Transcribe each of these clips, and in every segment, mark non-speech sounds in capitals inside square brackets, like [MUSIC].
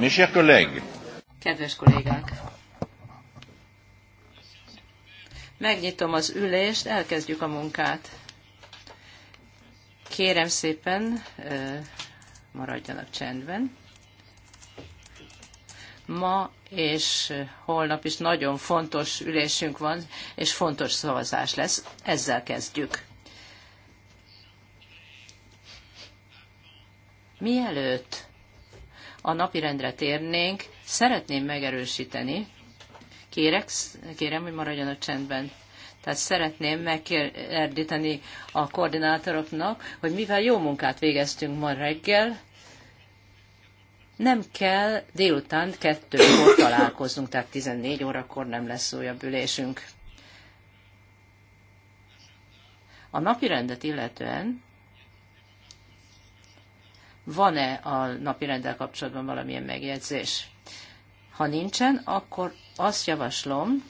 Mes chers collègues. Kedves kollégák. Megnyitom az ülést, elkezdjük a munkát. Kérem szépen, maradjanak csendben. Ma és holnap is nagyon fontos ülésünk van, és fontos szavazás lesz. Ezzel kezdjük. Mielőtt a napirendre térnénk, szeretném megerősíteni, kérek, kérem, hogy maradjanak csendben. Tehát szeretném megkérdíteni a koordinátoroknak, hogy mivel jó munkát végeztünk ma reggel, nem kell délután kettőkor találkoznunk, tehát 14 órakor nem lesz újabb ülésünk. A napi rendet illetően van-e a napi rendel kapcsolatban valamilyen megjegyzés? Ha nincsen, akkor azt javaslom,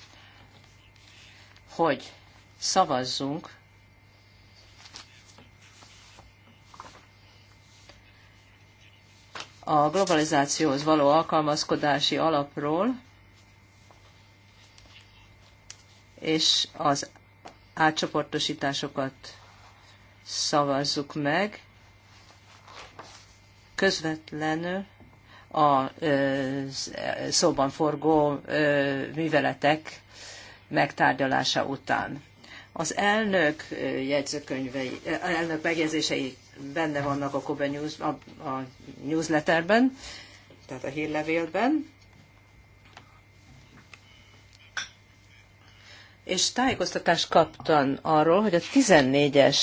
hogy szavazzunk a globalizációhoz való alkalmazkodási alapról, és az átcsoportosításokat szavazzuk meg, közvetlenül a szóban forgó műveletek megtárgyalása után. Az elnök jegyzőkönyvei, elnök megjegyzései benne vannak a Kobe News, a, a newsletterben, tehát a hírlevélben. És tájékoztatást kaptam arról, hogy a 14-es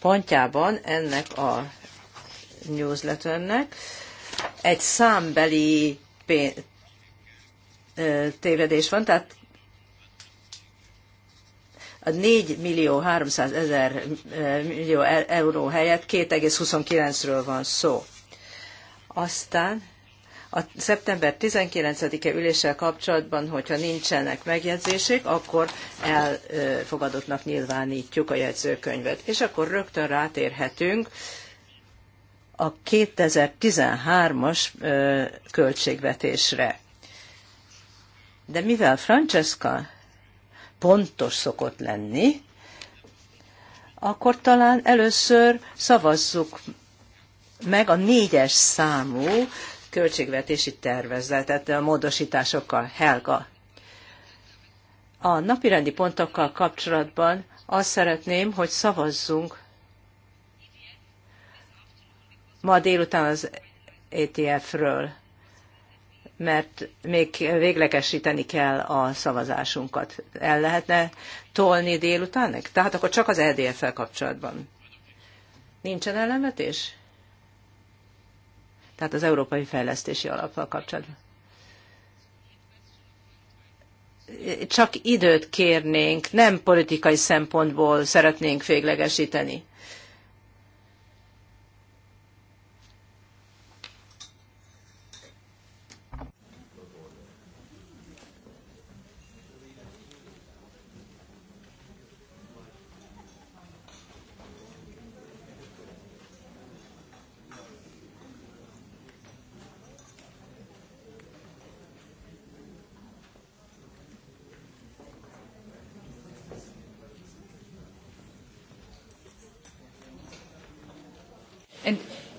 pontjában ennek a newsletternek egy számbeli tévedés van, tehát a 4 millió 300 ezer millió e- euró helyett 2,29-ről van szó. Aztán a szeptember 19-e üléssel kapcsolatban, hogyha nincsenek megjegyzések, akkor elfogadottnak nyilvánítjuk a jegyzőkönyvet. És akkor rögtön rátérhetünk a 2013-as költségvetésre. De mivel Francesca pontos szokott lenni, akkor talán először szavazzuk meg a négyes számú költségvetési tervezetet a módosításokkal. Helga. A napirendi pontokkal kapcsolatban azt szeretném, hogy szavazzunk ma délután az ETF-ről, mert még véglegesíteni kell a szavazásunkat. El lehetne tolni délután? Tehát akkor csak az EDF-fel kapcsolatban. Nincsen ellenvetés? Tehát az Európai Fejlesztési Alappal kapcsolatban. Csak időt kérnénk, nem politikai szempontból szeretnénk véglegesíteni.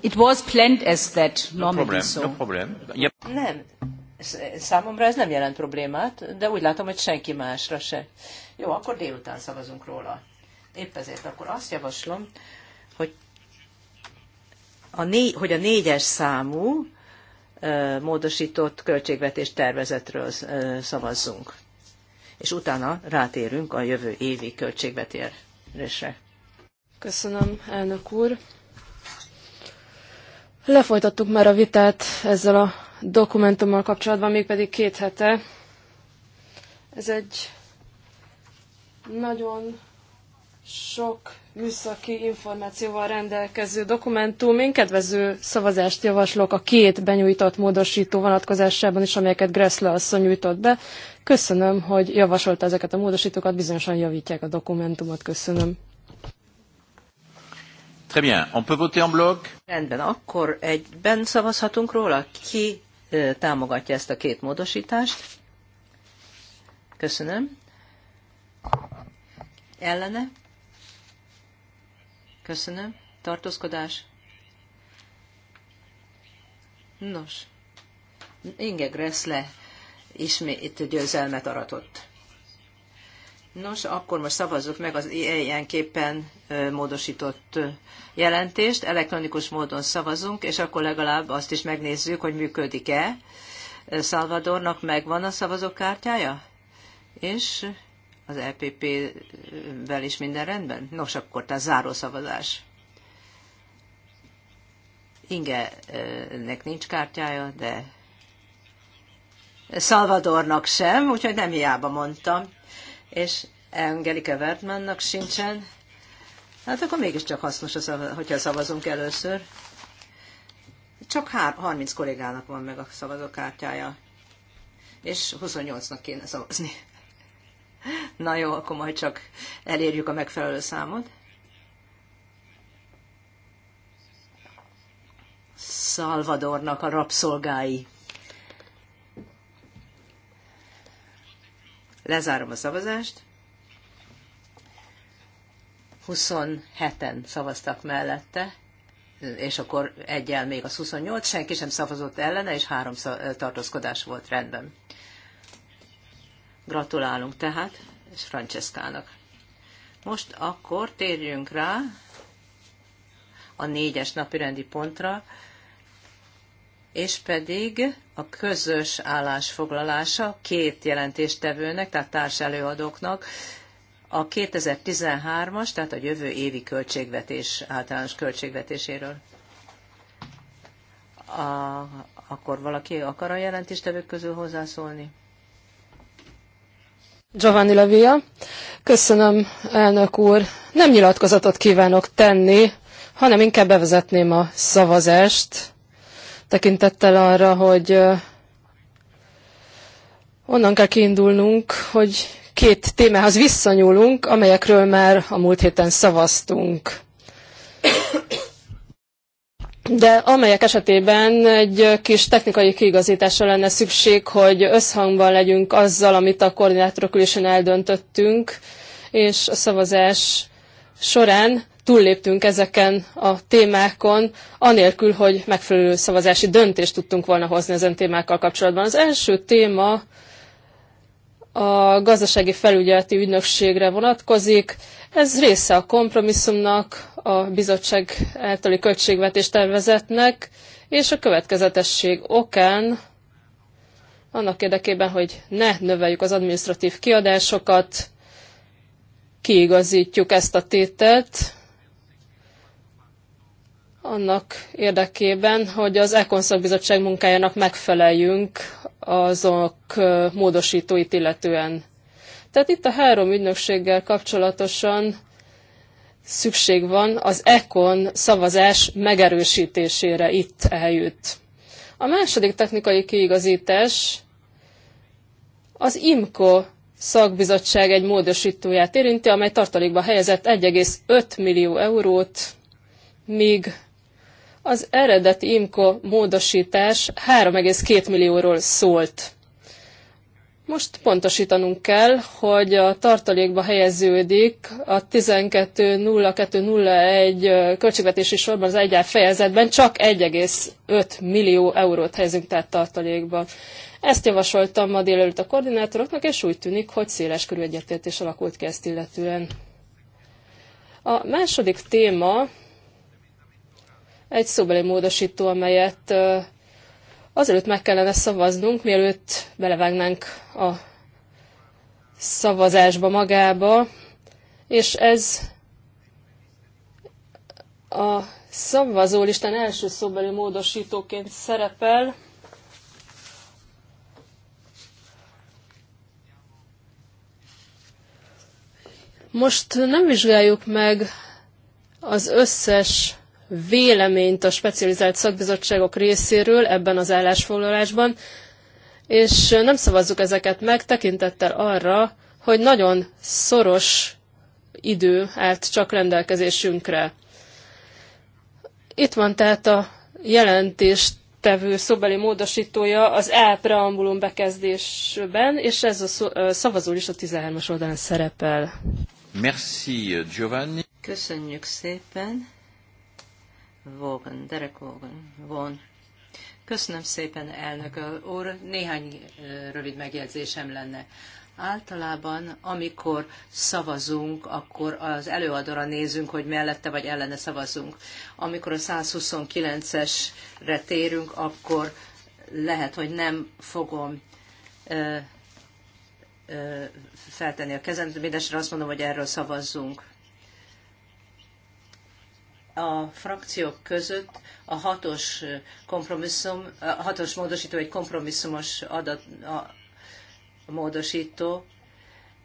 It was planned as that, normally no problem, so. No problem. Yep. Nem. Számomra ez nem jelent problémát, de úgy látom, hogy senki másra se. Jó, akkor délután szavazunk róla. Épp ezért akkor azt javaslom, hogy a, né, hogy a négyes számú ö, módosított költségvetés tervezetről szavazzunk. És utána rátérünk a jövő évi költségvetésre. Köszönöm, elnök úr. Lefolytattuk már a vitát ezzel a dokumentummal kapcsolatban, mégpedig két hete. Ez egy nagyon sok műszaki információval rendelkező dokumentum. Én kedvező szavazást javaslok a két benyújtott módosító vonatkozásában is, amelyeket Gressle asszony nyújtott be. Köszönöm, hogy javasolta ezeket a módosítókat, bizonyosan javítják a dokumentumot. Köszönöm. Très bien. On peut voter en bloc? Rendben, akkor egyben szavazhatunk róla. Ki támogatja ezt a két módosítást? Köszönöm. Ellene? Köszönöm. Tartózkodás? Nos, Inge Gressle ismét győzelmet aratott. Nos, akkor most szavazzuk meg az ilyenképpen módosított jelentést. Elektronikus módon szavazunk, és akkor legalább azt is megnézzük, hogy működik-e. Salvadornak megvan a szavazókártyája? És az EPP-vel is minden rendben? Nos, akkor tehát záró szavazás. Ingenek nincs kártyája, de Salvadornak sem, úgyhogy nem hiába mondtam és Angelika Wertmannnak sincsen, hát akkor mégiscsak hasznos, hogyha szavazunk először. Csak 30 kollégának van meg a szavazókártyája, és 28-nak kéne szavazni. [LAUGHS] Na jó, akkor majd csak elérjük a megfelelő számot. Salvadornak a rabszolgái. Lezárom a szavazást. 27-en szavaztak mellette, és akkor egyel még az 28, senki sem szavazott ellene, és három tartózkodás volt rendben. Gratulálunk tehát, és Franceskának. Most akkor térjünk rá a négyes napi rendi pontra, és pedig a közös állásfoglalása két jelentéstevőnek, tehát társelőadóknak, a 2013-as, tehát a jövő évi költségvetés, általános költségvetéséről. A, akkor valaki akar a jelentéstevők közül hozzászólni? Giovanni Lavia. Köszönöm, elnök úr. Nem nyilatkozatot kívánok tenni, hanem inkább bevezetném a szavazást tekintettel arra, hogy onnan kell kiindulnunk, hogy két témához visszanyúlunk, amelyekről már a múlt héten szavaztunk. De amelyek esetében egy kis technikai kiigazításra lenne szükség, hogy összhangban legyünk azzal, amit a koordinátorok ülésen eldöntöttünk, és a szavazás során túlléptünk ezeken a témákon, anélkül, hogy megfelelő szavazási döntést tudtunk volna hozni ezen témákkal kapcsolatban. Az első téma a gazdasági felügyeleti ügynökségre vonatkozik. Ez része a kompromisszumnak, a bizottság általi költségvetés tervezetnek, és a következetesség okán annak érdekében, hogy ne növeljük az administratív kiadásokat, kiigazítjuk ezt a tételt, annak érdekében, hogy az Ekonszak Bizottság munkájának megfeleljünk azok módosítóit illetően. Tehát itt a három ügynökséggel kapcsolatosan szükség van az ECON szavazás megerősítésére itt eljött. A második technikai kiigazítás az IMCO szakbizottság egy módosítóját érinti, amely tartalékba helyezett 1,5 millió eurót, míg az eredeti IMCO módosítás 3,2 millióról szólt. Most pontosítanunk kell, hogy a tartalékba helyeződik a 12.02.01 költségvetési sorban az egyáltalán fejezetben csak 1,5 millió eurót helyezünk tehát tartalékba. Ezt javasoltam ma délelőtt a koordinátoroknak, és úgy tűnik, hogy széles körű egyetértés alakult ki ezt illetően. A második téma egy szóbeli módosító, amelyet azelőtt meg kellene szavaznunk, mielőtt belevágnánk a szavazásba magába, és ez a szavazólistán első szóbeli módosítóként szerepel. Most nem vizsgáljuk meg az összes véleményt a specializált szakbizottságok részéről ebben az állásfoglalásban, és nem szavazzuk ezeket meg tekintettel arra, hogy nagyon szoros idő állt csak rendelkezésünkre. Itt van tehát a jelentést tevő szóbeli módosítója az E preambulum bekezdésben, és ez a szavazó is a 13-as oldalán szerepel. Merci, Giovanni. Köszönjük szépen. Vogan, Derek Vogan, von. Köszönöm szépen, elnök úr. Néhány rövid megjegyzésem lenne. Általában, amikor szavazunk, akkor az előadóra nézünk, hogy mellette vagy ellene szavazunk. Amikor a 129-esre térünk, akkor lehet, hogy nem fogom ö, ö, feltenni a kezem, mindesre azt mondom, hogy erről szavazzunk a frakciók között a hatos, kompromisszum, a hatos módosító egy kompromisszumos adat, a, módosító,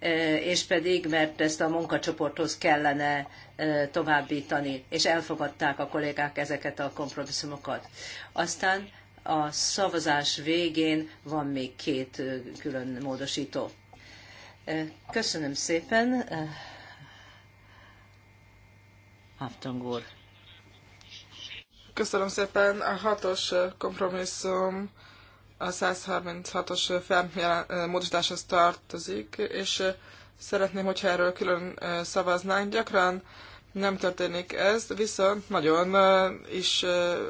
e, és pedig, mert ezt a munkacsoporthoz kellene e, továbbítani, és elfogadták a kollégák ezeket a kompromisszumokat. Aztán a szavazás végén van még két e, külön módosító. Köszönöm szépen, Haftung úr. Köszönöm szépen. A hatos kompromisszum a 136-os módosításhoz tartozik, és szeretném, hogyha erről külön szavaznánk. Gyakran nem történik ez, viszont nagyon is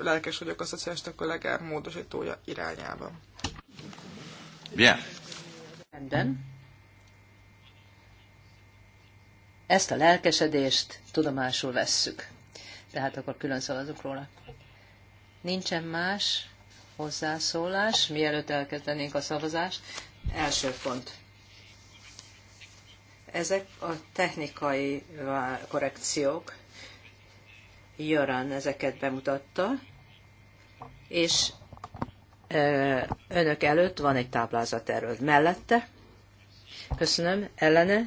lelkes vagyok a szociálista kollégám módosítója irányában. Bien. Rendben. Ezt a lelkesedést tudomásul vesszük tehát akkor külön szavazunk róla. Nincsen más hozzászólás, mielőtt elkezdenénk a szavazást. Első pont. Ezek a technikai korrekciók. Jöran ezeket bemutatta, és önök előtt van egy táblázat erről. Mellette, köszönöm, ellene,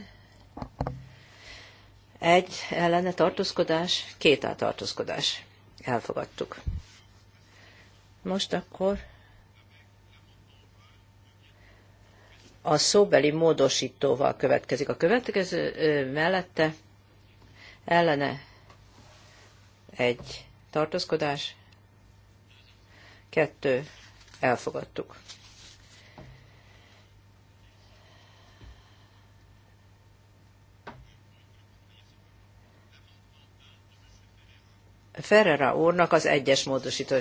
egy ellene tartózkodás, két tartózkodás. Elfogadtuk. Most akkor a szóbeli módosítóval következik. A következő mellette ellene egy tartózkodás, kettő elfogadtuk. Ferrera úrnak az egyes módosító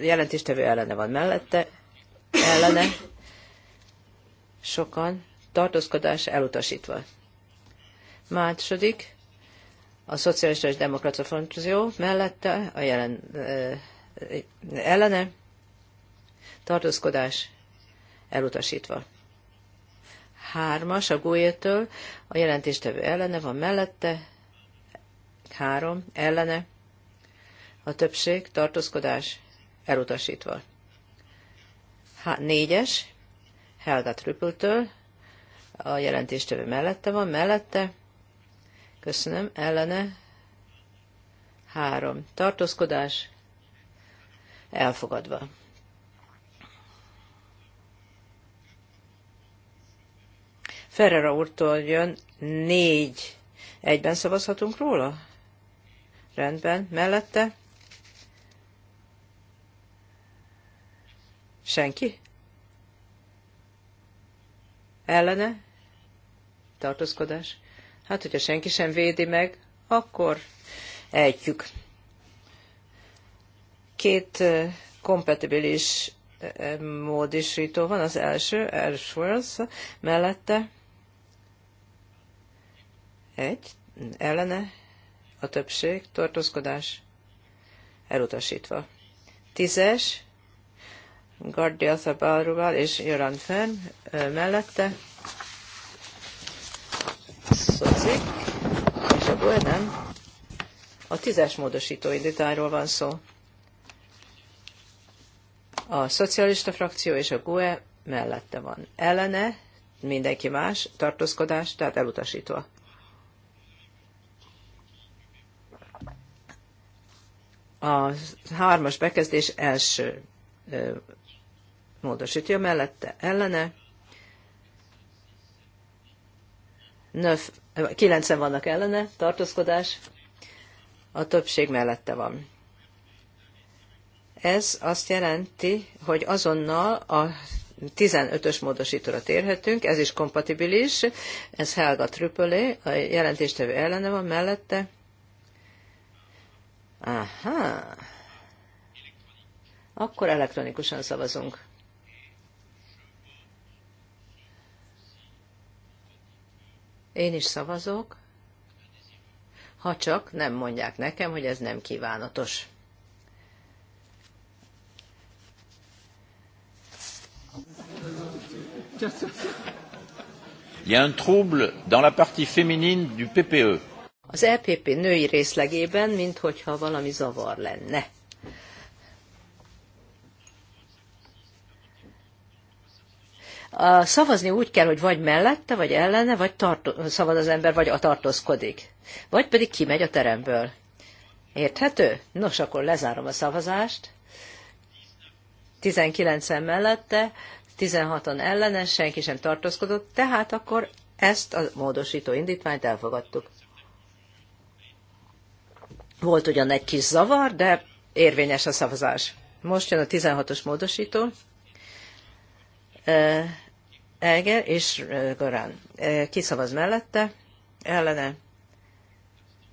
jelentéstevő ellene van mellette, ellene sokan, tartózkodás elutasítva. Második, a Szocialista és Demokrata Frakció mellette a jelen, eh, ellene tartózkodás elutasítva. Hármas a Gólyétől, a jelentéstevő ellene van mellette, három ellene a többség tartózkodás elutasítva. Há, négyes, Helga Trüppeltől, a jelentéstevő mellette van, mellette, köszönöm, ellene, három, tartózkodás, elfogadva. Ferrera úrtól jön négy. Egyben szavazhatunk róla? Rendben. Mellette? Senki? Ellene? Tartózkodás. Hát, hogyha senki sem védi meg, akkor ejtjük. Két kompatibilis módisító van, az első, Ashworth, mellette egy, ellene a többség, tartózkodás elutasítva. Tízes, Gardia Szabáruval és Joran Fenn mellette. Szocik, és a nem. A tízes módosító indítáról van szó. A szocialista frakció és a GUE mellette van. Ellene mindenki más, tartózkodás, tehát elutasítva. A hármas bekezdés első módosítja mellette ellene. 90 vannak ellene, tartózkodás, a többség mellette van. Ez azt jelenti, hogy azonnal a 15-ös módosítóra térhetünk, ez is kompatibilis, ez Helga Trüppölé, a jelentéstevő ellene van mellette. Aha. Akkor elektronikusan szavazunk. Én is szavazok, ha csak nem mondják nekem, hogy ez nem kívánatos. Il y a un trouble dans la partie féminine du PPE. Az EPP női részlegében, minthogyha valami zavar lenne. A szavazni úgy kell, hogy vagy mellette, vagy ellene, vagy tartó, szavaz az ember, vagy a tartózkodik. Vagy pedig kimegy a teremből. Érthető? Nos, akkor lezárom a szavazást. 19-en mellette, 16-an ellene, senki sem tartózkodott, tehát akkor ezt a módosító indítványt elfogadtuk. Volt ugyan egy kis zavar, de érvényes a szavazás. Most jön a 16-os módosító. Eger és Gorán. Kiszavaz mellette, ellene,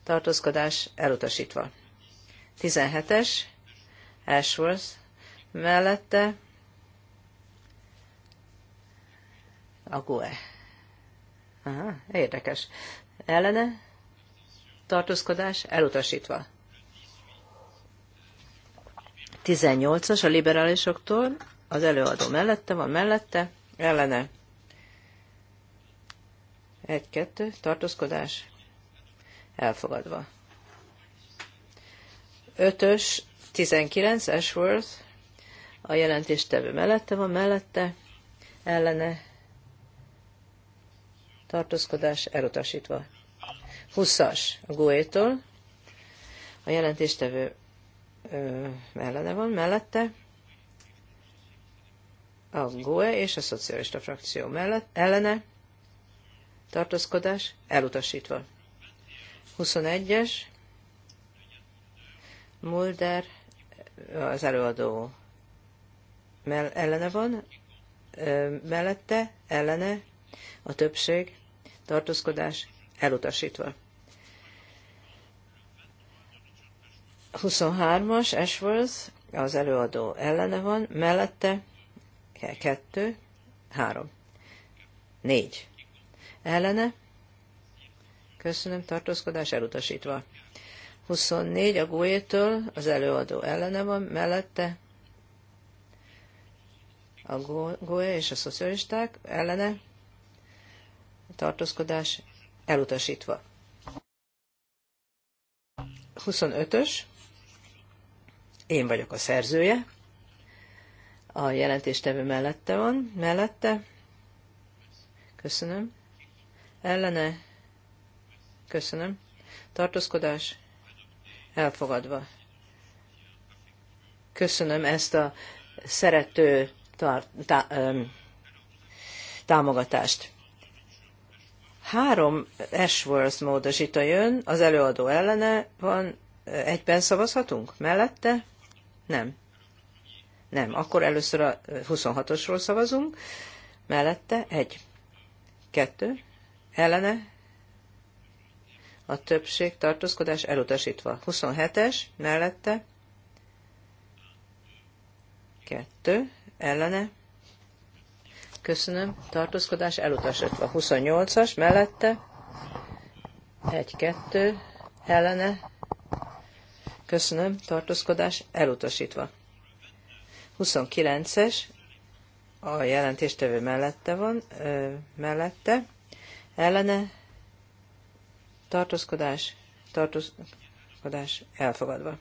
tartózkodás elutasítva. 17-es, Ashworth mellette, Ague. Aha, érdekes. Ellene, tartózkodás elutasítva. 18-as a liberálisoktól, az előadó mellette van, mellette, ellene. Egy-kettő, tartózkodás, elfogadva. Ötös, 19, Ashworth, a jelentéstevő mellette van, mellette, ellene, tartózkodás elutasítva. 20-as a Guétól, a jelentéstevő ö, ellene van, mellette, a GOE és a szocialista frakció mellett ellene tartózkodás elutasítva. 21-es Mulder az előadó mell- ellene van, mellette ellene a többség tartózkodás elutasítva. 23-as Ashworth, az előadó ellene van, mellette kettő, három, négy. Ellene, köszönöm, tartózkodás elutasítva. 24 a Góétől, az előadó ellene van, mellette a Góé e és a szocialisták ellene, tartózkodás elutasítva. 25-ös, én vagyok a szerzője, a jelentéstevő mellette van, mellette. Köszönöm. Ellene. Köszönöm. Tartózkodás. Elfogadva. Köszönöm ezt a szerető tar- tá- öm, támogatást. Három Ashworth módosító jön, az előadó ellene van, egyben szavazhatunk? Mellette? Nem. Nem, akkor először a 26-osról szavazunk, mellette egy, kettő, ellene, a többség tartózkodás elutasítva. 27-es, mellette, kettő, ellene, köszönöm, tartózkodás elutasítva. 28-as, mellette, egy, kettő, ellene, köszönöm, tartózkodás elutasítva. 29-es, a jelentéstevő mellette van, ö, mellette, ellene, tartózkodás, tartózkodás elfogadva.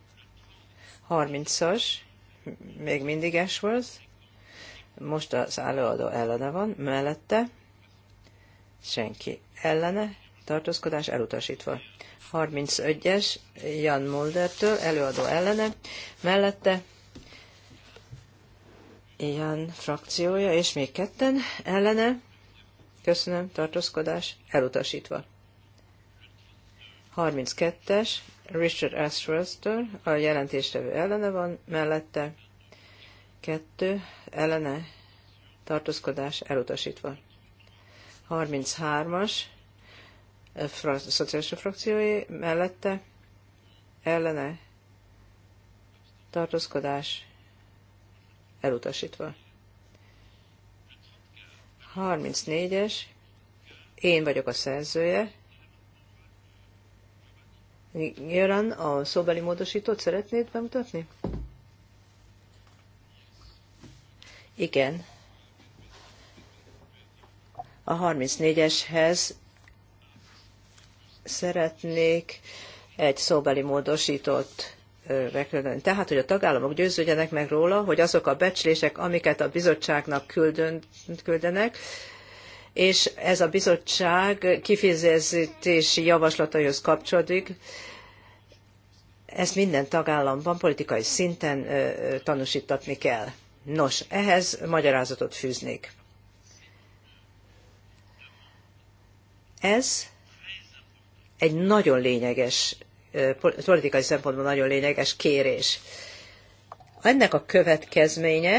30-as, még mindig Ashworth, most az előadó ellene van, mellette, senki ellene, tartózkodás elutasítva. 31-es Jan Muldertől előadó ellene, mellette ilyen frakciója, és még ketten ellene. Köszönöm, tartózkodás, elutasítva. 32-es, Richard Ashworth-től, a jelentéstevő ellene van, mellette kettő ellene, tartózkodás, elutasítva. 33-as, szociális frakciói mellette, ellene, tartózkodás, elutasítva. 34-es, én vagyok a szerzője. Jöran, a szóbeli módosítót szeretnéd bemutatni? Igen. A 34-eshez szeretnék egy szóbeli módosított megrendelni. Tehát, hogy a tagállamok győződjenek meg róla, hogy azok a becslések, amiket a bizottságnak küldön, küldenek, és ez a bizottság kifizetési javaslataihoz kapcsolódik, ezt minden tagállamban politikai szinten tanúsítatni kell. Nos, ehhez magyarázatot fűznék. Ez egy nagyon lényeges politikai szempontból nagyon lényeges kérés. Ennek a következménye,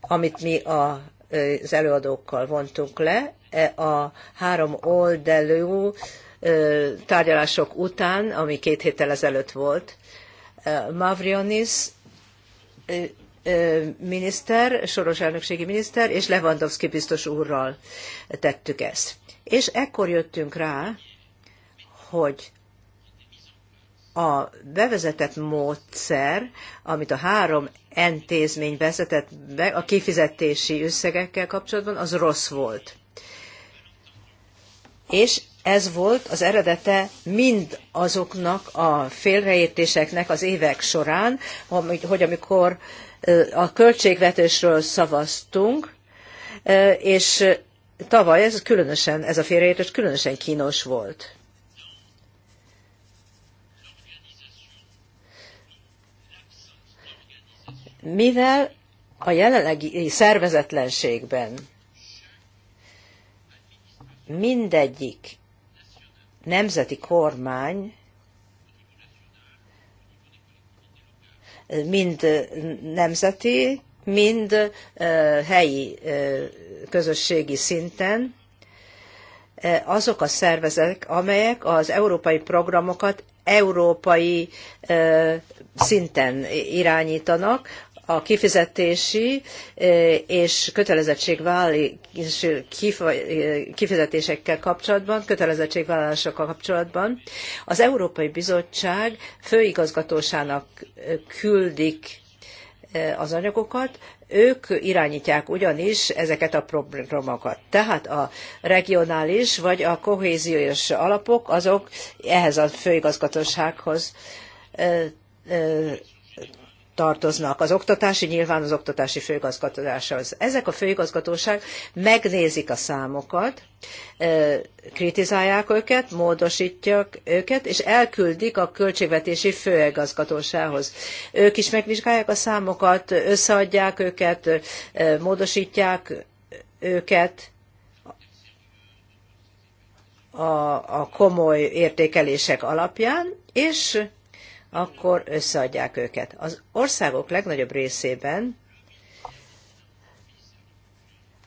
amit mi a, az előadókkal vontunk le, e a három oldalú tárgyalások után, ami két héttel ezelőtt volt, Mavrionis miniszter, soros elnökségi miniszter, és Lewandowski biztos úrral tettük ezt. És ekkor jöttünk rá, hogy a bevezetett módszer, amit a három intézmény vezetett be a kifizetési összegekkel kapcsolatban, az rossz volt. És ez volt az eredete mind azoknak a félreértéseknek az évek során, hogy amikor a költségvetésről szavaztunk, és tavaly ez különösen, ez a félreértés különösen kínos volt. mivel a jelenlegi szervezetlenségben mindegyik nemzeti kormány mind nemzeti, mind helyi közösségi szinten azok a szervezetek, amelyek az európai programokat európai szinten irányítanak, a kifizetési eh, és kötelezettségvállalási eh, kifizetésekkel kapcsolatban, kötelezettségvállalásokkal kapcsolatban az Európai Bizottság főigazgatósának eh, küldik az anyagokat, ők irányítják ugyanis ezeket a programokat. Tehát a regionális vagy a kohéziós alapok azok ehhez a főigazgatósághoz tartoznak. Az oktatási nyilván az oktatási főigazgatósághoz. Ezek a főigazgatóság megnézik a számokat, kritizálják őket, módosítják őket, és elküldik a költségvetési főigazgatósághoz. Ők is megvizsgálják a számokat, összeadják őket, módosítják őket a, a komoly értékelések alapján, és akkor összeadják őket. Az országok legnagyobb részében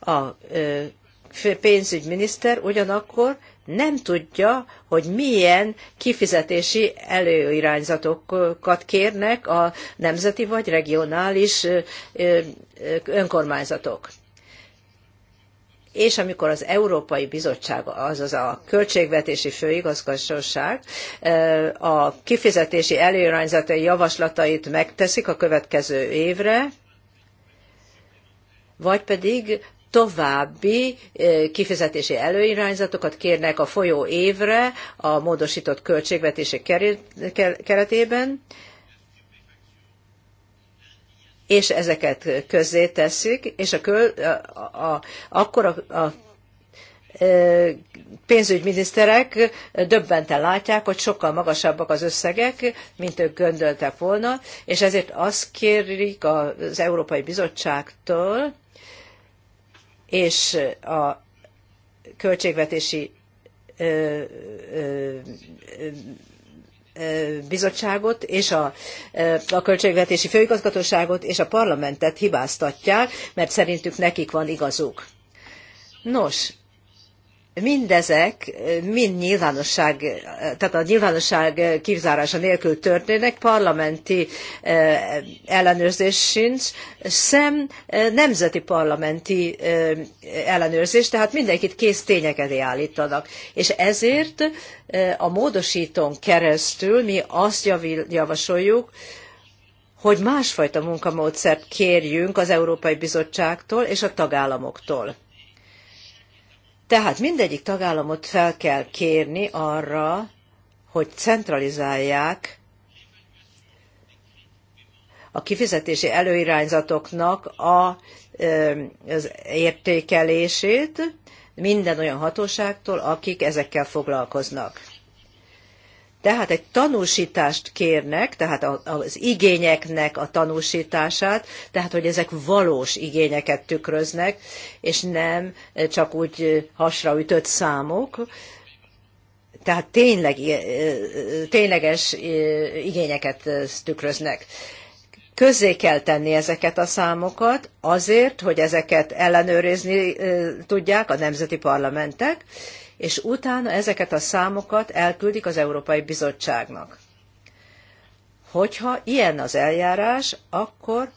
a pénzügyminiszter ugyanakkor nem tudja, hogy milyen kifizetési előirányzatokat kérnek a nemzeti vagy regionális önkormányzatok és amikor az Európai Bizottság, azaz a Költségvetési Főigazgatóság a kifizetési előirányzatai javaslatait megteszik a következő évre, vagy pedig további kifizetési előirányzatokat kérnek a folyó évre a módosított költségvetési keretében, és ezeket közzé tesszük, és a, köl, a, a, akkor a, a e, pénzügyminiszterek döbbenten látják, hogy sokkal magasabbak az összegek, mint ők gondoltak volna, és ezért azt kérik az Európai Bizottságtól és a költségvetési e, e, bizottságot és a, a költségvetési főigazgatóságot és a parlamentet hibáztatják, mert szerintük nekik van igazuk. Nos, mindezek mind nyilvánosság, tehát a nyilvánosság kizárása nélkül történnek, parlamenti eh, ellenőrzés sincs, sem eh, nemzeti parlamenti eh, ellenőrzés, tehát mindenkit kész tények elé állítanak. És ezért a módosítón keresztül mi azt javasoljuk, hogy másfajta munkamódszert kérjünk az Európai Bizottságtól és a tagállamoktól tehát mindegyik tagállamot fel kell kérni arra, hogy centralizálják a kifizetési előirányzatoknak a, az értékelését minden olyan hatóságtól, akik ezekkel foglalkoznak. Tehát egy tanúsítást kérnek, tehát az igényeknek a tanúsítását, tehát hogy ezek valós igényeket tükröznek, és nem csak úgy hasra ütött számok, tehát tényleg, tényleges igényeket tükröznek. Közzé kell tenni ezeket a számokat azért, hogy ezeket ellenőrizni tudják a nemzeti parlamentek, és utána ezeket a számokat elküldik az Európai Bizottságnak. Hogyha ilyen az eljárás, akkor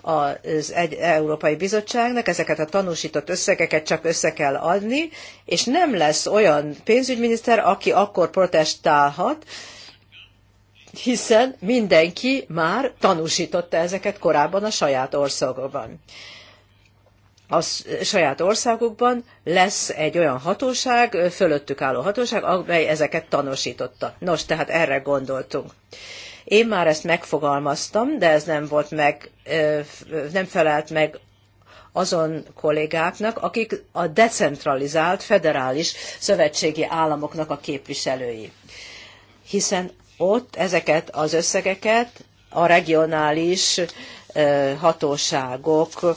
az egy Európai Bizottságnak ezeket a tanúsított összegeket csak össze kell adni, és nem lesz olyan pénzügyminiszter, aki akkor protestálhat, hiszen mindenki már tanúsította ezeket korábban a saját országában a saját országukban lesz egy olyan hatóság, fölöttük álló hatóság, amely ezeket tanúsította. Nos, tehát erre gondoltunk. Én már ezt megfogalmaztam, de ez nem volt meg, nem felelt meg azon kollégáknak, akik a decentralizált federális szövetségi államoknak a képviselői. Hiszen ott ezeket az összegeket a regionális hatóságok,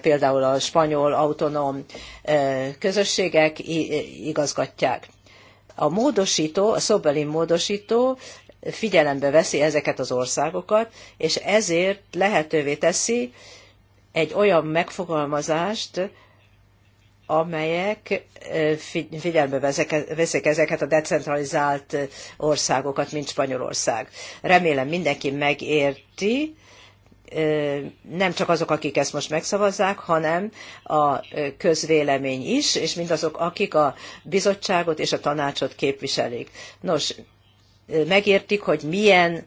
például a spanyol autonóm közösségek igazgatják. A módosító, a szobeli módosító figyelembe veszi ezeket az országokat, és ezért lehetővé teszi egy olyan megfogalmazást, amelyek figyelembe veszik ezeket a decentralizált országokat, mint Spanyolország. Remélem mindenki megérti, nem csak azok, akik ezt most megszavazzák, hanem a közvélemény is, és mindazok, akik a bizottságot és a tanácsot képviselik. Nos, megértik, hogy milyen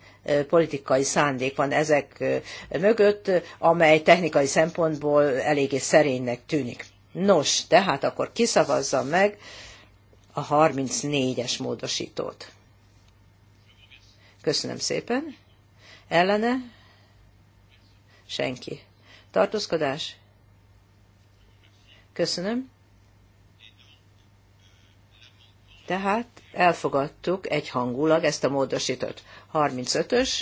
politikai szándék van ezek mögött, amely technikai szempontból eléggé szerénynek tűnik. Nos, tehát akkor kiszavazza meg a 34-es módosítót. Köszönöm szépen. Ellene? Senki. Tartózkodás? Köszönöm. Tehát elfogadtuk egyhangulag ezt a módosított 35-ös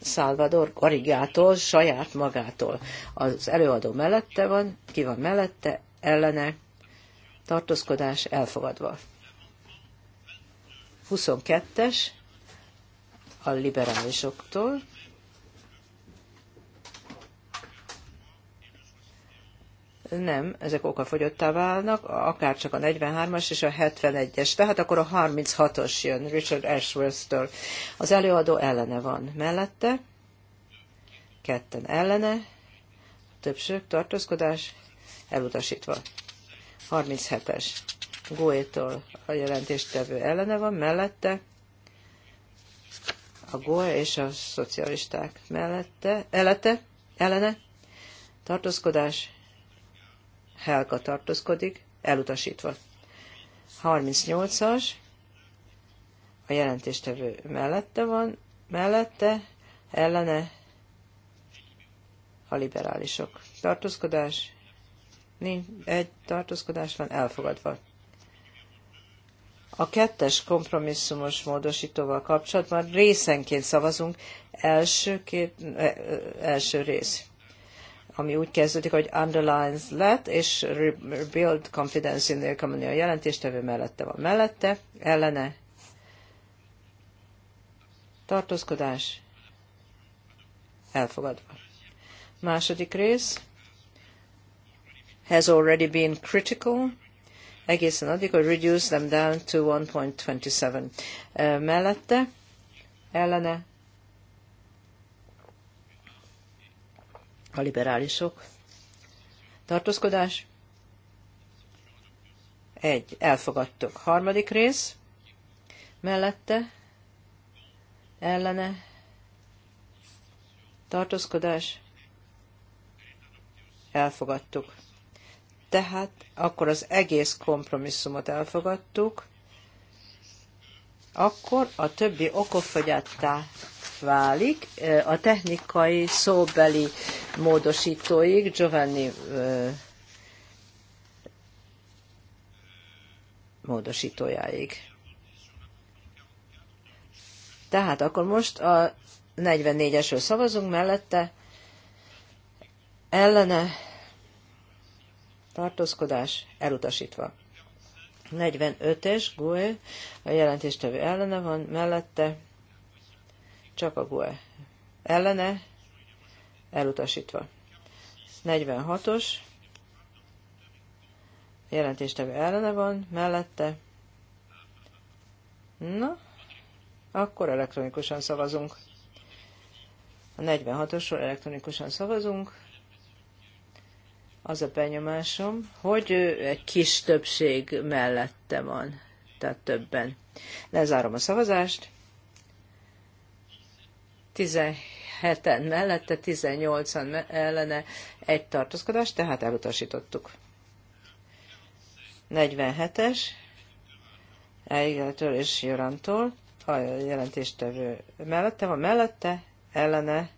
Salvador Garigától, saját magától. Az előadó mellette van, ki van mellette, ellene, tartózkodás elfogadva. 22-es a liberálisoktól. Nem, ezek okafogyottá válnak, akár csak a 43-as és a 71-es. Tehát akkor a 36-os jön Richard Ashworth-től. Az előadó ellene van. Mellette ketten ellene, többség tartózkodás elutasítva. 37-es. Góétól a jelentéstevő ellene van, mellette a GOE és a szocialisták mellette, elete, ellene, tartózkodás, Helga tartózkodik, elutasítva. 38-as, a jelentéstevő mellette van, mellette, ellene, a liberálisok. Tartózkodás, nincs, egy tartózkodás van elfogadva. A kettes kompromisszumos módosítóval kapcsolatban részenként szavazunk. Első, két, eh, eh, első rész, ami úgy kezdődik, hogy underlines lett, és rebuild confidence in the economy a jelentéstevő mellette van mellette, ellene tartózkodás elfogadva. Második rész, has already been critical, egészen addig, hogy reduce them down to 1.27 mellette, ellene a liberálisok. Tartózkodás? Egy. Elfogadtuk. Harmadik rész. Mellette. Ellene. Tartózkodás. Elfogadtuk. Tehát akkor az egész kompromisszumot elfogadtuk, akkor a többi okofogyattá válik. A technikai szóbeli módosítóig Giovanni módosítójáig. Tehát akkor most a 44-esről szavazunk mellette, ellene tartózkodás elutasítva. 45-es GUE, a jelentéstevő ellene van, mellette csak a GUE ellene, elutasítva. 46-os, jelentéstevő ellene van, mellette. Na, akkor elektronikusan szavazunk. A 46-osról elektronikusan szavazunk az a benyomásom, hogy egy kis többség mellette van, tehát többen. Lezárom a szavazást. 17-en mellette, 18-an ellene egy tartózkodás, tehát elutasítottuk. 47-es, Eigeltől és Jorantól, a jelentéstevő mellette van, mellette, ellene,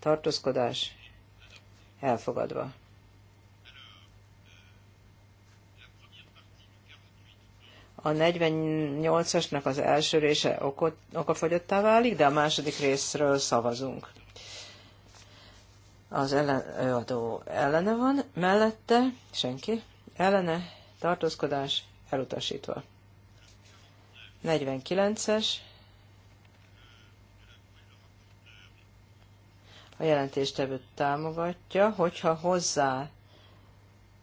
tartózkodás, elfogadva. a 48-asnak az első része okafogyottá válik, de a második részről szavazunk. Az ellen, adó ellene van, mellette senki, ellene tartózkodás elutasítva. 49-es, a jelentéstevő támogatja, hogyha hozzá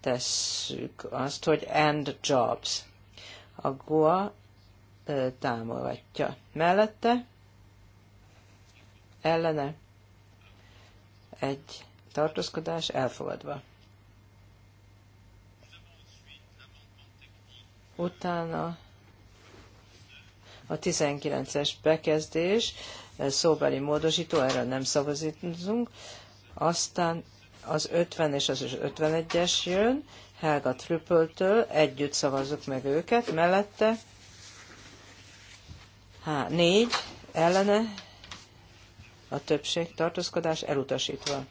tesszük azt, hogy end jobs a GOA támogatja. Mellette ellene egy tartózkodás elfogadva. Utána a 19-es bekezdés, szóbeli módosító, erre nem szavazítunk. Aztán az 50 és az 51-es jön, Helga Trüppöltől, együtt szavazzuk meg őket, mellette Há, négy ellene a többség tartózkodás elutasítva.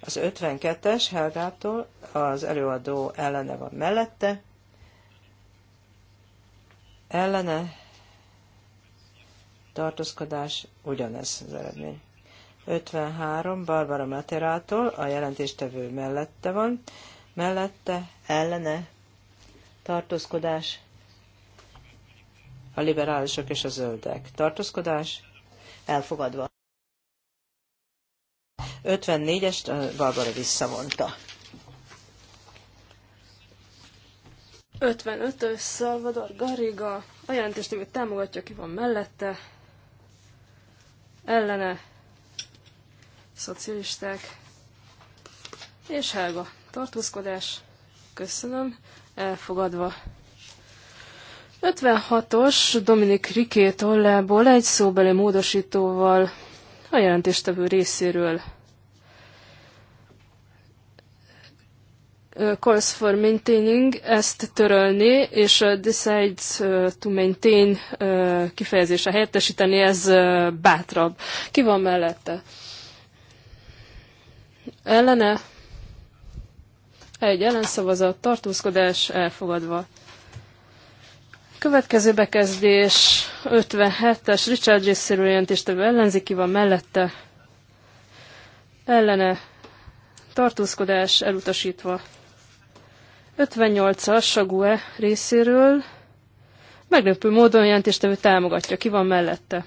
Az 52-es Helgától az előadó ellene van mellette, ellene tartózkodás ugyanez az eredmény. 53 Barbara Materától a jelentéstevő mellette van, mellette ellene tartózkodás, a liberálisok és a zöldek. Tartózkodás elfogadva. 54-est eh, Barbara visszavonta. 55-ös Salvador Garriga. A jelentéstevő támogatja, ki van mellette. Ellene. Szocialisták. És Helga tartózkodás, köszönöm, elfogadva. 56-os Dominik Riké tollából egy szóbeli módosítóval a jelentéstevő részéről. calls for maintaining, ezt törölni, és uh, decides uh, to maintain uh, kifejezése helyettesíteni, ez bátrabb. Ki van mellette? Ellene? egy ellenszavazat, tartózkodás elfogadva. Következő bekezdés 57-es Richard részéről jelentéstevő ellenzéki van mellette. Ellene tartózkodás elutasítva. 58-as Sague részéről meglepő módon jelentéstevő támogatja. Ki van mellette?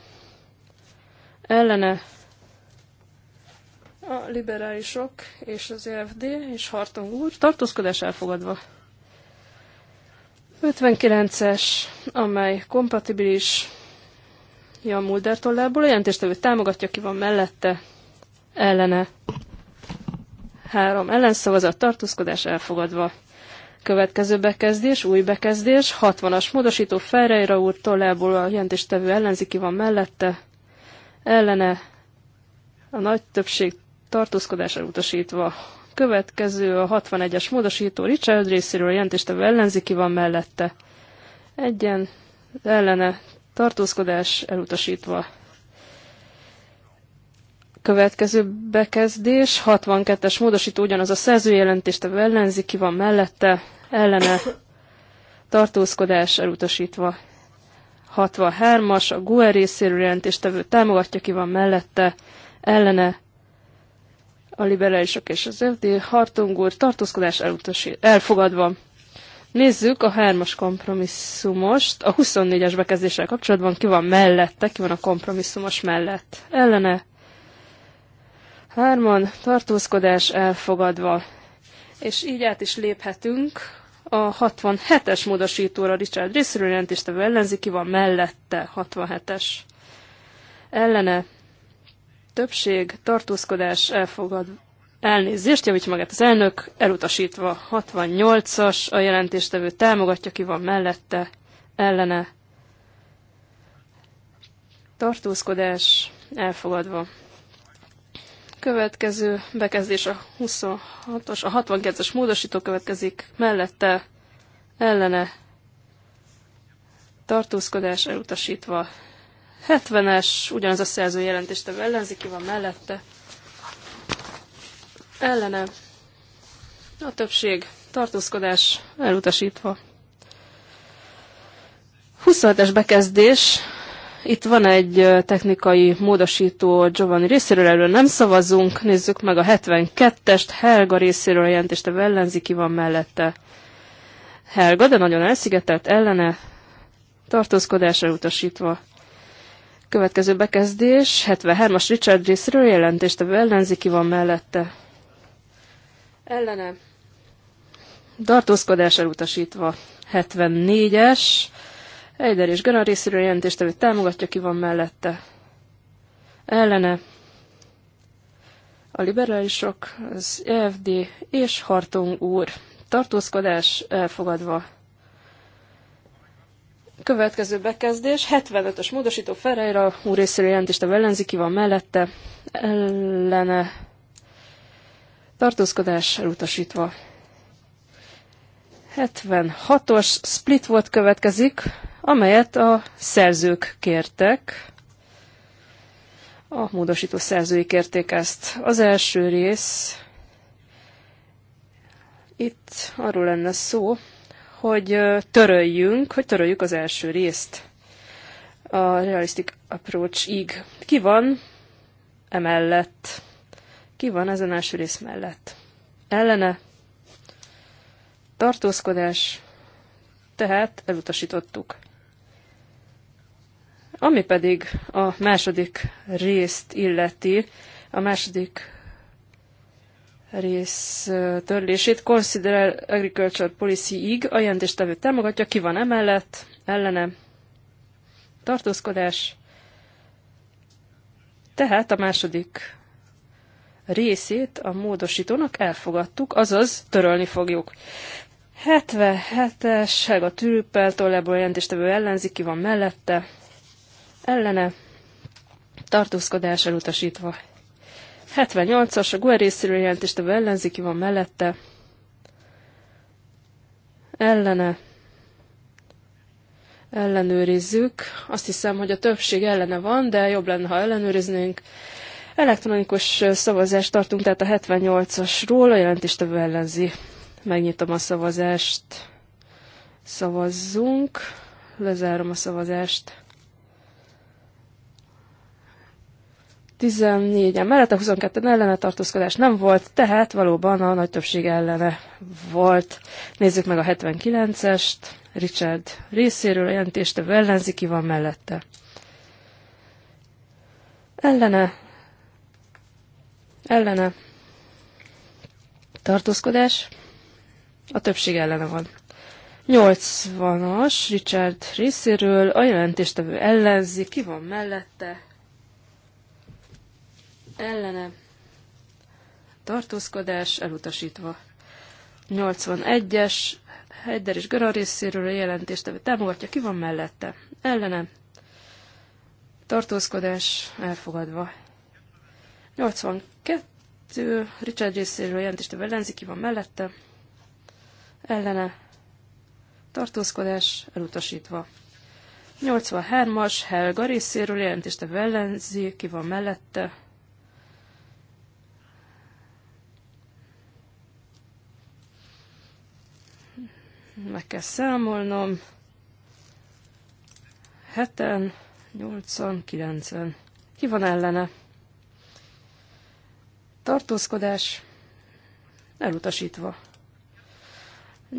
Ellene a liberálisok és az EFD és Hartung úr tartózkodás elfogadva. 59-es, amely kompatibilis Jan Mulder tollából, a jelentéstevő támogatja, ki van mellette, ellene. Három ellenszavazat, tartózkodás elfogadva. Következő bekezdés, új bekezdés, 60-as módosító Ferreira úr tollából a jelentéstevő ellenzi, ki van mellette, ellene, a nagy többség tartózkodás elutasítva. Következő a 61-es módosító Richard részéről jelentéstevő ellenzéki van mellette. Egyen ellene tartózkodás elutasítva. Következő bekezdés, 62-es módosító ugyanaz a szerzőjelentéstevő ellenzéki van mellette, ellene tartózkodás elutasítva. 63-as, a GUE részéről jelentéstevő támogatja, ki van mellette, ellene a liberálisok és az FD Hartung úr tartózkodás elutasít, elfogadva. Nézzük a hármas kompromisszumost. A 24-es bekezdéssel kapcsolatban ki van mellette, ki van a kompromisszumos mellett. Ellene hárman tartózkodás elfogadva. És így át is léphetünk a 67-es módosítóra Richard részéről jelentéstevő ellenzi, ki van mellette 67-es. Ellene többség tartózkodás elfogad. Elnézést, javítja magát az elnök, elutasítva 68-as, a jelentéstevő támogatja, ki van mellette, ellene. Tartózkodás elfogadva. Következő bekezdés a 26-os, a 62-es módosító következik, mellette, ellene, tartózkodás elutasítva 70-es, ugyanaz a szerző a ellenzéki van mellette. Ellene. A többség tartózkodás elutasítva. 27-es bekezdés. Itt van egy technikai módosító Giovanni részéről, erről nem szavazunk. Nézzük meg a 72-est. Helga részéről a a ellenzéki van mellette. Helga, de nagyon elszigetelt ellene. Tartózkodásra utasítva. Következő bekezdés, 73-as Richard részről jelentést, a ellenzéki van mellette. Ellene. Tartózkodás elutasítva. 74-es. Eider és Gönar részéről jelentéstevő támogatja, ki van mellette. Ellene a liberálisok, az EFD és Hartung úr. Tartózkodás elfogadva. Következő bekezdés, 75-ös módosító Ferreira, úr részéről jelentést a ki van mellette, ellene tartózkodás elutasítva. 76-os split volt következik, amelyet a szerzők kértek. A módosító szerzői kérték ezt. Az első rész, itt arról lenne szó, hogy töröljünk, hogy töröljük az első részt a Realistic Approach-ig. Ki van emellett? Ki van ezen első rész mellett? Ellene? Tartózkodás? Tehát elutasítottuk. Ami pedig a második részt illeti, a második rész törlését Consider Agriculture Policy-ig a jelentéstevő támogatja, ki van emellett, ellene, tartózkodás. Tehát a második részét a módosítónak elfogadtuk, azaz törölni fogjuk. 77-es, a Tűrűppel, tollából jelentéstevő ellenzik, ki van mellette, ellene, tartózkodás elutasítva. 78-as, a GUE részéről jelentéstevő ellenzéki van mellette. Ellene. Ellenőrizzük. Azt hiszem, hogy a többség ellene van, de jobb lenne, ha ellenőriznénk. Elektronikus szavazást tartunk, tehát a 78-asról a jelentéstevő ellenzi. Megnyitom a szavazást. Szavazzunk. Lezárom a szavazást. 14-en mellett, a 22-en ellene tartózkodás nem volt, tehát valóban a nagy többség ellene volt. Nézzük meg a 79-est, Richard részéről a jelentéstevő ki van mellette. Ellene, ellene, tartózkodás, a többség ellene van. 80-as Richard részéről a jelentéstevő ellenzi, ki van mellette, ellene tartózkodás elutasítva. 81-es Heider és Göran részéről a jelentést támogatja, ki van mellette? Ellene tartózkodás elfogadva. 82 Richard részéről a jelentést ellenzi, ki van mellette? Ellene tartózkodás elutasítva. 83-as Helga részéről jelentéstevő ellenzi, ki van mellette, meg kell számolnom. 7-en, 80, 90. Ki van ellene? Tartózkodás elutasítva.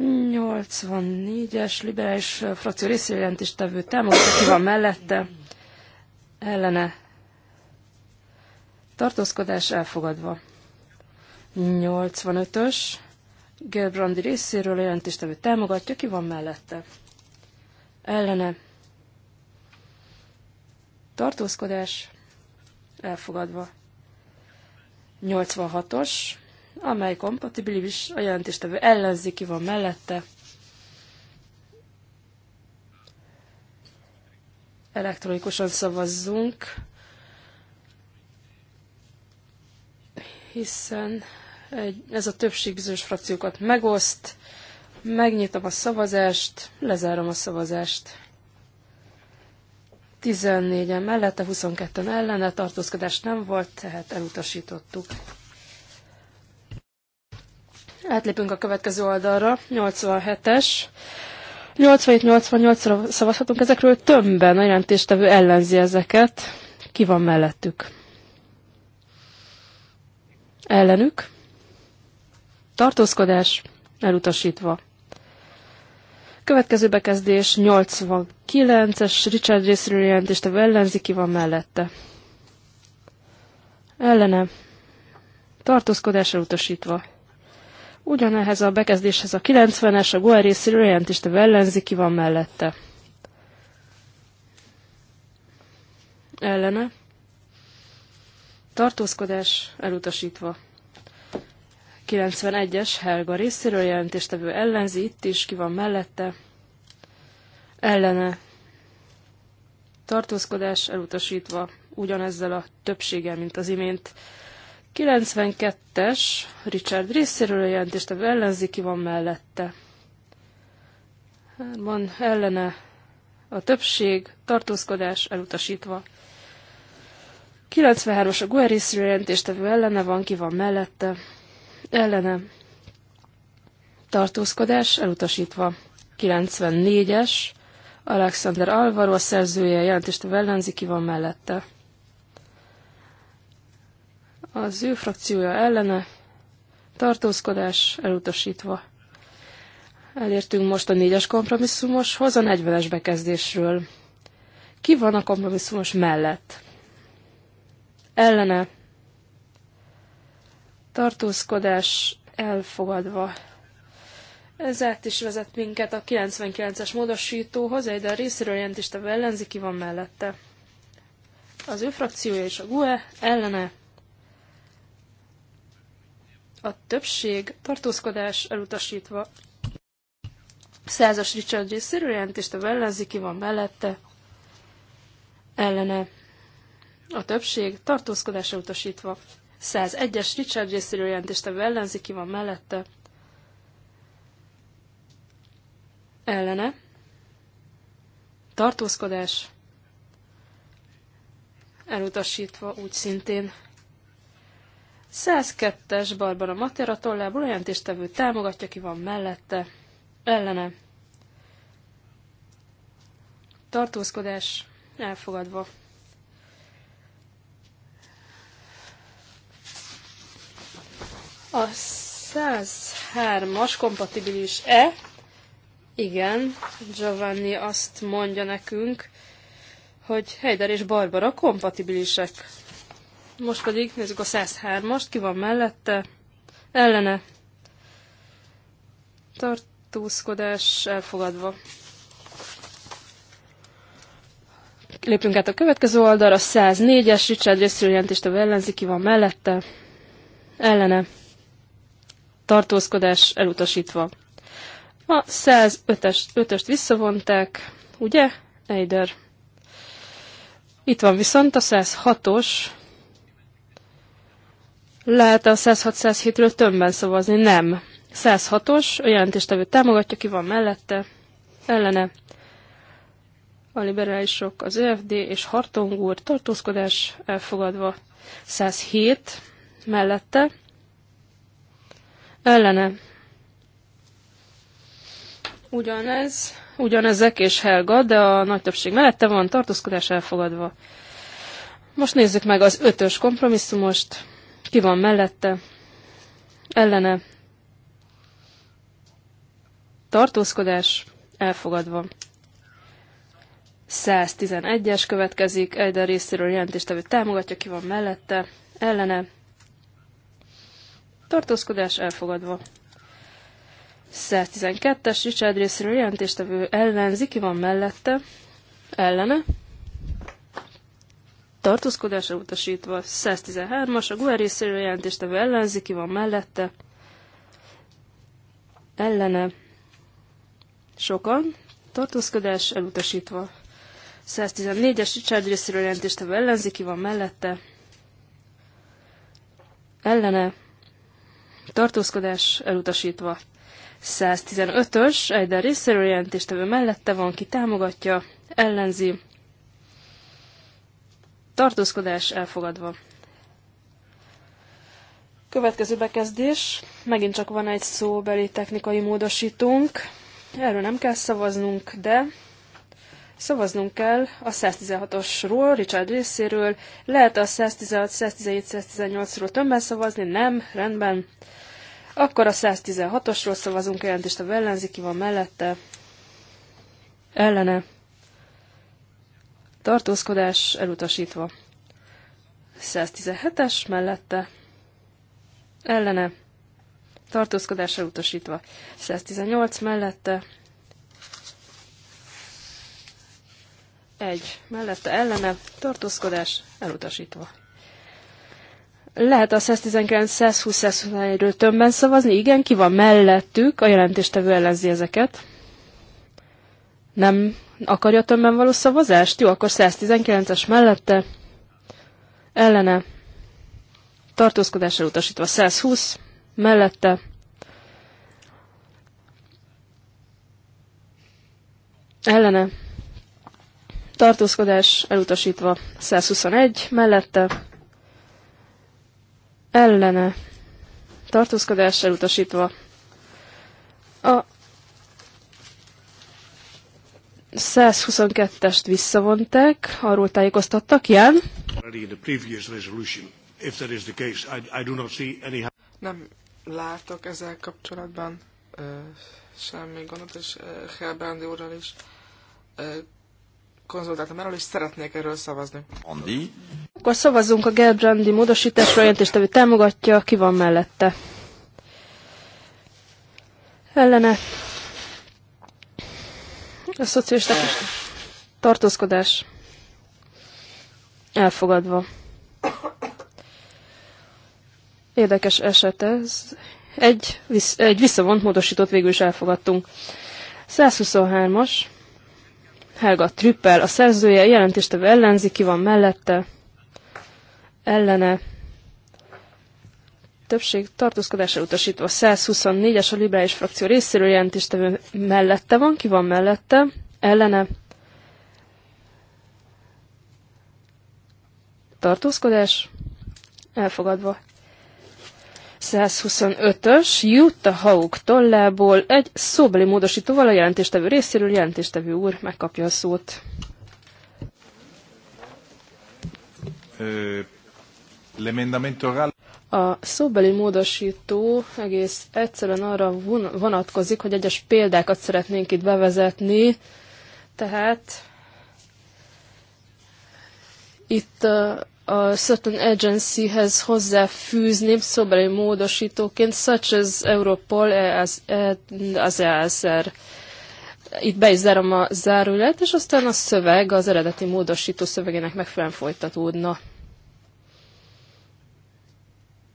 84-es liberális frakció tevő támogató, ki van mellette, ellene tartózkodás elfogadva. 85-ös Gerbrandi részéről a jelentéstevő támogatja, ki van mellette? Ellene. Tartózkodás elfogadva. 86-os, amely kompatibilis, a jelentéstevő ellenzi, ki van mellette. Elektronikusan szavazzunk, hiszen ez a többség bizonyos frakciókat megoszt, megnyitom a szavazást, lezárom a szavazást. 14-en mellette, 22-en ellene, tartózkodás nem volt, tehát elutasítottuk. Átlépünk a következő oldalra, 87-es. 87-88-ra szavazhatunk ezekről, többen a jelentéstevő ellenzi ezeket. Ki van mellettük? Ellenük? tartózkodás elutasítva. Következő bekezdés 89-es Richard részről jelentéstevő ki van mellette. Ellene. Tartózkodás elutasítva. Ugyanehhez a bekezdéshez a 90-es, a Goer részéről jelentéstevő ki van mellette. Ellene. Tartózkodás elutasítva. 91-es Helga részéről jelentéstevő ellenzi, itt is ki van mellette, ellene tartózkodás elutasítva ugyanezzel a többséggel, mint az imént. 92-es Richard részéről jelentéstevő ellenzi, ki van mellette. Van ellene a többség, tartózkodás elutasítva. 93-as a Gueris jelentéstevő ellene van, ki van mellette ellene tartózkodás elutasítva. 94-es, Alexander Alvaro, a szerzője, jelentést Vellenzi ki van mellette. Az ő frakciója ellene tartózkodás elutasítva. Elértünk most a négyes kompromisszumoshoz, a 40-es bekezdésről. Ki van a kompromisszumos mellett? Ellene tartózkodás elfogadva. Ez át is vezet minket a 99-es módosítóhoz, egy a részéről jelentéstevő ellenzéki van mellette. Az ő frakciója és a GUE ellene a többség tartózkodás elutasítva. Százas Richard részéről jelentéstevő ellenzéki van mellette ellene a többség tartózkodás elutasítva. 101-es Richard részéről jelentéstevő ellenzéki van mellette. Ellene. Tartózkodás. Elutasítva úgy szintén. 102-es Barbara Matera tollából jelentéstevő támogatja, ki van mellette. Ellene. Tartózkodás elfogadva. A 103-as kompatibilis-e? Igen, Giovanni azt mondja nekünk, hogy Heider és Barbara kompatibilisek. Most pedig nézzük a 103-ast, ki van mellette, ellene. Tartózkodás elfogadva. Lépünk át a következő oldalra, 104-es, Richard részről jelentést a ki van mellette, ellene tartózkodás elutasítva. A 105-öst visszavonták, ugye, Eider? Itt van viszont a 106-os. Lehet a 106-107-ről tömbben szavazni? Nem. 106-os, a jelentéstevő támogatja, ki van mellette, ellene. A liberálisok, az ÖFD és Hartong úr tartózkodás elfogadva. 107 mellette, ellene. Ugyanez, ugyanezek és Helga, de a nagy többség mellette van tartózkodás elfogadva. Most nézzük meg az ötös kompromisszumost. Ki van mellette? Ellene. Tartózkodás elfogadva. 111-es következik, Eider részéről jelentéstevő támogatja, ki van mellette, ellene, tartózkodás elfogadva. 12 es Richard részéről jelentéstevő ellenzi, ki van mellette, ellene, tartózkodásra utasítva. 113-as a Guer részéről jelentéstevő ellenzi, ki van mellette, ellene, sokan, tartózkodás elutasítva. 114-es Richard részéről jelentéstevő ellenzi, ki van mellette, ellene, tartózkodás elutasítva. 115-ös, Eider részéről jelentéstevő mellette van, ki támogatja, ellenzi, tartózkodás elfogadva. Következő bekezdés, megint csak van egy szóbeli technikai módosítunk, erről nem kell szavaznunk, de Szavaznunk kell a 116-osról, Richard részéről. Lehet a 116, 117, 118-ról többen szavazni? Nem, rendben. Akkor a 116-osról szavazunk jelentést a ki van mellette. Ellene. Tartózkodás elutasítva. 117-es mellette. Ellene. Tartózkodás elutasítva. 118 mellette. Egy. Mellette ellene tartózkodás elutasítva. Lehet a 119-120-121-ről tömbben szavazni? Igen, ki van mellettük? A jelentéstevő ellenzi ezeket. Nem akarja tömbben való szavazást? Jó, akkor 119-es mellette. Ellene. Tartózkodás elutasítva. 120 mellette. Ellene tartózkodás elutasítva 121, mellette ellene tartózkodás elutasítva a 122-est visszavonták, arról tájékoztattak, ilyen. Nem látok ezzel kapcsolatban uh, semmi gondot, és Helbrandi úrral is uh, konzultáltam erről, és szeretnék erről szavazni. Andi? Akkor szavazunk a Gerbrandi módosításról, jelentéstevő támogatja, ki van mellette. Ellene. A szociális is. Tartózkodás. Elfogadva. Érdekes eset ez. Egy, visz, egy visszavont módosítót végül is elfogadtunk. 123-as. Helga Trüppel, a szerzője, jelentéstevő ellenzi, ki van mellette, ellene, többség tartózkodásra utasítva 124-es a liberális frakció részéről jelentéstevő mellette van, ki van mellette, ellene, tartózkodás, elfogadva 125-ös Jutta Hauk tollából egy szóbeli módosítóval a jelentéstevő részéről. Jelentéstevő úr megkapja a szót. A szóbeli módosító egész egyszerűen arra vonatkozik, hogy egyes példákat szeretnénk itt bevezetni, tehát itt a certain agencyhez hozzáfűzném szóbeli módosítóként, such as Europol, e e, az, az e EASR. Itt be is zárom a zárulat, és aztán a szöveg az eredeti módosító szövegének megfelelően folytatódna.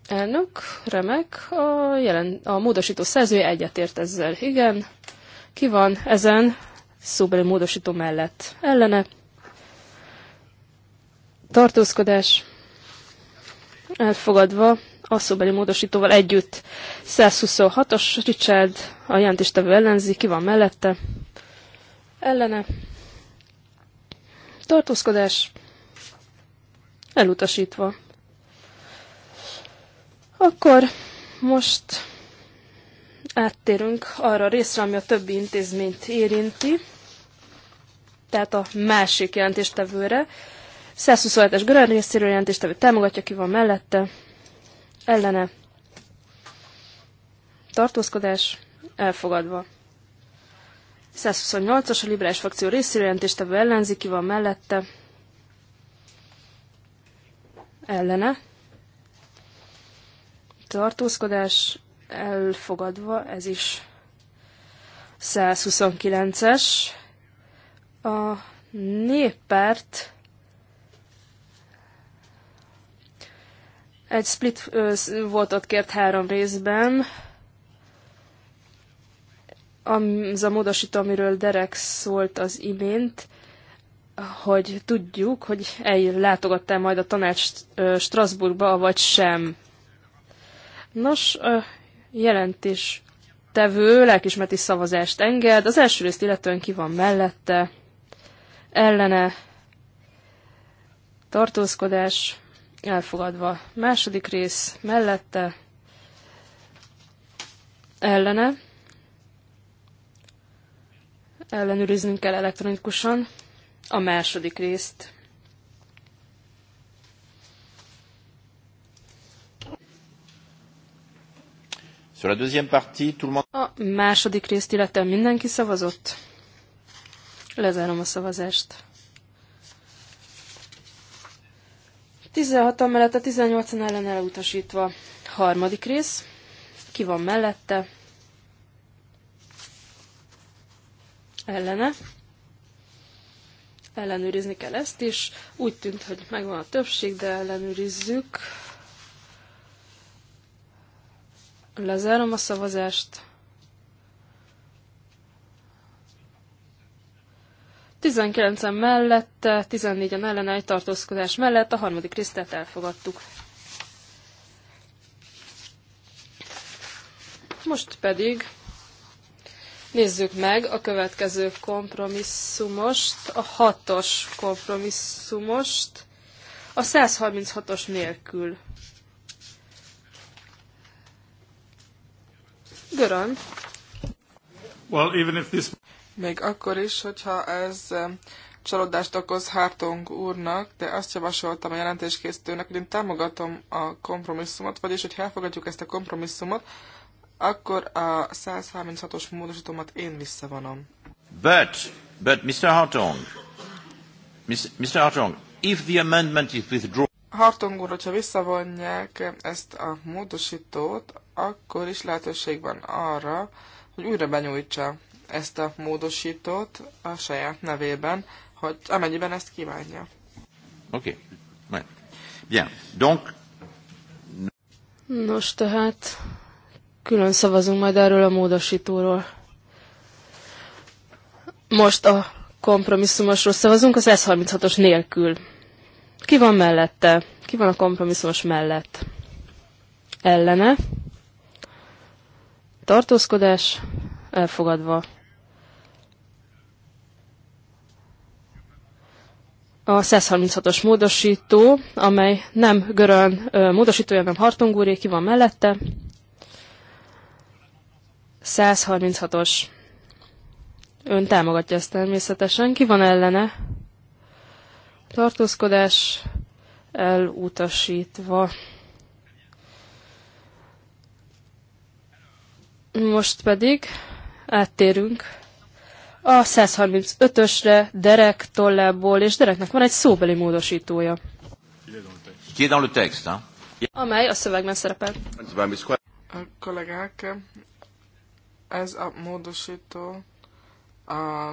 Elnök, remek, a, jelen, a módosító szerzője egyetért ezzel. Igen, ki van ezen szóbeli módosító mellett? Ellene? tartózkodás elfogadva a szóbeli módosítóval együtt. 126-os Richard a jelentéstevő ellenzi, ki van mellette? Ellene. Tartózkodás elutasítva. Akkor most áttérünk arra a részre, ami a többi intézményt érinti, tehát a másik jelentéstevőre. 127-es Görög részéről jelentéstevő támogatja, ki van mellette, ellene, tartózkodás, elfogadva. 128-as a liberális frakció részéről jelentéstevő ellenzi, ki van mellette, ellene, tartózkodás, elfogadva, ez is 129-es. A néppárt Egy split voltot kért három részben. Az a módosító, amiről Derek szólt az imént, hogy tudjuk, hogy ellátogattál majd a tanács Strasbourgba, vagy sem. Nos, jelentés tevő lelkismeti szavazást enged. Az első részt illetően ki van mellette, ellene, tartózkodás, elfogadva. Második rész mellette ellene. Ellenőriznünk kell elektronikusan a második részt. Sur la deuxième partie, tout le monde... A második részt illetve mindenki szavazott. Lezárom a szavazást. 16 mellett a 18-an ellen elutasítva. Harmadik rész. Ki van mellette? Ellene. Ellenőrizni kell ezt is. Úgy tűnt, hogy megvan a többség, de ellenőrizzük. Lezárom a szavazást. 19-en mellette, 14-en ellen egy tartózkodás mellett a harmadik résztet elfogadtuk. Most pedig nézzük meg a következő kompromisszumost, a hatos kompromisszumost, a 136-os nélkül. Göran. Well, even if this... Még akkor is, hogyha ez csalódást okoz Hartung úrnak, de azt javasoltam a jelentéskészítőnek, hogy én támogatom a kompromisszumot, vagyis, hogy elfogadjuk ezt a kompromisszumot, akkor a 136-os módosítomat én visszavonom. But, but Mr. Hartong, Mr. Hartong, if the amendment is withdrawn... Hartong úr, hogyha visszavonják ezt a módosítót, akkor is lehetőség van arra, hogy újra benyújtsa ezt a módosítót a saját nevében, hogy amennyiben ezt kívánja. Oké. Okay. Bien. Donc... Nos, tehát külön szavazunk majd erről a módosítóról. Most a kompromisszumosról szavazunk, az S36-os nélkül. Ki van mellette? Ki van a kompromisszumos mellett? Ellene. Tartózkodás elfogadva. a 136-os módosító, amely nem görön módosítója, hanem Hartongúré, ki van mellette. 136-os. Ön támogatja ezt természetesen. Ki van ellene? Tartózkodás elutasítva. Most pedig áttérünk a 135-ösre Derek tollából, és Dereknek van egy szóbeli módosítója. Ki est dans Amely a szövegben szerepel. A kollégák, ez a módosító a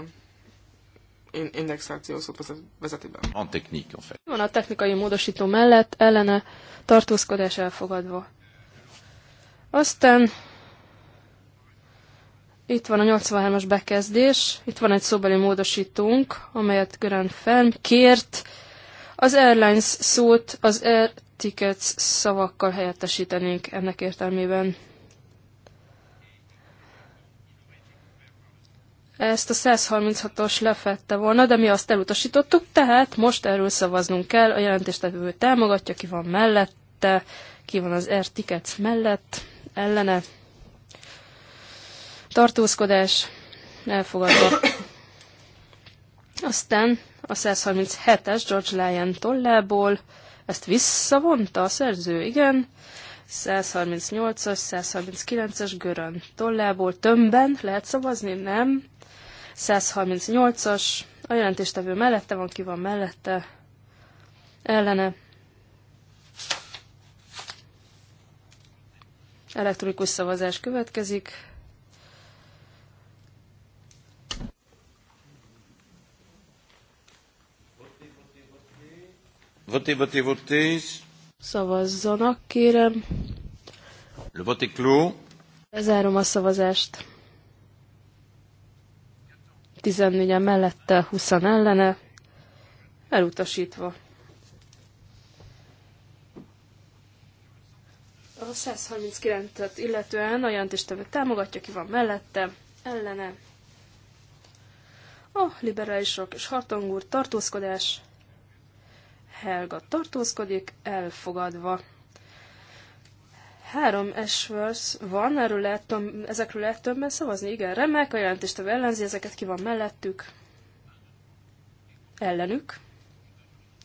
indexáció szót vezeti be. A technika. en fait. Van a technikai módosító mellett, ellene tartózkodás elfogadva. Aztán itt van a 83-as bekezdés, itt van egy szóbeli módosítónk, amelyet Görán Fenn kért. Az airlines szót az air tickets szavakkal helyettesítenénk ennek értelmében. Ezt a 136-os lefette volna, de mi azt elutasítottuk, tehát most erről szavaznunk kell. A jelentéstevő támogatja, ki van mellette, ki van az air tickets mellett, ellene tartózkodás elfogadva. Aztán a 137-es George Lyon tollából ezt visszavonta a szerző, igen. 138-as, 139-es Görön tollából tömbben lehet szavazni, nem. 138-as, a jelentéstevő mellette van, ki van mellette, ellene. Elektronikus szavazás következik. Voté, Szavazzanak, kérem. Le vote est clos. Lezárom a szavazást. 14-en mellette, 20 ellene. Elutasítva. A 139-et illetően a jelentéstevő támogatja, ki van mellette, ellene. A liberálisok és hartangúr tartózkodás Helga tartózkodik, elfogadva. Három Ashworth van, erről lehet töm, ezekről lehet többen szavazni. Igen, remek, a a ellenzi, ezeket ki van mellettük. Ellenük.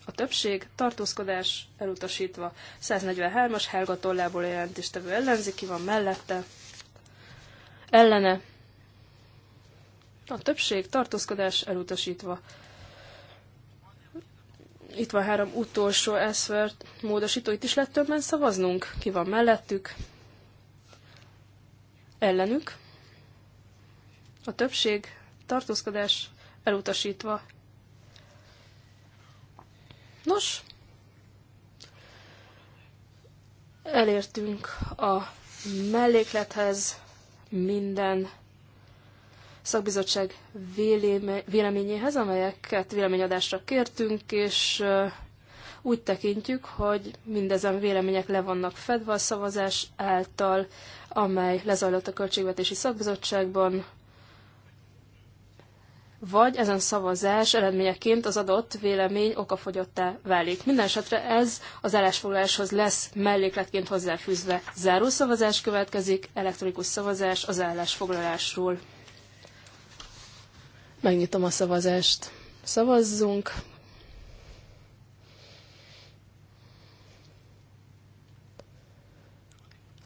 A többség, tartózkodás elutasítva. 143-as Helga tollából a jelentéstevő ellenzi, ki van mellette. Ellene. A többség, tartózkodás elutasítva itt van három utolsó eszvert módosító, itt is lett többen szavaznunk. Ki van mellettük? Ellenük? A többség tartózkodás elutasítva. Nos, elértünk a melléklethez minden szakbizottság véleményéhez, amelyeket véleményadásra kértünk, és úgy tekintjük, hogy mindezen vélemények le vannak fedve a szavazás által, amely lezajlott a Költségvetési Szakbizottságban, vagy ezen szavazás eredményeként az adott vélemény okafogyottá válik. Minden esetre ez az állásfoglaláshoz lesz mellékletként hozzáfűzve. Záró szavazás következik, elektronikus szavazás az állásfoglalásról. Megnyitom a szavazást. Szavazzunk.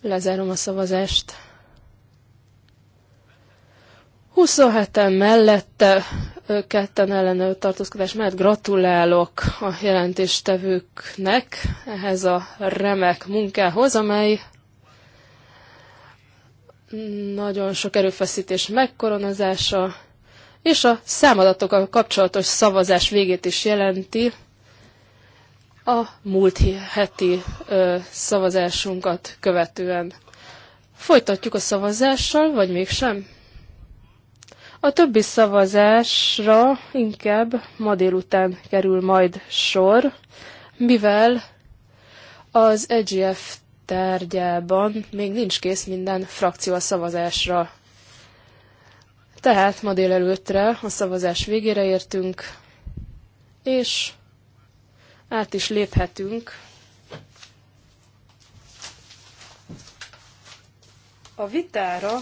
Lezárom a szavazást. 27-en mellette, ketten ellenő tartózkodás mellett gratulálok a jelentéstevőknek ehhez a remek munkához, amely nagyon sok erőfeszítés megkoronazása és a számadatokkal kapcsolatos szavazás végét is jelenti a múlt heti ö, szavazásunkat követően. Folytatjuk a szavazással, vagy mégsem? A többi szavazásra inkább ma délután kerül majd sor, mivel az EGF tárgyában még nincs kész minden frakció a szavazásra. Tehát ma délelőttre a szavazás végére értünk, és át is léphetünk a vitára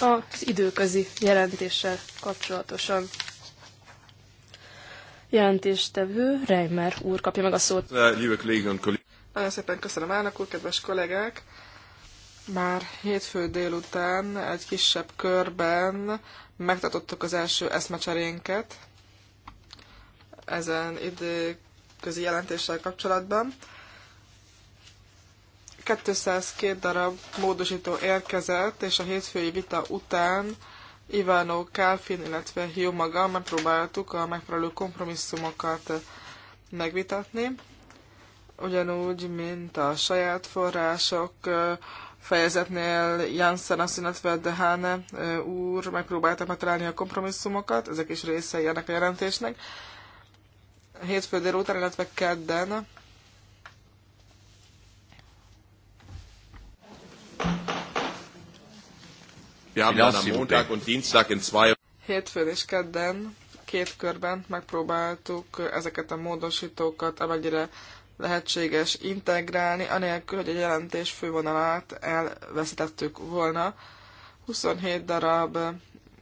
az időközi jelentéssel kapcsolatosan. Jelentéstevő Reimer úr kapja meg a szót. Nagyon szépen köszönöm, állnak úr, kedves kollégák! Már hétfő délután egy kisebb körben megtartottuk az első eszmecserénket ezen időközi jelentéssel kapcsolatban. 202 darab módosító érkezett, és a hétfői vita után Ivano Kálfin, illetve Hiu maga megpróbáltuk a megfelelő kompromisszumokat megvitatni, ugyanúgy, mint a saját források, fejezetnél Janssen azt, illetve Dehane úr megpróbáltak megtalálni a kompromisszumokat, ezek is részei ennek a jelentésnek. Hétfő délután, illetve kedden Wir Hétfőn és kedden két körben megpróbáltuk ezeket a módosítókat amennyire lehetséges integrálni, anélkül, hogy a jelentés fővonalát elveszítettük volna. 27 darab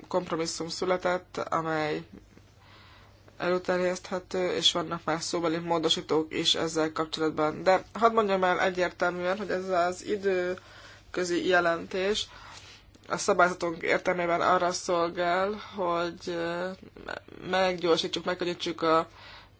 kompromisszum született, amely előterjeszthető, és vannak már szóbeli módosítók is ezzel kapcsolatban. De hadd mondjam el egyértelműen, hogy ez az időközi jelentés a szabályzatunk értelmében arra szolgál, hogy meggyorsítsuk, megkönnyítsük a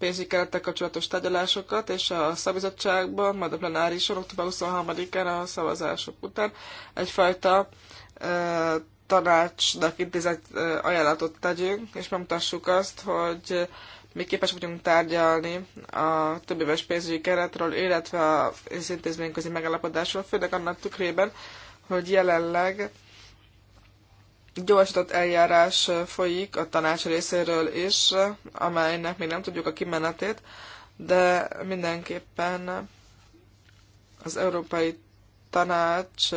pénzügyi kerettel kapcsolatos tárgyalásokat, és a szabizottságban, majd a plenárison, október 23-án a szavazások után egyfajta e, tanácsnak intézett e, ajánlatot tegyünk, és megmutassuk azt, hogy mi képes vagyunk tárgyalni a több éves pénzügyi keretről, illetve az intézményközi megállapodásról, főleg annak tükrében, hogy jelenleg gyorsított eljárás folyik a tanács részéről is, amelynek még nem tudjuk a kimenetét, de mindenképpen az Európai Tanács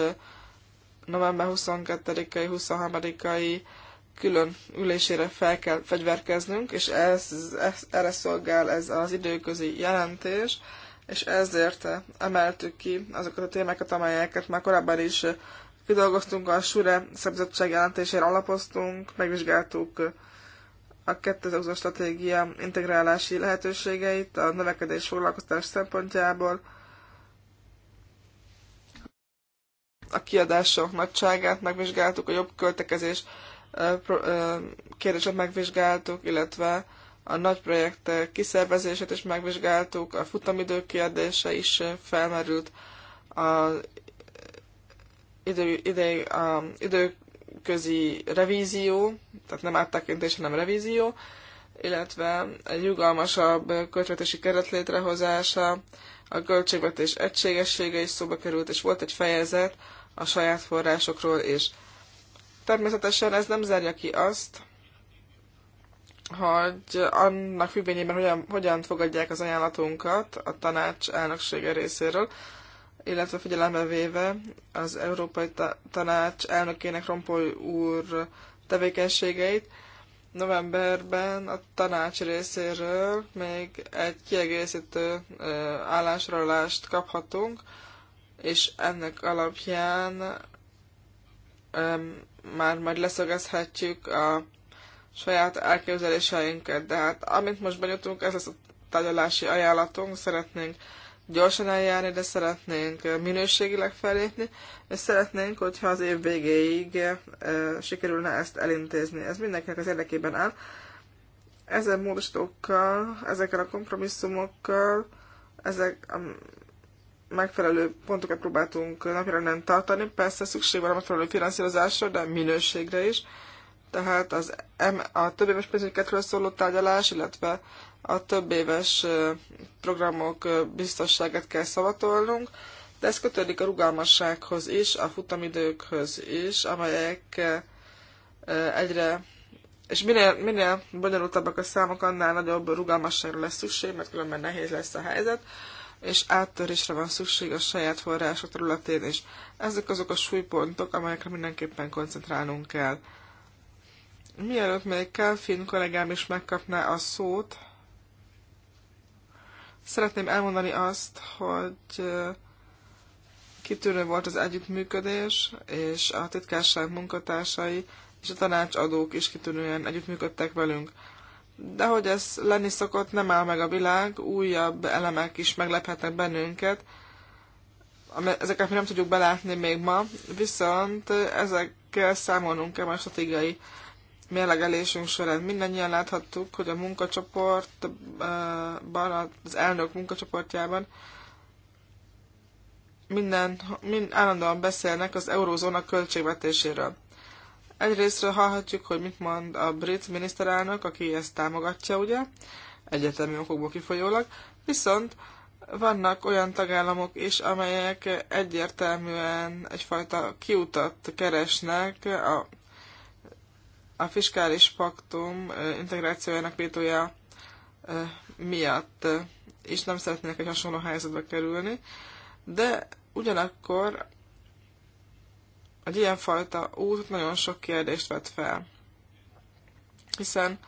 november 22 ai 23-ai külön ülésére fel kell fegyverkeznünk, és ez, ez, erre szolgál ez az időközi jelentés, és ezért emeltük ki azokat a témákat, amelyeket már korábban is kidolgoztunk a SURE szabadság jelentésére alapoztunk, megvizsgáltuk a 2020-as stratégia integrálási lehetőségeit a növekedés foglalkoztás szempontjából, a kiadások nagyságát megvizsgáltuk, a jobb költekezés kérdését megvizsgáltuk, illetve a nagy projektek kiszervezését is megvizsgáltuk, a futamidő kérdése is felmerült, az idő, ideig, um, időközi revízió, tehát nem áttekintés, hanem revízió, illetve egy rugalmasabb költségvetési keret létrehozása, a költségvetés egységessége is szóba került, és volt egy fejezet a saját forrásokról és Természetesen ez nem zárja ki azt, hogy annak függvényében hogyan, hogyan fogadják az ajánlatunkat a tanács elnöksége részéről, illetve figyelembe véve az Európai Tanács elnökének Rompoly úr tevékenységeit, novemberben a tanács részéről még egy kiegészítő állásralást kaphatunk, és ennek alapján már majd leszögezhetjük a saját elképzeléseinket. De hát amint most benyújtunk, ez az a tárgyalási ajánlatunk, szeretnénk gyorsan eljárni, de szeretnénk minőségileg felépni, és szeretnénk, hogyha az év végéig sikerülne ezt elintézni. Ez mindenkinek az érdekében áll. Ezen módosítókkal, ezekkel a kompromisszumokkal, ezek a megfelelő pontokat próbáltunk napjára nem tartani. Persze szükség van a megfelelő finanszírozásra, de minőségre is. Tehát az M, a több éves pénzügyi szóló tárgyalás, illetve a több éves programok biztosságát kell szavatolnunk, de ez kötődik a rugalmassághoz is, a futamidőkhöz is, amelyek egyre és minél, minél bonyolultabbak a számok, annál nagyobb rugalmasságra lesz szükség, mert különben nehéz lesz a helyzet, és áttörésre van szükség a saját források területén is. Ezek azok a súlypontok, amelyekre mindenképpen koncentrálnunk kell. Mielőtt még Kelfin kollégám is megkapná a szót, Szeretném elmondani azt, hogy kitűnő volt az együttműködés, és a titkárság munkatársai és a tanácsadók is kitűnően együttműködtek velünk. De hogy ez lenni szokott, nem áll meg a világ, újabb elemek is meglephetnek bennünket, ezeket mi nem tudjuk belátni még ma, viszont ezekkel számolnunk kell a stratégiai mérlegelésünk során mindannyian láthattuk, hogy a munkacsoportban, eh, az elnök munkacsoportjában minden, mind állandóan beszélnek az eurózóna költségvetéséről. Egyrésztről hallhatjuk, hogy mit mond a brit miniszterelnök, aki ezt támogatja, ugye, egyetemi okokból kifolyólag, viszont vannak olyan tagállamok is, amelyek egyértelműen egyfajta kiutat keresnek a a fiskális paktum integrációjának vétója miatt is nem szeretnének egy hasonló helyzetbe kerülni, de ugyanakkor egy ilyenfajta út nagyon sok kérdést vet fel. Hiszen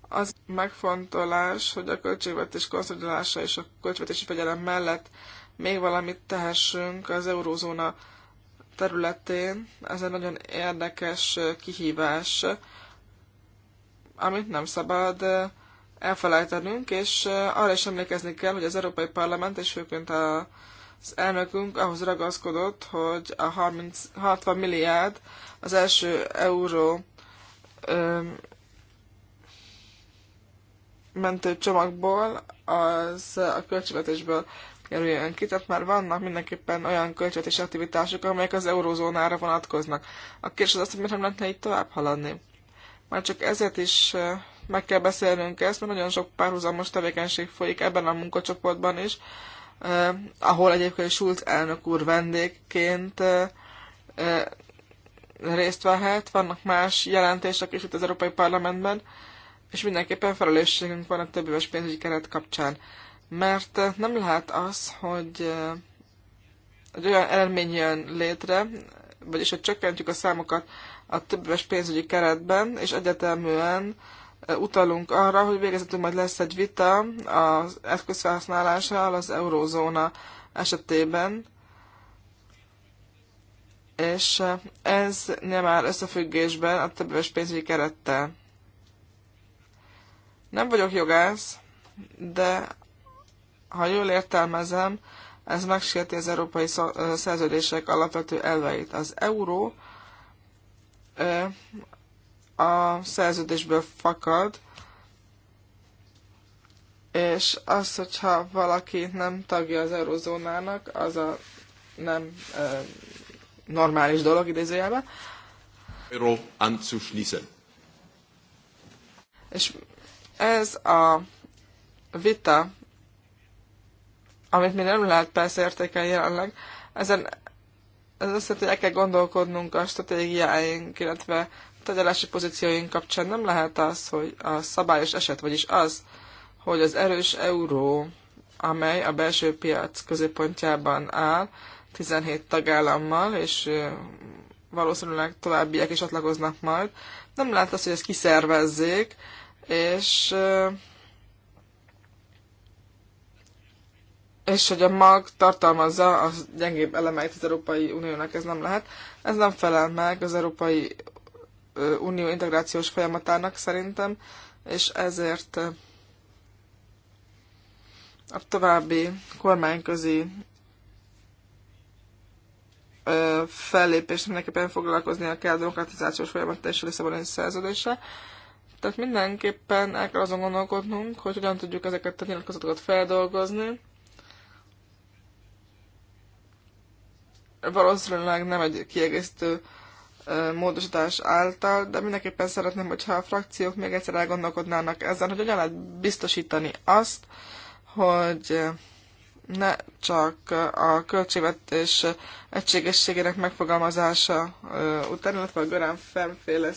az megfontolás, hogy a költségvetés konszolidálása és a költségvetési fegyelem mellett még valamit tehessünk az eurózóna területén ez egy nagyon érdekes kihívás, amit nem szabad elfelejtenünk, és arra is emlékezni kell, hogy az Európai Parlament és főként az elnökünk ahhoz ragaszkodott, hogy a 30, 60 milliárd az első euró öm, mentő csomagból az a költségvetésből jelöljön ki, tehát már vannak mindenképpen olyan költségvetési aktivitások, amelyek az eurózónára vonatkoznak. A kérdés az azt, hogy miért nem lehetne így tovább haladni. Már csak ezért is meg kell beszélnünk ezt, mert nagyon sok párhuzamos tevékenység folyik ebben a munkacsoportban is, eh, ahol egyébként Schulz elnök úr vendégként eh, eh, részt vehet, vannak más jelentések is itt az Európai Parlamentben, és mindenképpen felelősségünk van a több éves pénzügyi keret kapcsán. Mert nem lehet az, hogy eh, egy olyan eredmény jön létre, vagyis hogy csökkentjük a számokat a többes pénzügyi keretben, és egyeteműen eh, utalunk arra, hogy végezetül majd lesz egy vita az eszközfelhasználással az eurózóna esetében, és eh, ez nem áll összefüggésben a többes pénzügyi kerettel. Nem vagyok jogász, de ha jól értelmezem, ez megsérti az európai szerződések alapvető elveit. Az euró a szerződésből fakad, és az, hogyha valaki nem tagja az eurozónának, az a nem normális dolog idézőjelben. Euro anzuschließen. És ez a vita amit mi nem lehet persze értékelni jelenleg, ezen ez azt jelenti, hogy el kell gondolkodnunk a stratégiáink, illetve tárgyalási pozícióink kapcsán. Nem lehet az, hogy a szabályos eset, vagyis az, hogy az erős euró, amely a belső piac középpontjában áll, 17 tagállammal, és valószínűleg továbbiek is atlakoznak majd. Nem lehet az, hogy ezt kiszervezzék, és és hogy a mag tartalmazza a gyengébb elemeit az Európai Uniónak, ez nem lehet. Ez nem felel meg az Európai Unió integrációs folyamatának szerintem, és ezért a további kormányközi fellépést mindenképpen foglalkoznia kell a demokratizációs folyamat és a Lisszaboni szerződése. Tehát mindenképpen el kell azon gondolkodnunk, hogy hogyan tudjuk ezeket a nyilatkozatokat feldolgozni, valószínűleg nem egy kiegészítő módosítás által, de mindenképpen szeretném, hogyha a frakciók még egyszer elgondolkodnának ezen, hogy hogyan lehet biztosítani azt, hogy ne csak a költségvetés egységességének megfogalmazása után, illetve a Görán Femféle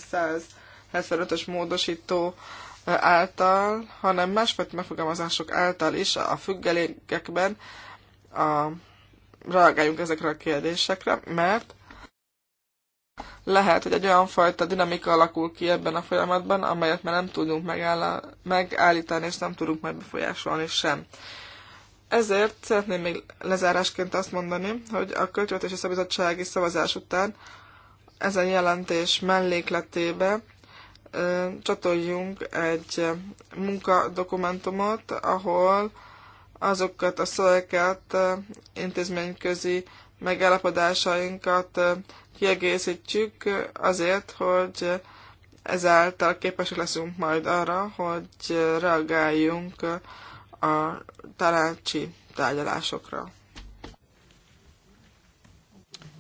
175-ös módosító által, hanem másfajta megfogalmazások által is a függelékekben, a reagáljunk ezekre a kérdésekre, mert lehet, hogy egy olyan fajta dinamika alakul ki ebben a folyamatban, amelyet már nem tudunk megáll- megállítani, és nem tudunk majd befolyásolni sem. Ezért szeretném még lezárásként azt mondani, hogy a Költségvetési Szabizottsági szavazás után ezen jelentés mellékletébe ö, csatoljunk egy munkadokumentumot, ahol azokat a szolgált intézményközi megállapodásainkat kiegészítjük azért, hogy ezáltal képesek leszünk majd arra, hogy reagáljunk a tanácsi tárgyalásokra.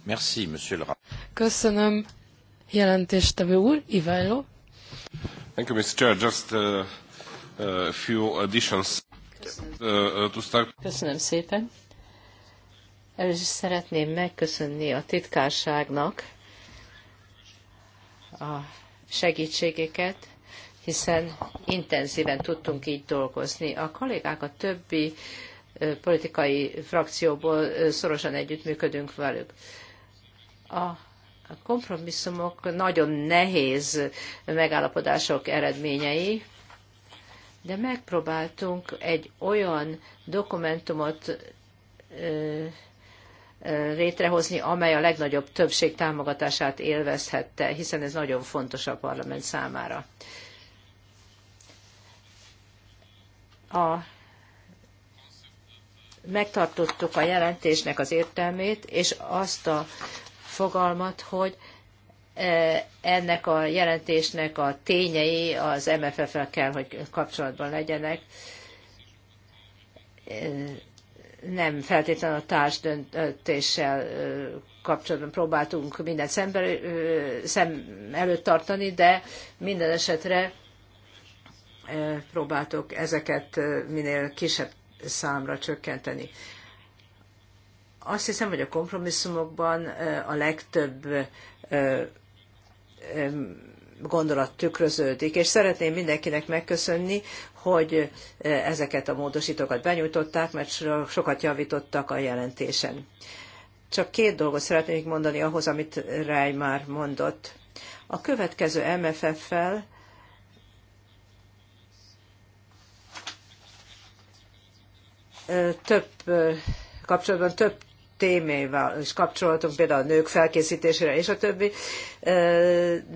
Merci, monsieur le Köszönöm, jelentéstevő úr, Iványló. Thank you, Mr. Chair. Just a, uh, uh, a few additions. Köszönöm. Köszönöm szépen. Először szeretném megköszönni a titkárságnak a segítségeket, hiszen intenzíven tudtunk így dolgozni. A kollégák a többi politikai frakcióból szorosan együttműködünk velük. A kompromisszumok nagyon nehéz megállapodások eredményei, de megpróbáltunk egy olyan dokumentumot létrehozni, amely a legnagyobb többség támogatását élvezhette, hiszen ez nagyon fontos a parlament számára. A, megtartottuk a jelentésnek az értelmét, és azt a fogalmat, hogy ennek a jelentésnek a tényei az MFF-el kell, hogy kapcsolatban legyenek. Nem feltétlenül a társdöntéssel kapcsolatban próbáltunk mindent szembe, szem előtt tartani, de minden esetre próbáltuk ezeket minél kisebb számra csökkenteni. Azt hiszem, hogy a kompromisszumokban a legtöbb gondolat tükröződik, és szeretném mindenkinek megköszönni, hogy e, ezeket a módosítókat benyújtották, mert sokat javítottak a jelentésen. Csak két dolgot szeretnék mondani ahhoz, amit Ráj már mondott. A következő MFF-fel e, több e, kapcsolatban több témával is kapcsolatunk, például a nők felkészítésére és a többi,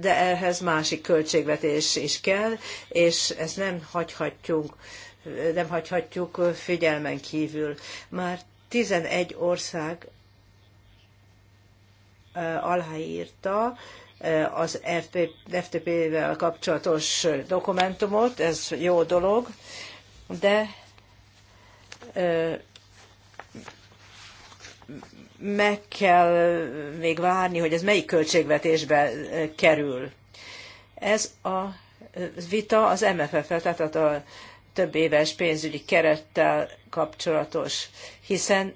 de ehhez másik költségvetés is kell, és ezt nem hagyhatjuk, nem hagyhatjuk figyelmen kívül. Már 11 ország aláírta az FTP-vel kapcsolatos dokumentumot, ez jó dolog, de meg kell még várni, hogy ez melyik költségvetésbe eh, kerül. Ez a eh, vita az MFF-el, tehát a több éves pénzügyi kerettel kapcsolatos, hiszen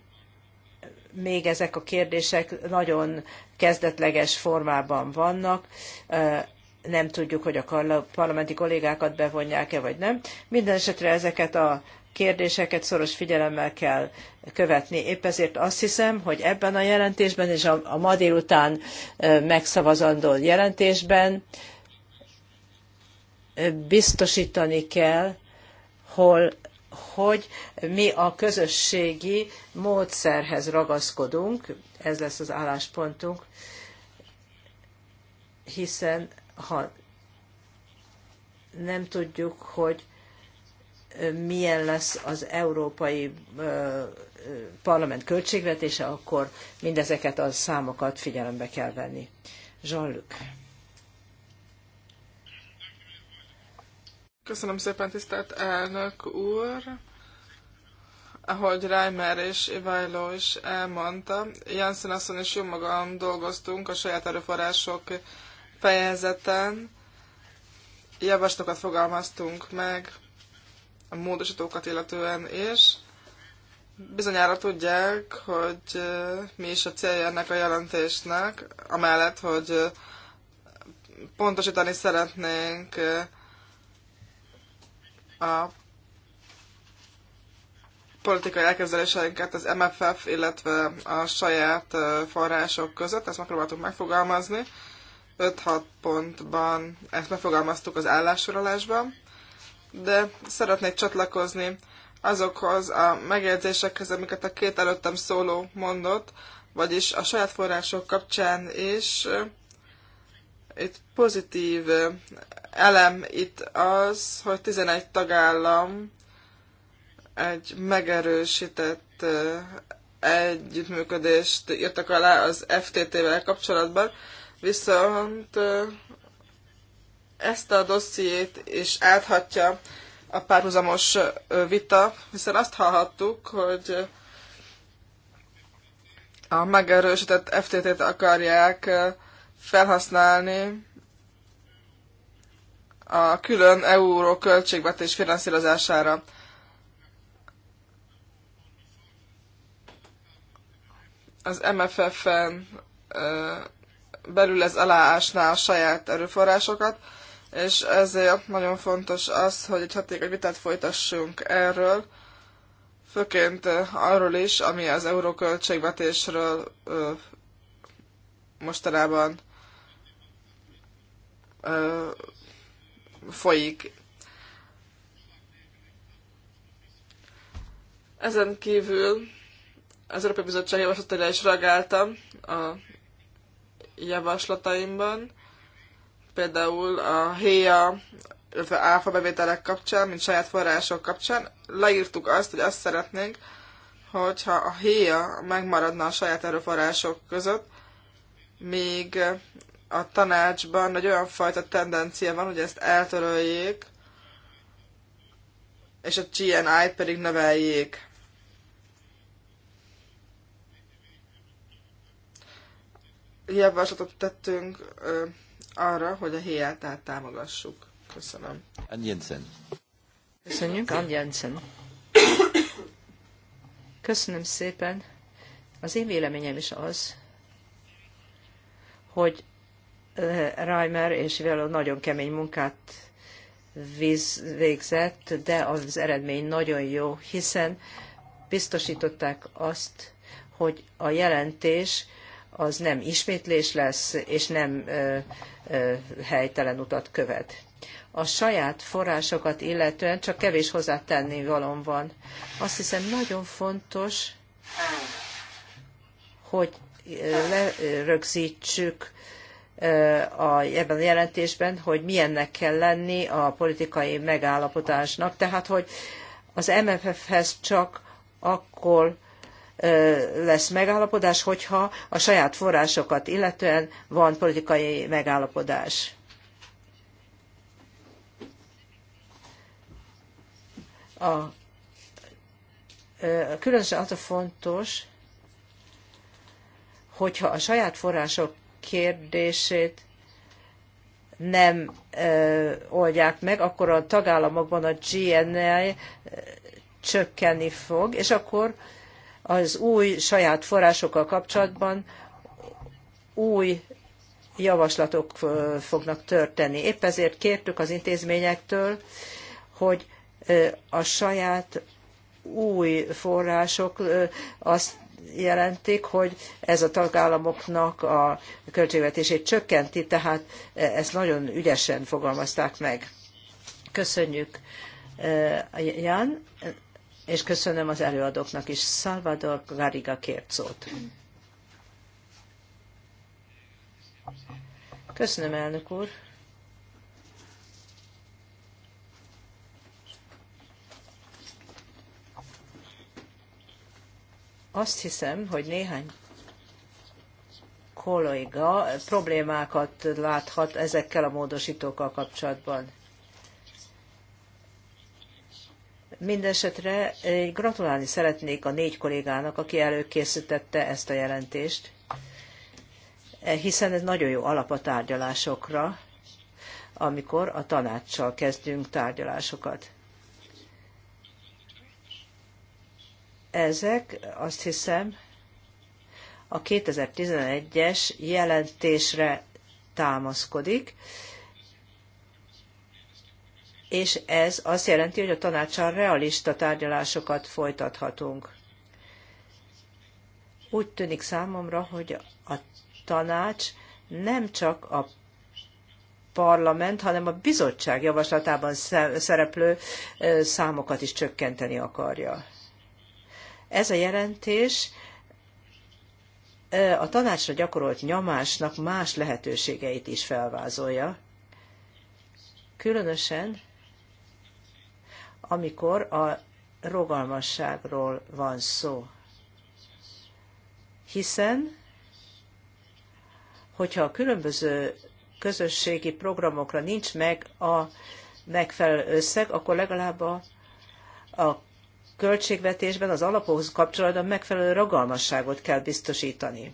még ezek a kérdések nagyon kezdetleges formában vannak, eh, nem tudjuk, hogy a parlamenti kollégákat bevonják-e vagy nem. Minden esetre ezeket a kérdéseket szoros figyelemmel kell követni. Épp ezért azt hiszem, hogy ebben a jelentésben és a, a ma délután megszavazandó jelentésben biztosítani kell, hol, hogy mi a közösségi módszerhez ragaszkodunk, ez lesz az álláspontunk, hiszen ha nem tudjuk, hogy milyen lesz az európai parlament költségvetése, akkor mindezeket a számokat figyelembe kell venni. Jean-Luc. Köszönöm szépen, tisztelt elnök úr! Ahogy Reimer és Ivajló is elmondta, Janssen asszony és jó magam dolgoztunk a saját erőforrások fejezeten. Javaslatokat fogalmaztunk meg a módosítókat illetően és Bizonyára tudják, hogy mi is a célja ennek a jelentésnek, amellett, hogy pontosítani szeretnénk a politikai elképzeléseinket az MFF, illetve a saját források között, ezt megpróbáltuk megfogalmazni. 5-6 pontban ezt megfogalmaztuk az állásorolásban de szeretnék csatlakozni azokhoz a megjegyzésekhez, amiket a két előttem szóló mondott, vagyis a saját források kapcsán is. Itt pozitív elem itt az, hogy 11 tagállam egy megerősített együttműködést írtak alá az FTT-vel kapcsolatban, viszont ezt a dossziét is áthatja a párhuzamos vita, hiszen azt hallhattuk, hogy a megerősített FTT-t akarják felhasználni a külön euró költségvetés finanszírozására. Az MFF-en belül ez aláásná a saját erőforrásokat, és ezért nagyon fontos az, hogy egy hatékony vitát folytassunk erről, főként arról is, ami az euróköltségvetésről ö, mostanában ö, folyik. Ezen kívül az Európai Bizottság javaslatára is reagáltam a javaslataimban például a héja, e illetve áfa bevételek kapcsán, mint saját források kapcsán, leírtuk azt, hogy azt szeretnénk, hogyha a héja e megmaradna a saját erőforrások között, még a tanácsban egy olyan fajta tendencia van, hogy ezt eltöröljék, és a GNI-t pedig növeljék. Javaslatot tettünk arra, hogy a hiátát támogassuk. Köszönöm. Ann Jensen. Köszönjük, Ann Jensen. Köszönöm szépen. Az én véleményem is az, hogy eh, Reimer és Velo nagyon kemény munkát végzett, de az eredmény nagyon jó, hiszen biztosították azt, hogy a jelentés az nem ismétlés lesz, és nem eh, helytelen utat követ. A saját forrásokat illetően csak kevés hozzátenni valom van. Azt hiszem nagyon fontos, hogy lerögzítsük a, ebben a jelentésben, hogy milyennek kell lenni a politikai megállapodásnak. Tehát, hogy az MFF-hez csak akkor lesz megállapodás, hogyha a saját forrásokat illetően van politikai megállapodás. A, különösen az a fontos, hogyha a saját források kérdését nem ö, oldják meg, akkor a tagállamokban a GNI csökkenni fog, és akkor az új saját forrásokkal kapcsolatban új javaslatok fognak történni. Épp ezért kértük az intézményektől, hogy a saját új források azt jelentik, hogy ez a tagállamoknak a költségvetését csökkenti, tehát ezt nagyon ügyesen fogalmazták meg. Köszönjük, Jan és köszönöm az előadóknak is. Salvador Gariga kért szót. Köszönöm, elnök úr. Azt hiszem, hogy néhány kolléga problémákat láthat ezekkel a módosítókkal kapcsolatban. Mindenesetre eh, gratulálni szeretnék a négy kollégának, aki előkészítette ezt a jelentést, eh, hiszen ez nagyon jó alap a tárgyalásokra, amikor a tanácssal kezdünk tárgyalásokat. Ezek azt hiszem a 2011-es jelentésre támaszkodik, és ez azt jelenti, hogy a tanácssal realista tárgyalásokat folytathatunk. Úgy tűnik számomra, hogy a tanács nem csak a parlament, hanem a bizottság javaslatában szereplő számokat is csökkenteni akarja. Ez a jelentés a tanácsra gyakorolt nyomásnak más lehetőségeit is felvázolja, különösen amikor a rogalmasságról van szó. Hiszen, hogyha a különböző közösségi programokra nincs meg a megfelelő összeg, akkor legalább a, a költségvetésben az alapokhoz kapcsolatban megfelelő ragalmasságot kell biztosítani.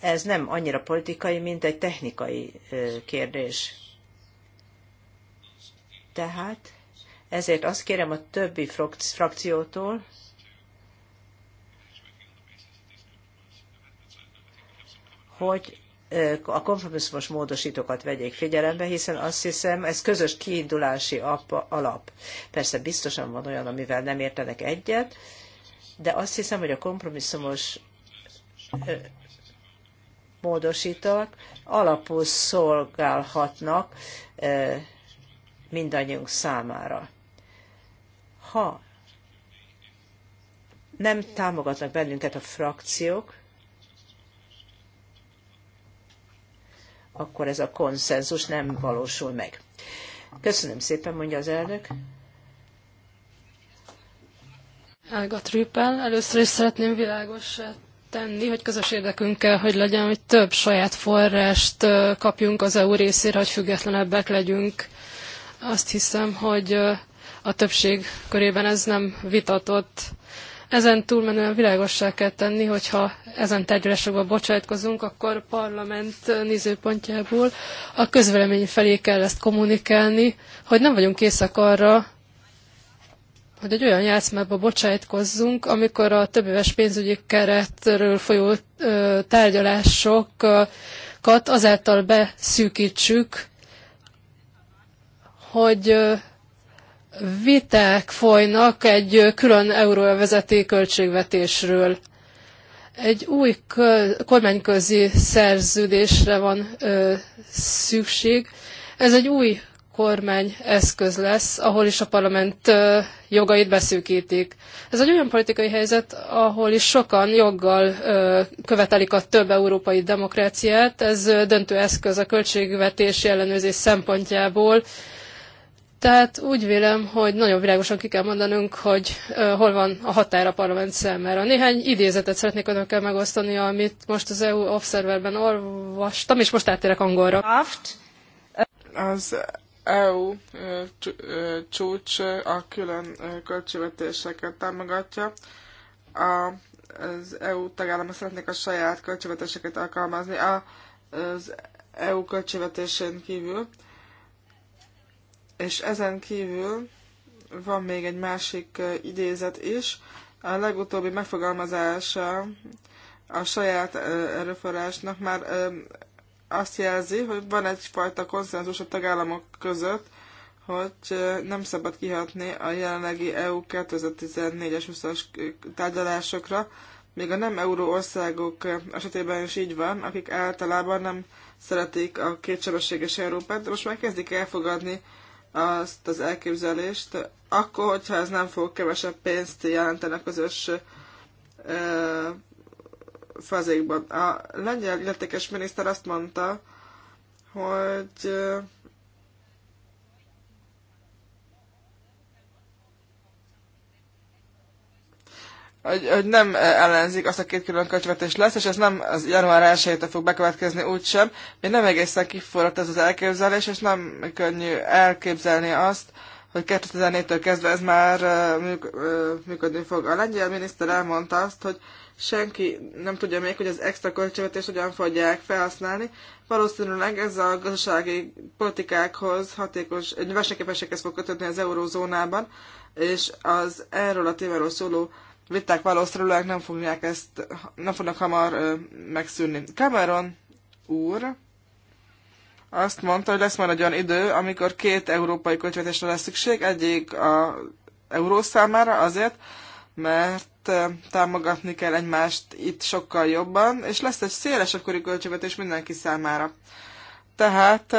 Ez nem annyira politikai, mint egy technikai kérdés. Tehát ezért azt kérem a többi frakciótól, hogy a kompromisszumos módosítókat vegyék figyelembe, hiszen azt hiszem, ez közös kiindulási alap. Persze biztosan van olyan, amivel nem értenek egyet, de azt hiszem, hogy a kompromisszumos módosítók alapul szolgálhatnak mindannyiunk számára. Ha nem támogatnak bennünket a frakciók, akkor ez a konszenzus nem valósul meg. Köszönöm szépen, mondja az elnök. Helga Trüppel, először is szeretném világos tenni, hogy közös érdekünk kell, hogy legyen, hogy több saját forrást kapjunk az EU részére, hogy függetlenebbek legyünk. Azt hiszem, hogy a többség körében ez nem vitatott. Ezen túlmenően világossá kell tenni, hogyha ezen tárgyalásokba bocsátkozunk, akkor parlament nézőpontjából a közvélemény felé kell ezt kommunikálni, hogy nem vagyunk készek arra, hogy egy olyan játszmába bocsájtkozzunk, amikor a többéves pénzügyi keretről folyó tárgyalásokat azáltal beszűkítsük, hogy viták folynak egy külön euróvezeti költségvetésről. Egy új kormányközi szerződésre van ö, szükség. Ez egy új kormány eszköz lesz, ahol is a parlament ö, jogait beszűkítik. Ez egy olyan politikai helyzet, ahol is sokan joggal ö, követelik a több európai demokráciát. Ez döntő eszköz a költségvetési ellenőrzés szempontjából tehát úgy vélem, hogy nagyon világosan ki kell mondanunk, hogy hol van a határ a parlament számára. Néhány idézetet szeretnék önökkel megosztani, amit most az EU Observerben olvastam, és most áttérek angolra. Az EU csúcs a külön költségvetéseket támogatja. Az EU tagállamok szeretnék a saját költségvetéseket alkalmazni az EU költségvetésén kívül és ezen kívül van még egy másik idézet is. A legutóbbi megfogalmazása a saját erőforrásnak már azt jelzi, hogy van egyfajta konszenzus a tagállamok között, hogy nem szabad kihatni a jelenlegi EU 2014-es 20-as tárgyalásokra, még a nem euró országok esetében is így van, akik általában nem szeretik a kétsebességes Európát, de most már kezdik elfogadni azt az elképzelést, akkor, hogyha ez nem fog kevesebb pénzt jelenteni a közös ö, fazékban. A lengyel illetékes miniszter azt mondta, hogy hogy, hogy nem ellenzik azt a két külön költségvetés lesz, és ez nem az január 1 fog bekövetkezni úgysem. Még nem egészen kiforrott ez az elképzelés, és nem könnyű elképzelni azt, hogy 2004-től kezdve ez már működni fog. A lengyel miniszter elmondta azt, hogy senki nem tudja még, hogy az extra költségvetést hogyan fogják felhasználni. Valószínűleg ez a gazdasági politikákhoz hatékos, egy versenyképességhez fog kötődni az eurózónában, és az erről a témáról szóló viták valószínűleg nem fogják ezt, nem fognak hamar megszűnni. Cameron úr azt mondta, hogy lesz majd egy olyan idő, amikor két európai költségvetésre lesz szükség, egyik a euró számára azért, mert támogatni kell egymást itt sokkal jobban, és lesz egy széles akkori költségvetés mindenki számára. Tehát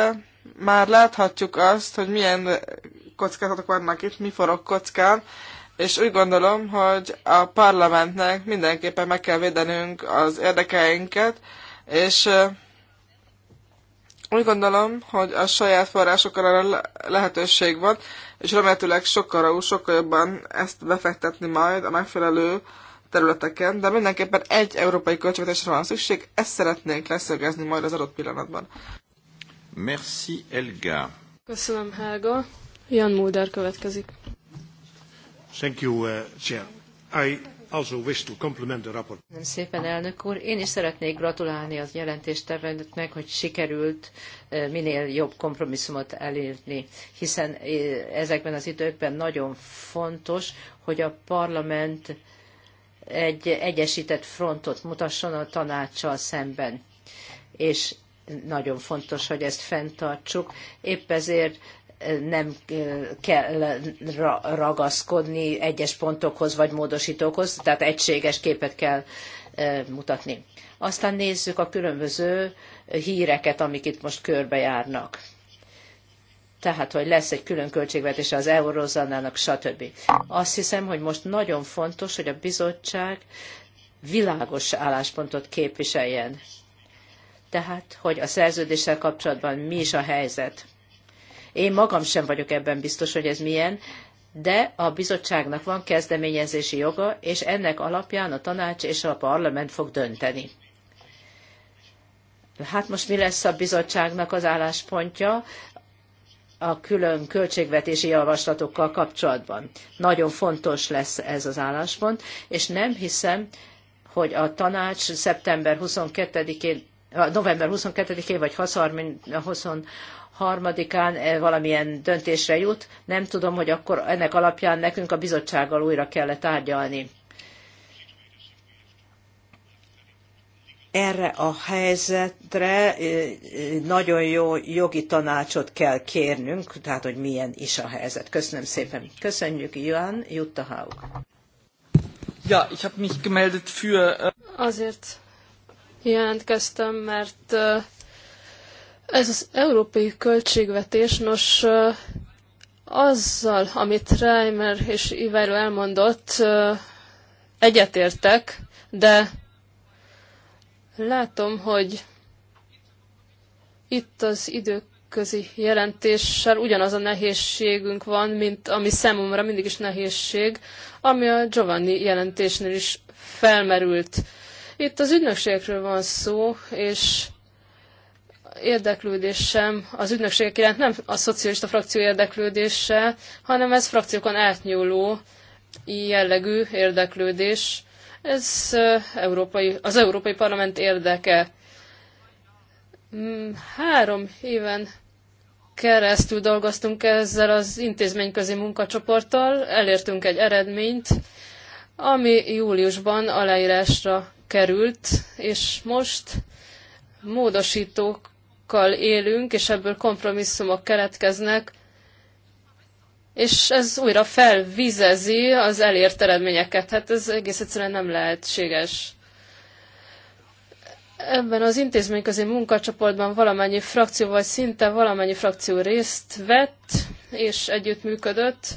már láthatjuk azt, hogy milyen kockázatok vannak itt, mi forog kockán, és úgy gondolom, hogy a parlamentnek mindenképpen meg kell védenünk az érdekeinket, és úgy gondolom, hogy a saját forrásokra lehetőség van, és remélhetőleg sokkal, sokkal jobban ezt befektetni majd a megfelelő területeken, de mindenképpen egy európai költségvetésre van szükség, ezt szeretnénk leszögezni majd az adott pillanatban. Merci, Elga. Köszönöm, Helga. Jan Mulder következik. Nem uh, szépen, elnök úr. Én is szeretnék gratulálni az jelentéstevőnek, hogy sikerült eh, minél jobb kompromisszumot elérni, hiszen eh, ezekben az időkben nagyon fontos, hogy a parlament egy egyesített frontot mutasson a tanácssal szemben. És nagyon fontos, hogy ezt fenntartsuk. Épp ezért nem kell ragaszkodni egyes pontokhoz vagy módosítókhoz, tehát egységes képet kell mutatni. Aztán nézzük a különböző híreket, amik itt most körbejárnak. Tehát, hogy lesz egy külön költségvetése az eurozónának, stb. Azt hiszem, hogy most nagyon fontos, hogy a bizottság világos álláspontot képviseljen. Tehát, hogy a szerződéssel kapcsolatban mi is a helyzet én magam sem vagyok ebben biztos, hogy ez milyen, de a bizottságnak van kezdeményezési joga, és ennek alapján a tanács és a parlament fog dönteni. Hát most mi lesz a bizottságnak az álláspontja a külön költségvetési javaslatokkal kapcsolatban? Nagyon fontos lesz ez az álláspont, és nem hiszem, hogy a tanács szeptember 22-én november 22-én vagy 23-án eh, valamilyen döntésre jut. Nem tudom, hogy akkor ennek alapján nekünk a bizottsággal újra kell tárgyalni. Erre a helyzetre eh, nagyon jó jogi tanácsot kell kérnünk, tehát hogy milyen is a helyzet. Köszönöm szépen. Köszönjük, jutta Juttahaug. Ja, ich habe mich gemeldet für... Äh, Azért jelentkeztem, mert ez az európai költségvetés, nos, azzal, amit Reimer és Iváró elmondott, egyetértek, de látom, hogy itt az időközi jelentéssel ugyanaz a nehézségünk van, mint ami számomra mindig is nehézség, ami a Giovanni jelentésnél is felmerült. Itt az ügynökségekről van szó, és érdeklődésem az ügynökségek iránt nem a szocialista frakció érdeklődése, hanem ez frakciókon átnyúló jellegű érdeklődés. Ez európai, az Európai Parlament érdeke. Mm, három éven keresztül dolgoztunk ezzel az intézményközi munkacsoporttal, elértünk egy eredményt, ami júliusban aláírásra került, és most módosítókkal élünk, és ebből kompromisszumok keletkeznek, és ez újra felvizezi az elért eredményeket. Hát ez egész egyszerűen nem lehetséges. Ebben az intézményközi munkacsoportban valamennyi frakció, vagy szinte valamennyi frakció részt vett, és együttműködött.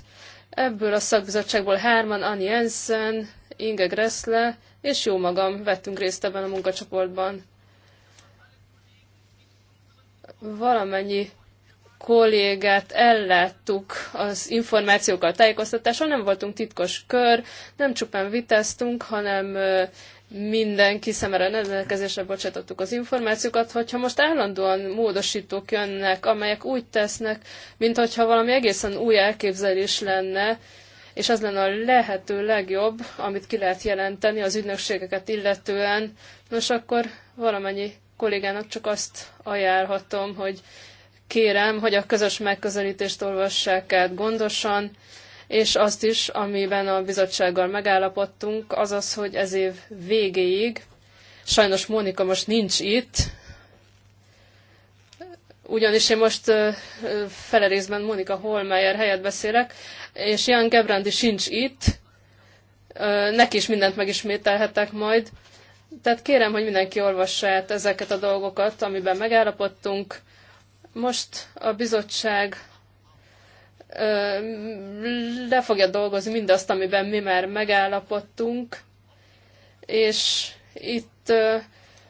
Ebből a szakbizottságból hárman, Annie Jensen, Inge Gressle és jó magam, vettünk részt ebben a munkacsoportban. Valamennyi kollégát elláttuk az információkkal, tájékoztatással, nem voltunk titkos kör, nem csupán vitáztunk, hanem mindenki szemére rendelkezésre bocsátottuk az információkat, hogyha most állandóan módosítók jönnek, amelyek úgy tesznek, mintha valami egészen új elképzelés lenne, és az lenne a lehető legjobb, amit ki lehet jelenteni az ügynökségeket illetően. Nos, akkor valamennyi kollégának csak azt ajánlhatom, hogy kérem, hogy a közös megközelítést olvassák át gondosan, és azt is, amiben a bizottsággal megállapodtunk, azaz, hogy ez év végéig, sajnos Mónika most nincs itt, ugyanis én most felerészben Monika Holmeyer helyett beszélek, és Jan Gebrandi sincs itt, neki is mindent megismételhetek majd. Tehát kérem, hogy mindenki olvassa át ezeket a dolgokat, amiben megállapodtunk. Most a bizottság le fogja dolgozni mindazt, amiben mi már megállapodtunk, és itt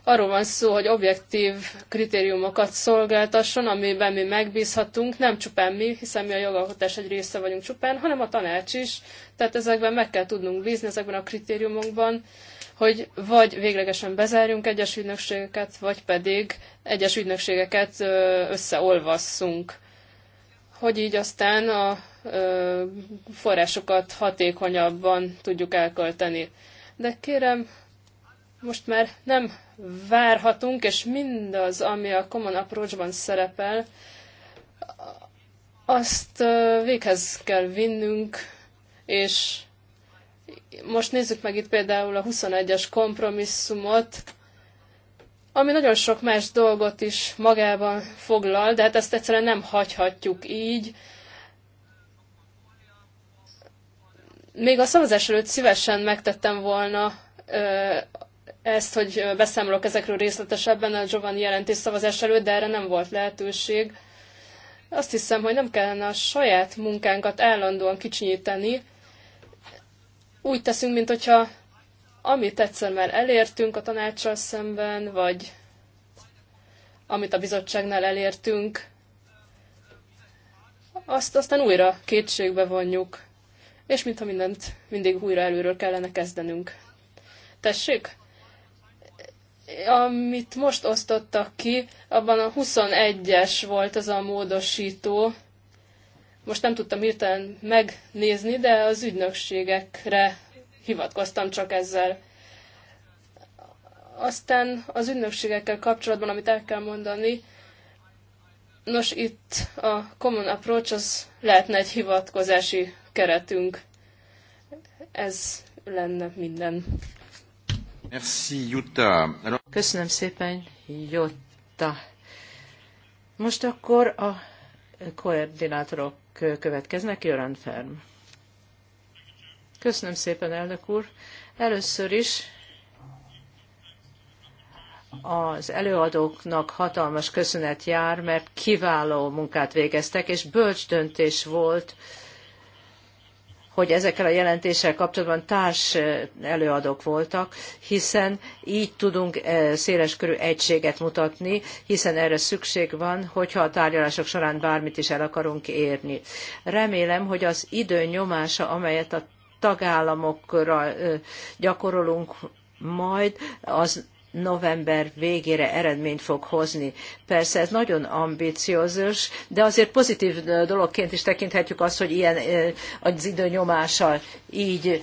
arról van szó, hogy objektív kritériumokat szolgáltasson, amiben mi megbízhatunk, nem csupán mi, hiszen mi a jogalkotás egy része vagyunk csupán, hanem a tanács is. Tehát ezekben meg kell tudnunk bízni, ezekben a kritériumokban, hogy vagy véglegesen bezárjunk egyes ügynökségeket, vagy pedig egyes ügynökségeket összeolvasszunk. Hogy így aztán a forrásokat hatékonyabban tudjuk elkölteni. De kérem, most már nem várhatunk, és mindaz, ami a Common Approach-ban szerepel, azt véghez kell vinnünk, és most nézzük meg itt például a 21-es kompromisszumot, ami nagyon sok más dolgot is magában foglal, de hát ezt egyszerűen nem hagyhatjuk így. Még a szavazás előtt szívesen megtettem volna ezt, hogy beszámolok ezekről részletesebben a Giovanni jelentés szavazás előtt, de erre nem volt lehetőség. Azt hiszem, hogy nem kellene a saját munkánkat állandóan kicsinyíteni. Úgy teszünk, mint hogyha amit egyszer már elértünk a tanácssal szemben, vagy amit a bizottságnál elértünk, azt aztán újra kétségbe vonjuk, és mintha mindent mindig újra előről kellene kezdenünk. Tessék? amit most osztottak ki, abban a 21-es volt az a módosító. Most nem tudtam hirtelen megnézni, de az ügynökségekre hivatkoztam csak ezzel. Aztán az ügynökségekkel kapcsolatban, amit el kell mondani, nos itt a Common Approach az lehetne egy hivatkozási keretünk. Ez lenne minden. Merci, Jutta. Köszönöm szépen, Jutta. Most akkor a koordinátorok következnek, Jörán Ferm. Köszönöm szépen, elnök úr. Először is az előadóknak hatalmas köszönet jár, mert kiváló munkát végeztek, és bölcs döntés volt, hogy ezekkel a jelentéssel kapcsolatban társ eh, előadók voltak, hiszen így tudunk eh, széleskörű egységet mutatni, hiszen erre szükség van, hogyha a tárgyalások során bármit is el akarunk érni. Remélem, hogy az idő nyomása, amelyet a tagállamokra eh, gyakorolunk majd, az november végére eredményt fog hozni. Persze ez nagyon ambiciózus, de azért pozitív dologként is tekinthetjük azt, hogy ilyen az idő nyomással így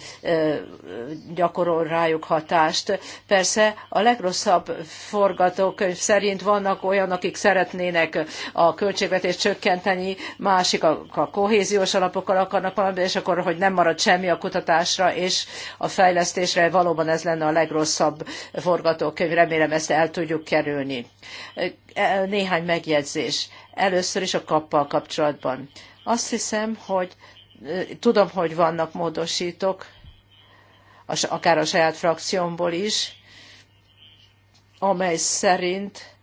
gyakorol rájuk hatást. Persze a legrosszabb forgatókönyv szerint vannak olyan, akik szeretnének a költségvetést csökkenteni, másik a, a kohéziós alapokkal akarnak valamit, és akkor, hogy nem marad semmi a kutatásra és a fejlesztésre, valóban ez lenne a legrosszabb forgatókönyv forgatókönyv, remélem ezt el tudjuk kerülni. E, néhány megjegyzés. Először is a kappal kapcsolatban. Azt hiszem, hogy e, tudom, hogy vannak módosítók, akár a saját frakciómból is, amely szerint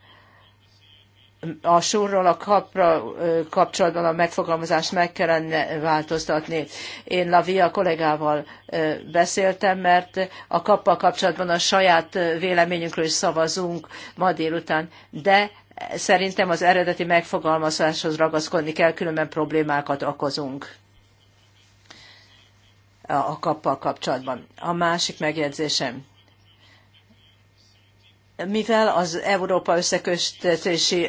a sorról a kapra kapcsolatban a megfogalmazást meg kellene változtatni. Én Lavia kollégával beszéltem, mert a kappa kapcsolatban a saját véleményünkről is szavazunk ma délután, de szerintem az eredeti megfogalmazáshoz ragaszkodni kell, különben problémákat okozunk a kappal kapcsolatban. A másik megjegyzésem mivel az Európa összeköstési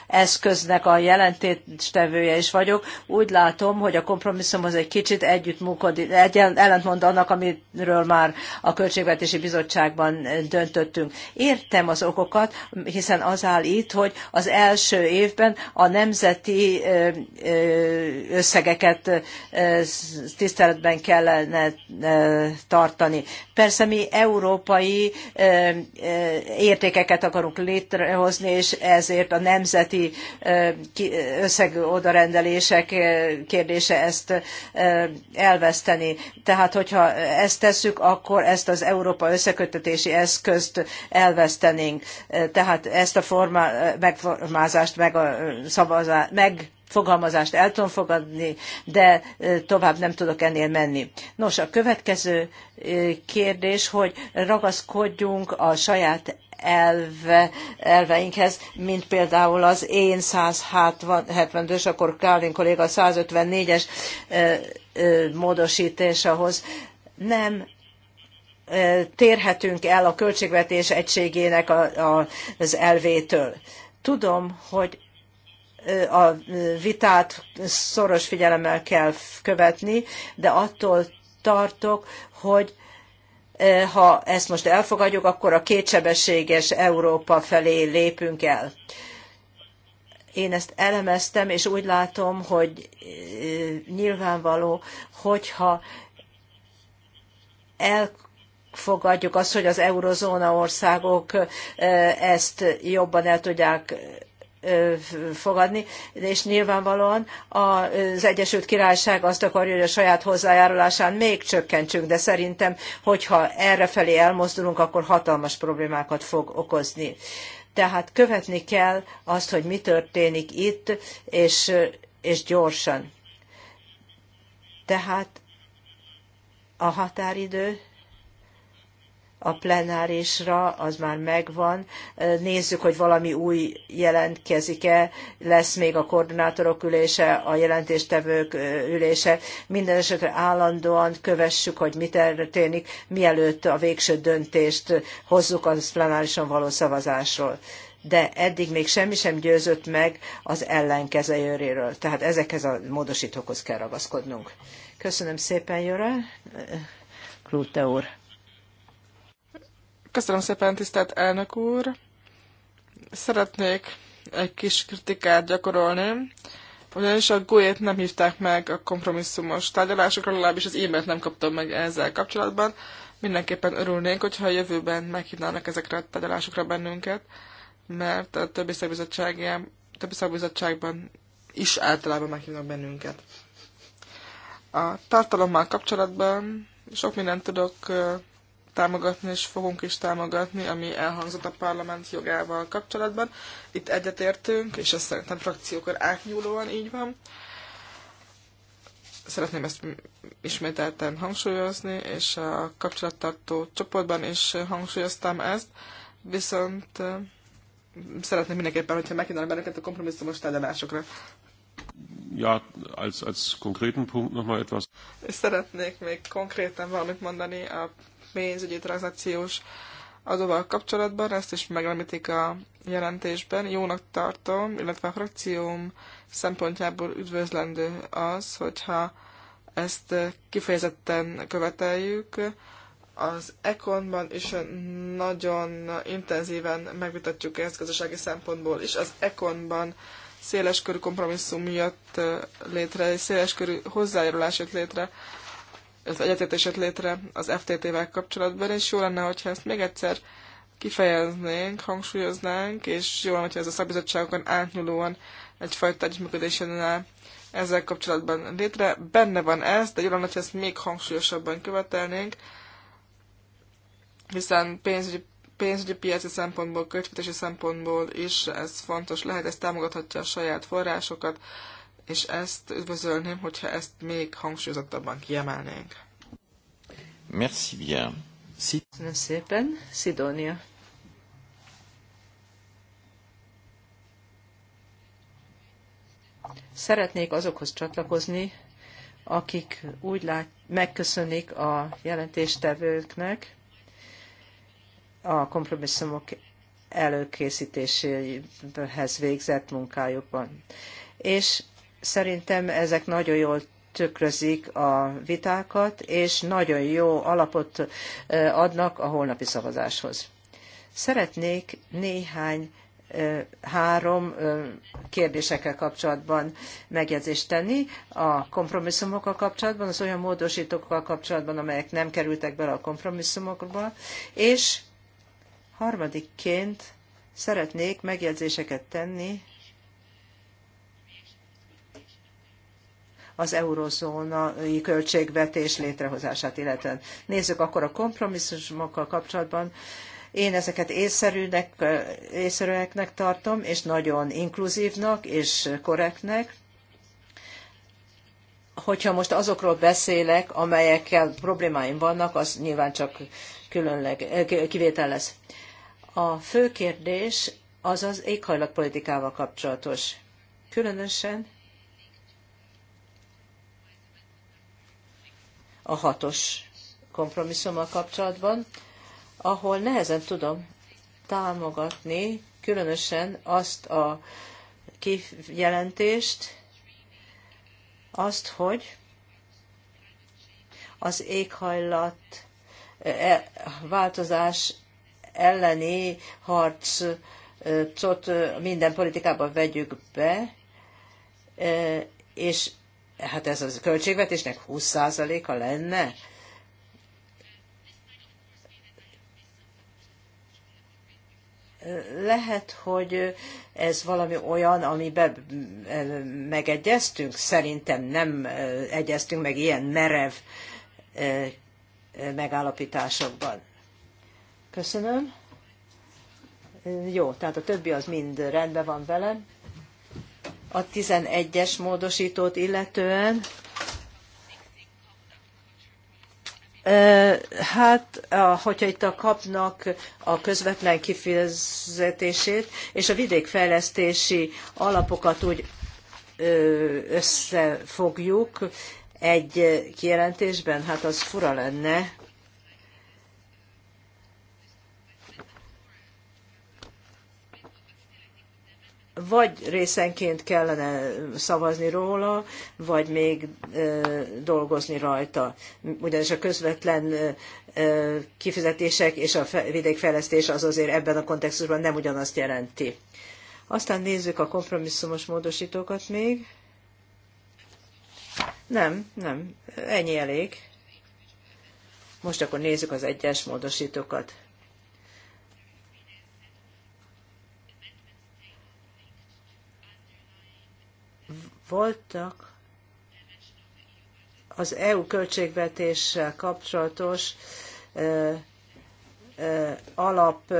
eszköznek a jelentéstevője is vagyok. Úgy látom, hogy a kompromisszum az egy kicsit együtt munkodik, ellentmond annak, amiről már a Költségvetési Bizottságban döntöttünk. Értem az okokat, hiszen az áll itt, hogy az első évben a nemzeti összegeket tiszteletben kellene tartani. Persze mi európai értékeket akarunk létrehozni, és ezért a nemzeti óriási összegű odarendelések kérdése ezt elveszteni. Tehát, hogyha ezt tesszük, akkor ezt az Európa összekötetési eszközt elvesztenénk. Tehát ezt a forma, megformázást, meg a szavazást, meg fogalmazást el tudom fogadni, de tovább nem tudok ennél menni. Nos, a következő kérdés, hogy ragaszkodjunk a saját elv, elveinkhez, mint például az én 170-ös, akkor Kálin kolléga 154-es módosításához. Nem térhetünk el a költségvetés egységének a, a, az elvétől. Tudom, hogy a vitát szoros figyelemmel kell követni, de attól tartok, hogy ha ezt most elfogadjuk, akkor a kétsebességes Európa felé lépünk el. Én ezt elemeztem, és úgy látom, hogy eh, nyilvánvaló, hogyha el fogadjuk azt, hogy az eurozóna országok eh, ezt jobban el tudják fogadni, és nyilvánvalóan az Egyesült Királyság azt akarja, hogy a saját hozzájárulásán még csökkentsünk, de szerintem, hogyha errefelé elmozdulunk, akkor hatalmas problémákat fog okozni. Tehát követni kell azt, hogy mi történik itt, és, és gyorsan. Tehát a határidő a plenárisra, az már megvan. Nézzük, hogy valami új jelentkezik-e, lesz még a koordinátorok ülése, a jelentéstevők ülése. Minden esetre állandóan kövessük, hogy mi történik, mielőtt a végső döntést hozzuk a plenárison való szavazásról de eddig még semmi sem győzött meg az ellenkezőjéről. Tehát ezekhez a módosítókhoz kell ragaszkodnunk. Köszönöm szépen, Jöre. Klute úr. Köszönöm szépen, tisztelt elnök úr! Szeretnék egy kis kritikát gyakorolni, ugyanis a GUE-t nem hívták meg a kompromisszumos tárgyalásokra, legalábbis az e-mailt nem kaptam meg ezzel kapcsolatban. Mindenképpen örülnék, hogyha a jövőben meghívnának ezekre a tárgyalásokra bennünket, mert a többi többi szakbizottságban is általában meghívnak bennünket. A tartalommal kapcsolatban sok mindent tudok támogatni, és fogunk is támogatni, ami elhangzott a parlament jogával kapcsolatban. Itt egyetértünk, és ez szerintem frakciókor átnyúlóan így van. Szeretném ezt ismételten hangsúlyozni, és a kapcsolattartó csoportban is hangsúlyoztam ezt, viszont szeretném mindenképpen, hogyha megkínálni benneket a kompromisszumos tárgyalásokra. Ja, als, als konkréten Punkt nochmal etwas. Szeretnék még konkrétan valamit mondani a pénzügyi tranzakciós adóval kapcsolatban, ezt is megemlítik a jelentésben. Jónak tartom, illetve a frakcióm szempontjából üdvözlendő az, hogyha ezt kifejezetten követeljük. Az Econban is nagyon intenzíven megvitatjuk ezt gazdasági szempontból is. Az Econban széleskörű kompromisszum miatt létre, széleskörű hozzájárulás jött létre az egyetértését létre az FTT-vel kapcsolatban, és jó lenne, hogyha ezt még egyszer kifejeznénk, hangsúlyoznánk, és jó lenne, hogyha ez a szabizottságokon átnyúlóan egyfajta jönne ezzel kapcsolatban létre. Benne van ez, de jó lenne, hogyha ezt még hangsúlyosabban követelnénk, hiszen pénzügyi, pénzügyi piaci szempontból, költségvetési szempontból is ez fontos lehet, ez támogathatja a saját forrásokat, és ezt üdvözölném, hogyha ezt még hangsúlyozottabban kiemelnénk. Merci bien. Si... Köszönöm szépen. Sidonia. Szeretnék azokhoz csatlakozni, akik úgy lát, megköszönik a jelentéstevőknek a kompromisszumok előkészítéséhez végzett munkájukban. És Szerintem ezek nagyon jól tükrözik a vitákat, és nagyon jó alapot adnak a holnapi szavazáshoz. Szeretnék néhány három kérdésekkel kapcsolatban megjegyzést tenni. A kompromisszumokkal kapcsolatban, az olyan módosítókkal kapcsolatban, amelyek nem kerültek bele a kompromisszumokba, és harmadikként szeretnék megjegyzéseket tenni az eurozónai költségvetés létrehozását illetően. Nézzük akkor a kompromisszumokkal kapcsolatban. Én ezeket észszerűeknek tartom, és nagyon inkluzívnak és korrektnek. Hogyha most azokról beszélek, amelyekkel problémáim vannak, az nyilván csak különleg, kivétel lesz. A fő kérdés az az éghajlatpolitikával kapcsolatos. Különösen a hatos kompromisszummal kapcsolatban, ahol nehezen tudom támogatni különösen azt a kijelentést, azt, hogy az éghajlat e, változás elleni harcot e, e, minden politikában vegyük be, és hát ez a költségvetésnek 20%-a lenne. Lehet, hogy ez valami olyan, amiben eh, megegyeztünk. Szerintem nem eh, egyeztünk meg ilyen merev eh, megállapításokban. Köszönöm. Jó, tehát a többi az mind rendben van velem a 11-es módosítót illetően. Hát, hogyha itt a kapnak a közvetlen kifizetését, és a vidékfejlesztési alapokat úgy összefogjuk egy kijelentésben, hát az fura lenne, Vagy részenként kellene szavazni róla, vagy még dolgozni rajta. Ugyanis a közvetlen kifizetések és a vidékfejlesztés az azért ebben a kontextusban nem ugyanazt jelenti. Aztán nézzük a kompromisszumos módosítókat még. Nem, nem, ennyi elég. Most akkor nézzük az egyes módosítókat. Voltak az EU költségvetéssel kapcsolatos alap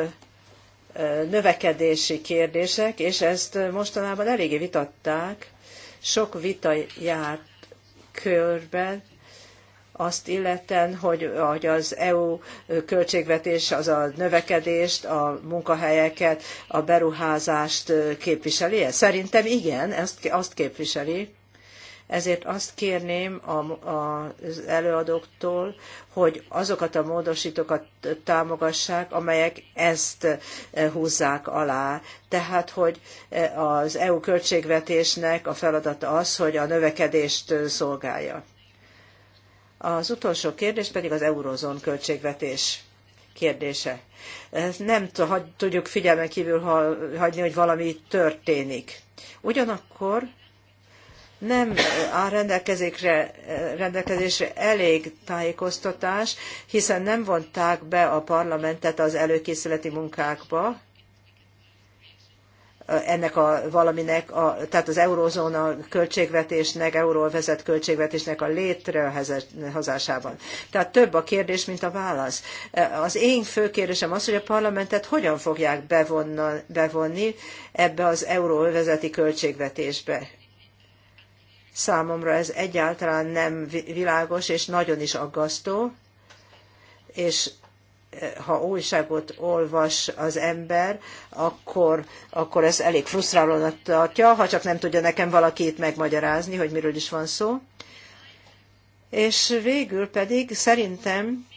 növekedési kérdések, és ezt mostanában eléggé vitatták, sok vita járt körben, azt illeten, hogy, hogy az EU költségvetés az a növekedést, a munkahelyeket, a beruházást képviseli -e? Szerintem igen, ezt, azt képviseli. Ezért azt kérném a, az előadóktól, hogy azokat a módosítókat támogassák, amelyek ezt húzzák alá. Tehát, hogy az EU költségvetésnek a feladata az, hogy a növekedést szolgálja. Az utolsó kérdés pedig az eurozón költségvetés kérdése. Ezt nem tudjuk figyelmen kívül hagyni, hogy valami történik. Ugyanakkor nem áll rendelkezésre, rendelkezésre elég tájékoztatás, hiszen nem vonták be a parlamentet az előkészületi munkákba, ennek a valaminek, a, tehát az eurózóna költségvetésnek, euróval vezet költségvetésnek a létrehozásában. Tehát több a kérdés, mint a válasz. Az én fő kérdésem az, hogy a parlamentet hogyan fogják bevonna, bevonni ebbe az euróvezeti költségvetésbe. Számomra ez egyáltalán nem világos, és nagyon is aggasztó, és ha újságot olvas az ember, akkor, akkor ez elég frusztrálónak tartja, ha csak nem tudja nekem valakit megmagyarázni, hogy miről is van szó. És végül pedig szerintem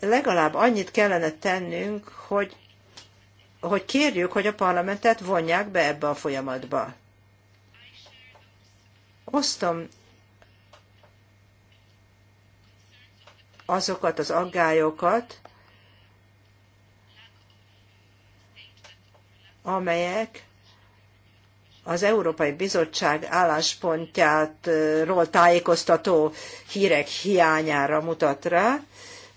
legalább annyit kellene tennünk, hogy, hogy kérjük, hogy a parlamentet vonják be ebbe a folyamatba. Osztom azokat az aggályokat, amelyek az Európai Bizottság álláspontjáról tájékoztató hírek hiányára mutat rá,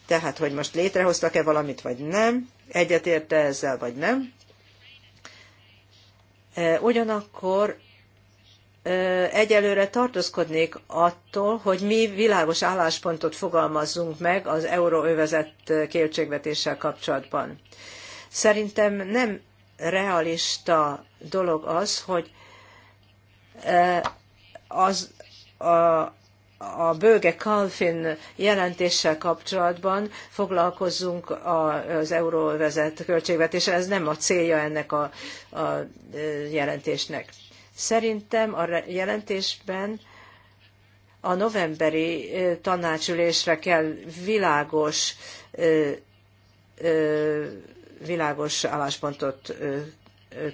tehát hogy most létrehoztak-e valamit, vagy nem, egyetérte ezzel, vagy nem. E, ugyanakkor egyelőre tartózkodnék attól, hogy mi világos álláspontot fogalmazzunk meg az euróövezet költségvetéssel kapcsolatban. Szerintem nem realista dolog az, hogy az a, a Böge Kalfin jelentéssel kapcsolatban foglalkozzunk az euróvezet költségvetéssel. Ez nem a célja ennek a, a jelentésnek. Szerintem a jelentésben a novemberi tanácsülésre kell világos, világos álláspontot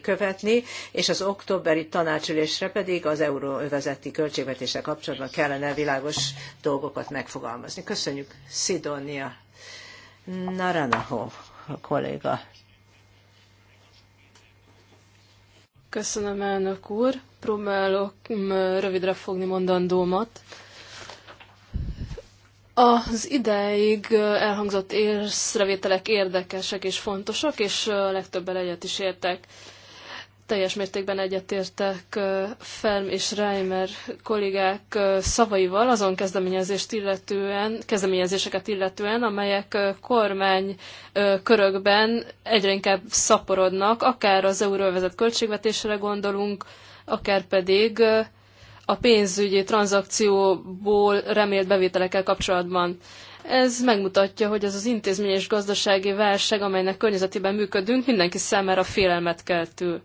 követni, és az októberi tanácsülésre pedig az euróövezeti költségvetése kapcsolatban kellene világos dolgokat megfogalmazni. Köszönjük, Sidonia Naranaho kolléga. Köszönöm, elnök úr. Próbálok mm, rövidre fogni mondandómat. Az ideig elhangzott észrevételek érdekesek és fontosak, és legtöbben egyet is értek teljes mértékben egyetértek Ferm és Reimer kollégák szavaival azon kezdeményezést illetően, kezdeményezéseket illetően, amelyek kormány körökben egyre inkább szaporodnak, akár az euróvezet költségvetésre gondolunk, akár pedig a pénzügyi tranzakcióból remélt bevételekkel kapcsolatban. Ez megmutatja, hogy az az intézményes gazdasági válság, amelynek környezetében működünk, mindenki számára félelmet keltő.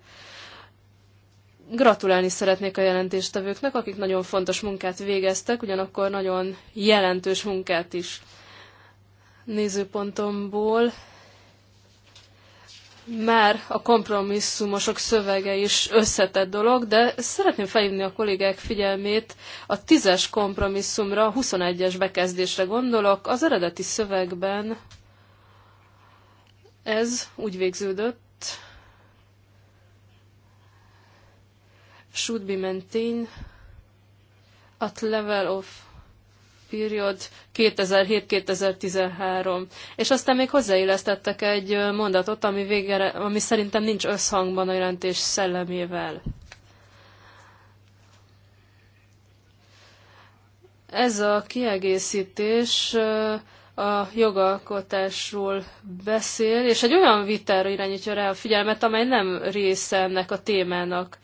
Gratulálni szeretnék a jelentéstevőknek, akik nagyon fontos munkát végeztek, ugyanakkor nagyon jelentős munkát is nézőpontomból. Már a kompromisszumosok szövege is összetett dolog, de szeretném felhívni a kollégák figyelmét a tízes kompromisszumra, a 21-es bekezdésre gondolok. Az eredeti szövegben ez úgy végződött, should be maintained at level of period 2007-2013. És aztán még hozzáillesztettek egy mondatot, ami, végre, ami szerintem nincs összhangban a jelentés szellemével. Ez a kiegészítés a jogalkotásról beszél, és egy olyan vitára irányítja rá a figyelmet, amely nem része ennek a témának.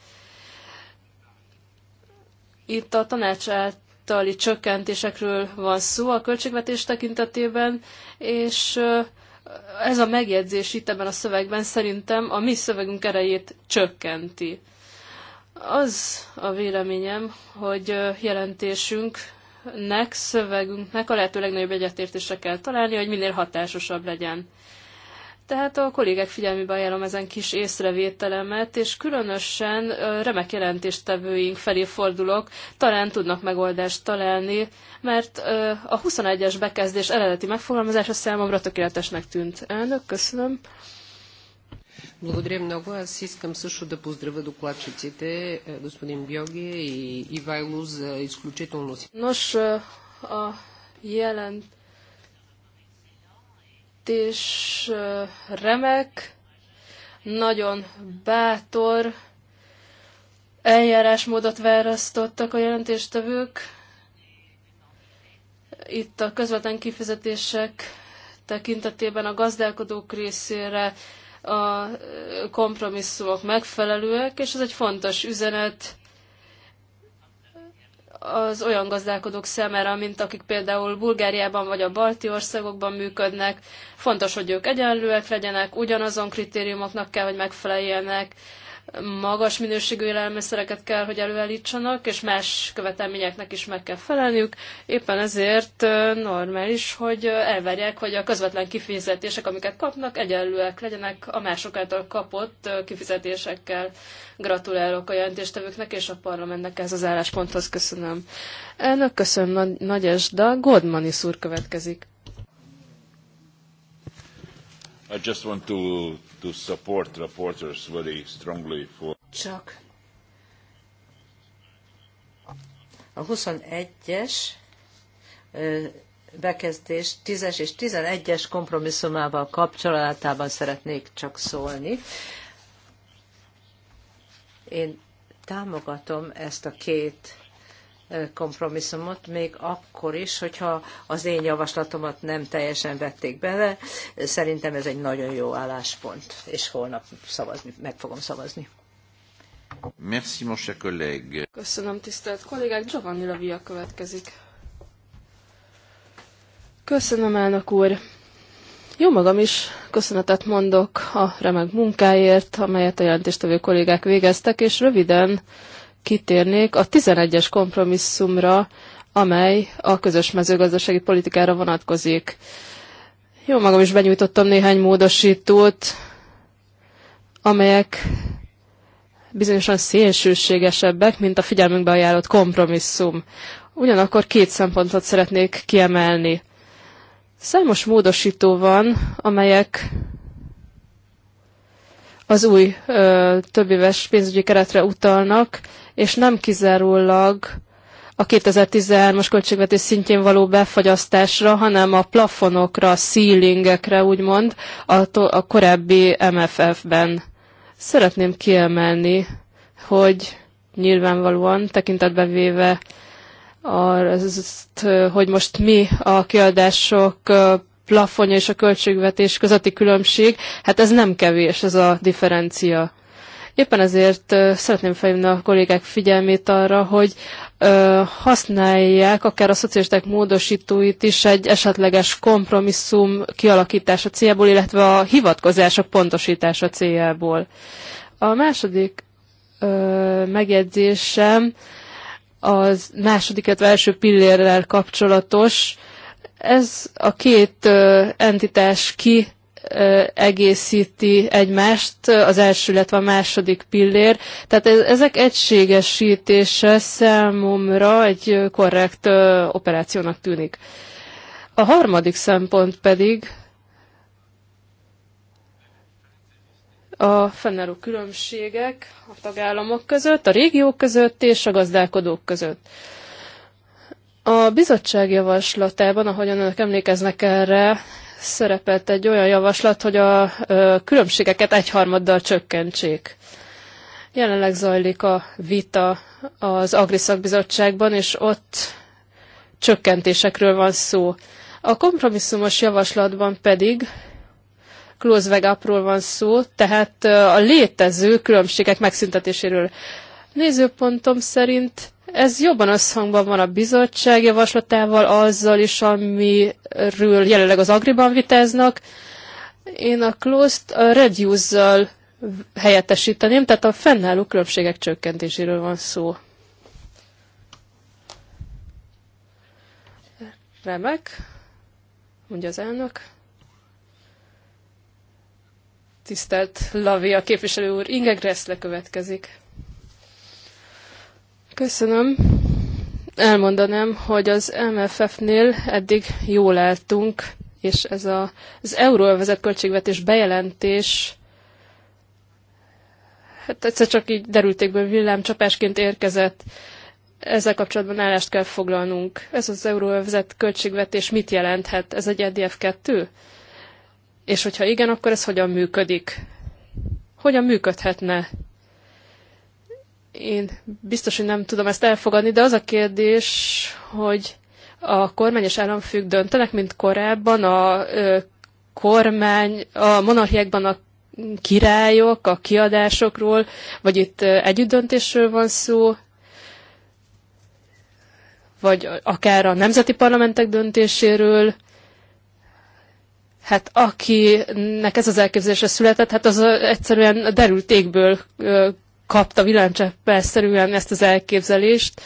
Itt a tanács általi csökkentésekről van szó a költségvetés tekintetében, és ez a megjegyzés itt ebben a szövegben szerintem a mi szövegünk erejét csökkenti. Az a véleményem, hogy jelentésünknek, szövegünknek a lehető legnagyobb egyetértésre kell találni, hogy minél hatásosabb legyen. Tehát a kollégek figyelmébe ajánlom ezen kis észrevételemet, és különösen remek jelentéstevőink felé fordulok, talán tudnak megoldást találni, mert a 21-es bekezdés eredeti megfogalmazása számomra tökéletesnek tűnt. Elnök, köszönöm. Благодаря много. Аз искам също да поздравя докладчиците, господин Бьоги и Ивайло, за изключително си. Наш jelent és remek, nagyon bátor eljárásmódot választottak a jelentéstevők. Itt a közvetlen kifizetések tekintetében a gazdálkodók részére a kompromisszumok megfelelőek, és ez egy fontos üzenet az olyan gazdálkodók számára, mint akik például Bulgáriában vagy a balti országokban működnek. Fontos, hogy ők egyenlőek legyenek, ugyanazon kritériumoknak kell, hogy megfeleljenek, magas minőségű élelmiszereket kell, hogy előállítsanak, és más követelményeknek is meg kell felelniük. Éppen ezért normális, hogy elvárják, hogy a közvetlen kifizetések, amiket kapnak, egyenlőek legyenek a mások által kapott kifizetésekkel. Gratulálok a jelentéstevőknek és a parlamentnek ez az állásponthoz. Köszönöm. Elnök köszönöm Nagy Nagyesda. Goldman is úr következik. I just want to, to support reporters very strongly for... Csak a 21-es bekezdés 10-es és 11-es kompromisszumával kapcsolatában szeretnék csak szólni. Én támogatom ezt a két kompromisszumot, még akkor is, hogyha az én javaslatomat nem teljesen vették bele. Szerintem ez egy nagyon jó álláspont, és holnap szavazni, meg fogom szavazni. Merci, mon cher collègue. Köszönöm, tisztelt kollégák. Giovanni Lavia következik. Köszönöm, elnök úr. Jó magam is köszönetet mondok a remek munkáért, amelyet a jelentéstevő kollégák végeztek, és röviden kitérnék a 11-es kompromisszumra, amely a közös mezőgazdasági politikára vonatkozik. Jó magam is benyújtottam néhány módosítót, amelyek bizonyosan szélsőségesebbek, mint a figyelmünkbe ajánlott kompromisszum. Ugyanakkor két szempontot szeretnék kiemelni. Számos módosító van, amelyek az új többéves pénzügyi keretre utalnak, és nem kizárólag a 2013-as költségvetés szintjén való befagyasztásra, hanem a plafonokra, a ceilingekre úgymond a, a korábbi MFF-ben. Szeretném kiemelni, hogy nyilvánvalóan tekintetbe véve azt, hogy most mi a kiadások plafonja és a költségvetés közötti különbség, hát ez nem kevés, ez a differencia. Éppen ezért szeretném felhívni a kollégák figyelmét arra, hogy ö, használják akár a szociálisták módosítóit is egy esetleges kompromisszum kialakítása céljából, illetve a hivatkozások pontosítása céljából. A második ö, megjegyzésem az második, illetve első pillérrel kapcsolatos, ez a két entitás ki egészíti egymást, az első, illetve a második pillér. Tehát ezek egységesítése számomra egy korrekt operációnak tűnik. A harmadik szempont pedig a fennálló különbségek a tagállamok között, a régiók között és a gazdálkodók között. A bizottság javaslatában, ahogyan önök emlékeznek erre, szerepelt egy olyan javaslat, hogy a különbségeket egyharmaddal csökkentsék. Jelenleg zajlik a vita az Agriszakbizottságban, és ott csökkentésekről van szó. A kompromisszumos javaslatban pedig close weg upról van szó, tehát a létező különbségek megszüntetéséről. Nézőpontom szerint ez jobban összhangban van a bizottság javaslatával, azzal is, amiről jelenleg az Agriban vitáznak. Én a closed a reduce-zal helyettesíteném, tehát a fennálló különbségek csökkentéséről van szó. Remek, mondja az elnök. Tisztelt Lavi, a képviselő úr, Inge Gressle következik. Köszönöm. Elmondanám, hogy az MFF-nél eddig jól álltunk, és ez a, az euróvezet költségvetés bejelentés hát egyszer csak így derültékből villámcsapásként érkezett. Ezzel kapcsolatban állást kell foglalnunk. Ez az euróvezet költségvetés mit jelenthet? Ez egy EDF2? És hogyha igen, akkor ez hogyan működik? Hogyan működhetne? Én biztos, hogy nem tudom ezt elfogadni, de az a kérdés, hogy a kormány és államfők döntenek, mint korábban a kormány, a monarchiákban a királyok, a kiadásokról, vagy itt döntésről van szó, vagy akár a nemzeti parlamentek döntéséről. Hát akinek ez az elképzelése született, hát az egyszerűen derült égből kapta villámcseppelszerűen ezt az elképzelést.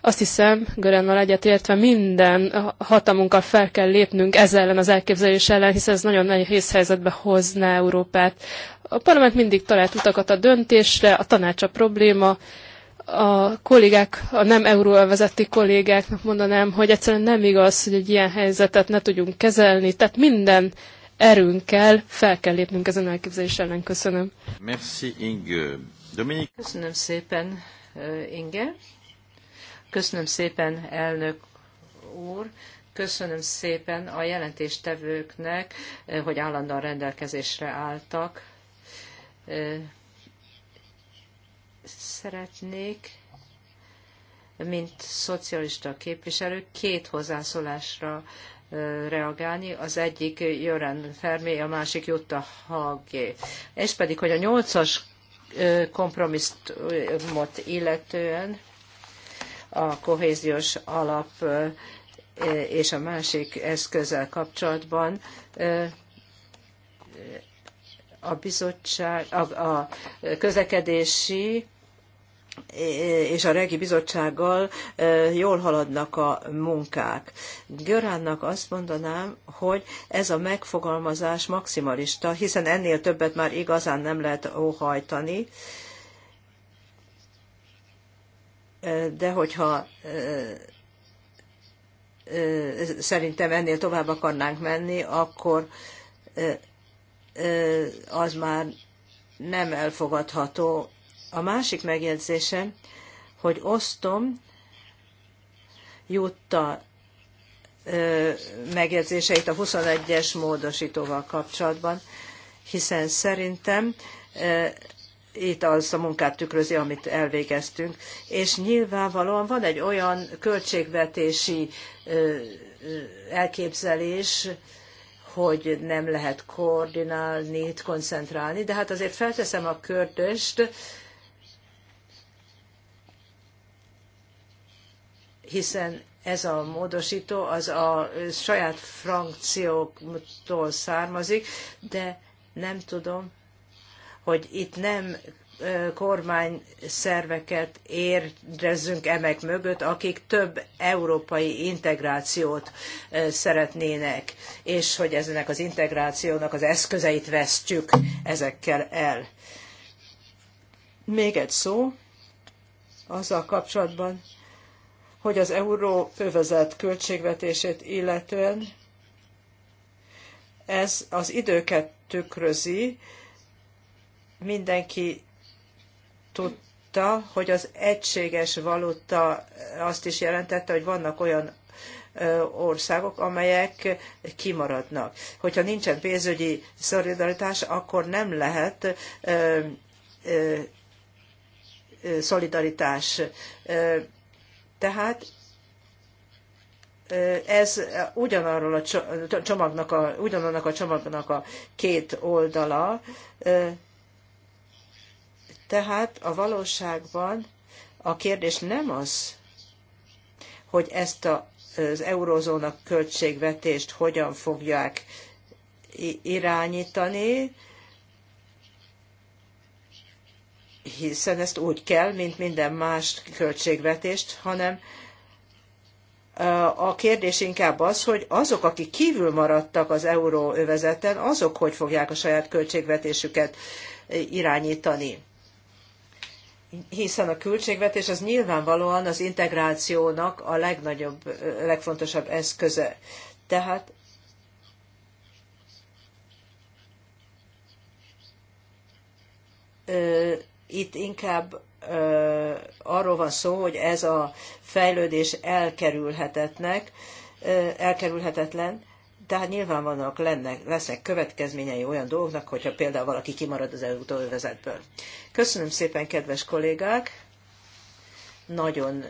Azt hiszem, Görennal egyetértve minden hatamunkkal fel kell lépnünk ez ellen az elképzelés ellen, hiszen ez nagyon nehéz helyzetbe hozná Európát. A parlament mindig talált utakat a döntésre, a tanács a probléma, a kollégák, a nem vezeti kollégáknak mondanám, hogy egyszerűen nem igaz, hogy egy ilyen helyzetet ne tudjunk kezelni, tehát minden erőnkkel fel kell lépnünk ezen elképzelés ellen. Köszönöm. Merci Inge. Köszönöm szépen, Inge. Köszönöm szépen, elnök úr. Köszönöm szépen a jelentéstevőknek, hogy állandóan rendelkezésre álltak. Szeretnék, mint szocialista képviselő, két hozzászólásra reagálni, az egyik Jörán Fermé, a másik Jutta Hagé. És pedig, hogy a nyolcas kompromisszumot illetően a kohéziós alap és a másik eszközzel kapcsolatban a bizottság, a, a közlekedési és a regi bizottsággal jól haladnak a munkák. Göránnak azt mondanám, hogy ez a megfogalmazás maximalista, hiszen ennél többet már igazán nem lehet óhajtani, de hogyha szerintem ennél tovább akarnánk menni, akkor az már nem elfogadható, a másik megjegyzése, hogy osztom Jutta megjegyzéseit a 21-es módosítóval kapcsolatban, hiszen szerintem itt az a munkát tükrözi, amit elvégeztünk. És nyilvánvalóan van egy olyan költségvetési elképzelés, hogy nem lehet koordinálni, koncentrálni, de hát azért felteszem a kördöst, hiszen ez a módosító az a saját frankcióktól származik, de nem tudom, hogy itt nem kormány szerveket érdezzünk emek mögött, akik több európai integrációt szeretnének, és hogy ezenek az integrációnak az eszközeit vesztjük ezekkel el. Még egy szó azzal kapcsolatban, hogy az euróövezet költségvetését illetően ez az időket tükrözi, mindenki tudta, hogy az egységes valuta azt is jelentette, hogy vannak olyan országok, amelyek kimaradnak. Hogyha nincsen pénzügyi szolidaritás, akkor nem lehet szolidaritás. Tehát ez ugyanarról a csomagnak a, ugyanannak a csomagnak a két oldala, tehát a valóságban a kérdés nem az, hogy ezt a, az eurózónak költségvetést hogyan fogják irányítani, hiszen ezt úgy kell, mint minden más költségvetést, hanem a kérdés inkább az, hogy azok, akik kívül maradtak az euróövezeten, azok hogy fogják a saját költségvetésüket irányítani. Hiszen a költségvetés az nyilvánvalóan az integrációnak a legnagyobb, legfontosabb eszköze. Tehát itt inkább arról van szó, hogy ez a fejlődés elkerülhetetnek, elkerülhetetlen, tehát nyilván vannak, lennek, lesznek következményei olyan dolgoknak, hogyha például valaki kimarad az övezetből. Köszönöm szépen, kedves kollégák! Nagyon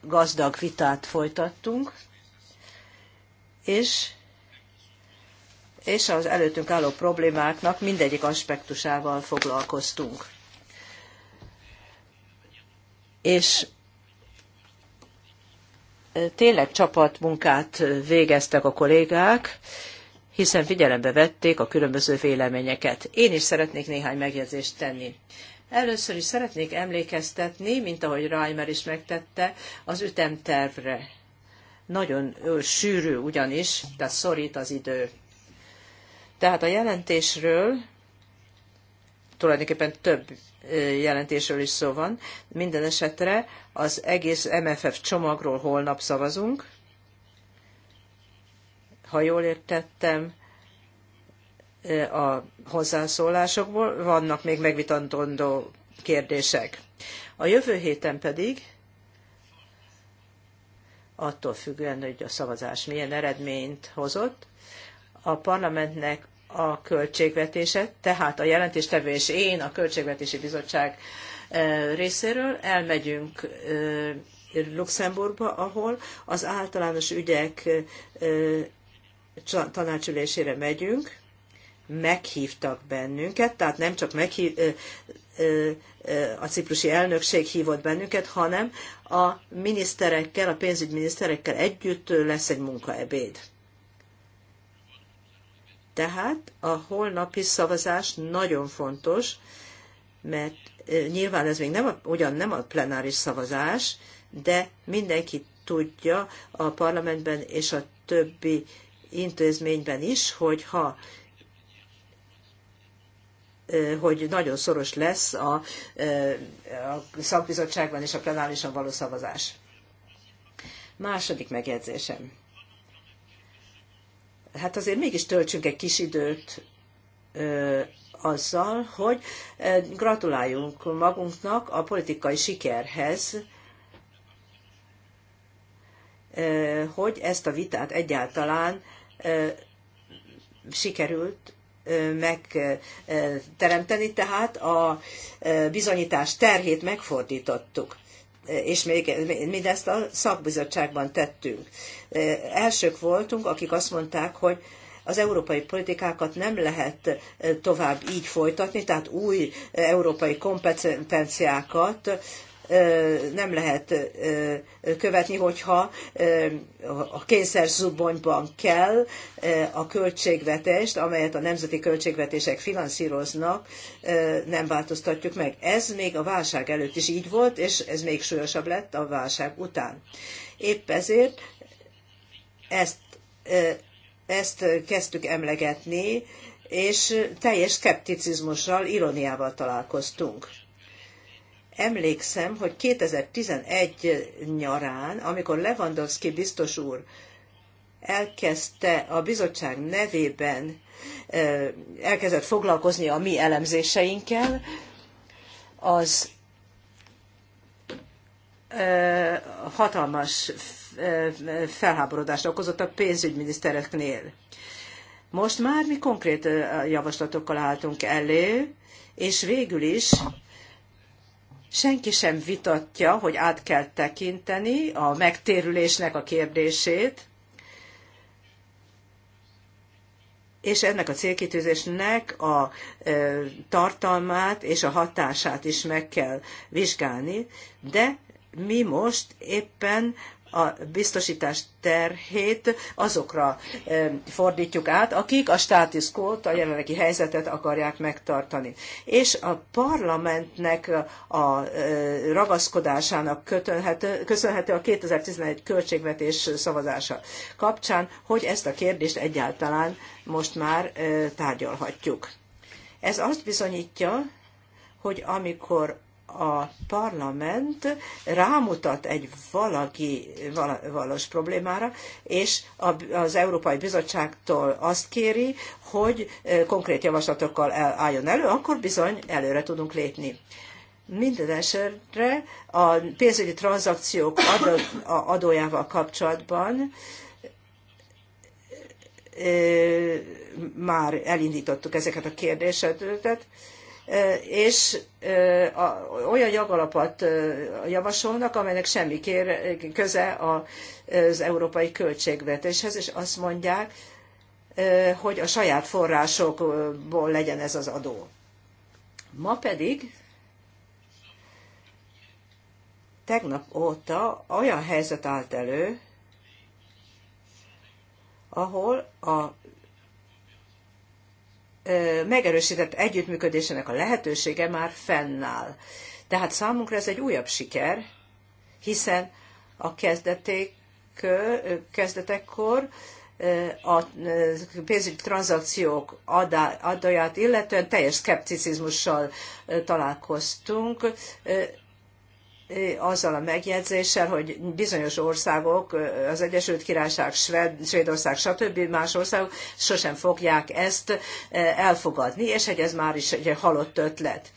gazdag vitát folytattunk, és, és az előttünk álló problémáknak mindegyik aspektusával foglalkoztunk és tényleg csapatmunkát végeztek a kollégák, hiszen figyelembe vették a különböző véleményeket. Én is szeretnék néhány megjegyzést tenni. Először is szeretnék emlékeztetni, mint ahogy Reimer is megtette, az ütemtervre. Nagyon sűrű ugyanis, tehát szorít az idő. Tehát a jelentésről tulajdonképpen több jelentésről is szó van. Minden esetre az egész MFF csomagról holnap szavazunk. Ha jól értettem, a hozzászólásokból vannak még megvitatandó kérdések. A jövő héten pedig attól függően, hogy a szavazás milyen eredményt hozott, a parlamentnek a költségvetése, tehát a jelentéstevő és én a Költségvetési Bizottság részéről elmegyünk Luxemburgba, ahol az általános ügyek tanácsülésére megyünk, meghívtak bennünket, tehát nem csak meghív, a ciprusi elnökség hívott bennünket, hanem a miniszterekkel, a pénzügyminiszterekkel együtt lesz egy munkaebéd. Tehát a holnapi szavazás nagyon fontos, mert nyilván ez még nem a, ugyan nem a plenáris szavazás, de mindenki tudja a parlamentben és a többi intézményben is, hogy ha hogy nagyon szoros lesz a, a szakbizottságban és a plenárisan való szavazás. Második megjegyzésem hát azért mégis töltsünk egy kis időt ö, azzal, hogy gratuláljunk magunknak a politikai sikerhez, ö, hogy ezt a vitát egyáltalán ö, sikerült megteremteni, tehát a bizonyítás terhét megfordítottuk és még mindezt a szakbizottságban tettünk. Elsők voltunk, akik azt mondták, hogy az európai politikákat nem lehet tovább így folytatni, tehát új európai kompetenciákat nem lehet követni, hogyha a kényszer zubonyban kell a költségvetést, amelyet a nemzeti költségvetések finanszíroznak, nem változtatjuk meg. Ez még a válság előtt is így volt, és ez még súlyosabb lett a válság után. Épp ezért ezt, ezt kezdtük emlegetni, és teljes szkepticizmussal, ironiával találkoztunk emlékszem, hogy 2011 nyarán, amikor Lewandowski biztos úr elkezdte a bizottság nevében, elkezdett foglalkozni a mi elemzéseinkkel, az hatalmas felháborodást okozott a pénzügyminisztereknél. Most már mi konkrét javaslatokkal álltunk elő, és végül is Senki sem vitatja, hogy át kell tekinteni a megtérülésnek a kérdését, és ennek a célkitűzésnek a e, tartalmát és a hatását is meg kell vizsgálni, de mi most éppen a biztosítás terhét azokra fordítjuk át, akik a status quo a jelenlegi helyzetet akarják megtartani. És a parlamentnek a ragaszkodásának köszönhető a 2011 költségvetés szavazása kapcsán, hogy ezt a kérdést egyáltalán most már tárgyalhatjuk. Ez azt bizonyítja, hogy amikor a parlament rámutat egy valaki vala, valós problémára, és az Európai Bizottságtól azt kéri, hogy konkrét javaslatokkal álljon elő, akkor bizony előre tudunk lépni. Minden esetre a pénzügyi tranzakciók adójával kapcsolatban már elindítottuk ezeket a kérdéseket, és olyan jogalapot javasolnak, amelynek semmi kér, köze az európai költségvetéshez, és azt mondják, hogy a saját forrásokból legyen ez az adó. Ma pedig tegnap óta olyan helyzet állt elő, ahol a megerősített együttműködésének a lehetősége már fennáll. Tehát számunkra ez egy újabb siker, hiszen a kezdeték, kezdetekkor a pénzügyi tranzakciók adá, adóját illetően teljes szkepticizmussal találkoztunk azzal a megjegyzéssel, hogy bizonyos országok, az Egyesült Királyság, Sved, Svédország, stb. más országok sosem fogják ezt eh, elfogadni, és hogy ez már is egy halott ötlet.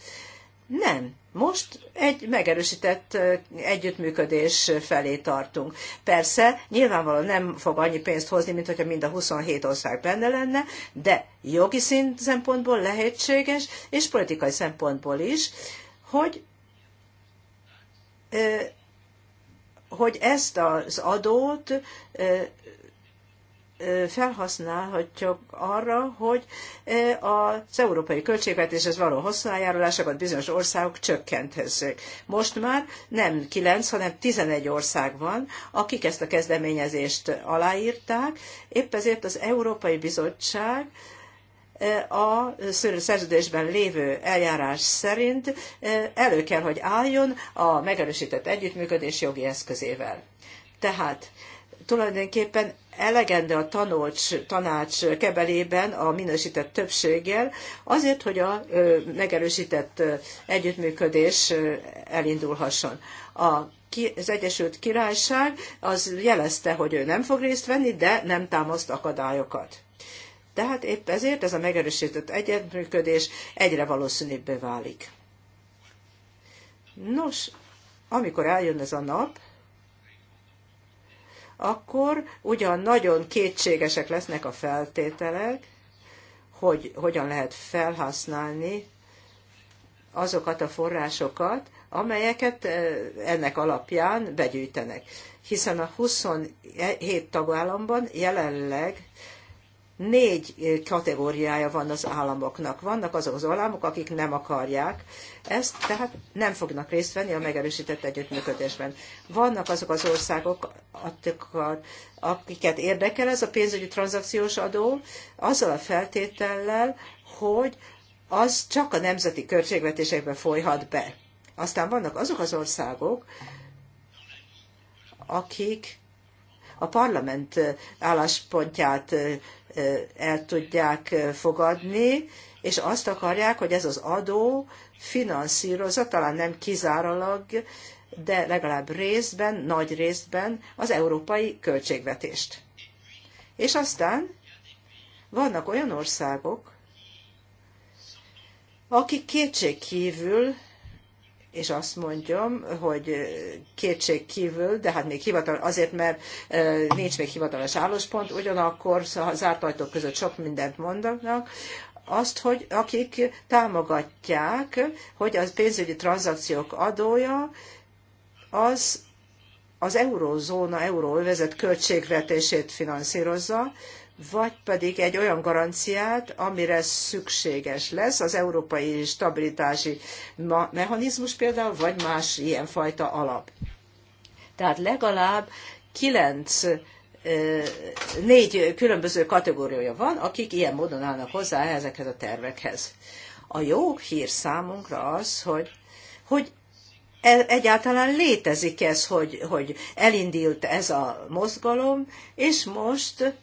Nem. Most egy megerősített eh, együttműködés felé tartunk. Persze, nyilvánvalóan nem fog annyi pénzt hozni, mint hogyha mind a 27 ország benne lenne, de jogi szint szempontból lehetséges, és politikai szempontból is, hogy hogy ezt az adót felhasználhatjuk arra, hogy az európai költségvetéshez való hozzájárulásokat bizonyos országok csökkenthessék. Most már nem 9, hanem 11 ország van, akik ezt a kezdeményezést aláírták, épp ezért az Európai Bizottság a szerződésben lévő eljárás szerint elő kell, hogy álljon a megerősített együttműködés jogi eszközével. Tehát tulajdonképpen elegendő a tanulcs, tanács kebelében a minősített többséggel, azért, hogy a megerősített együttműködés elindulhasson. A az Egyesült Királyság az jelezte, hogy ő nem fog részt venni, de nem támaszt akadályokat. Tehát épp ezért ez a megerősített egyetműködés egyre valószínűbbé válik. Nos, amikor eljön ez a nap, akkor ugyan nagyon kétségesek lesznek a feltételek, hogy hogyan lehet felhasználni azokat a forrásokat, amelyeket eh, ennek alapján begyűjtenek. Hiszen a 27 tagállamban jelenleg négy kategóriája van az államoknak. Vannak azok az államok, akik nem akarják ezt, tehát nem fognak részt venni a megerősített együttműködésben. Vannak azok az országok, akiket érdekel ez a pénzügyi tranzakciós adó, azzal a feltétellel, hogy az csak a nemzeti költségvetésekbe folyhat be. Aztán vannak azok az országok, akik a parlament álláspontját el tudják fogadni, és azt akarják, hogy ez az adó finanszírozza, talán nem kizárólag, de legalább részben, nagy részben az európai költségvetést. És aztán vannak olyan országok, akik kétségkívül kívül és azt mondjam, hogy kétség kívül, de hát még hivatal, azért, mert nincs még hivatalos álláspont, ugyanakkor zárt ajtók között sok mindent mondanak, azt, hogy akik támogatják, hogy az pénzügyi tranzakciók adója az az eurózóna, euróövezet költségvetését finanszírozza, vagy pedig egy olyan garanciát, amire szükséges lesz az európai stabilitási mechanizmus például, vagy más ilyenfajta alap. Tehát legalább kilenc négy különböző kategóriája van, akik ilyen módon állnak hozzá ezekhez a tervekhez. A jó hír számunkra az, hogy, hogy e, egyáltalán létezik ez, hogy, hogy elindult ez a mozgalom, és most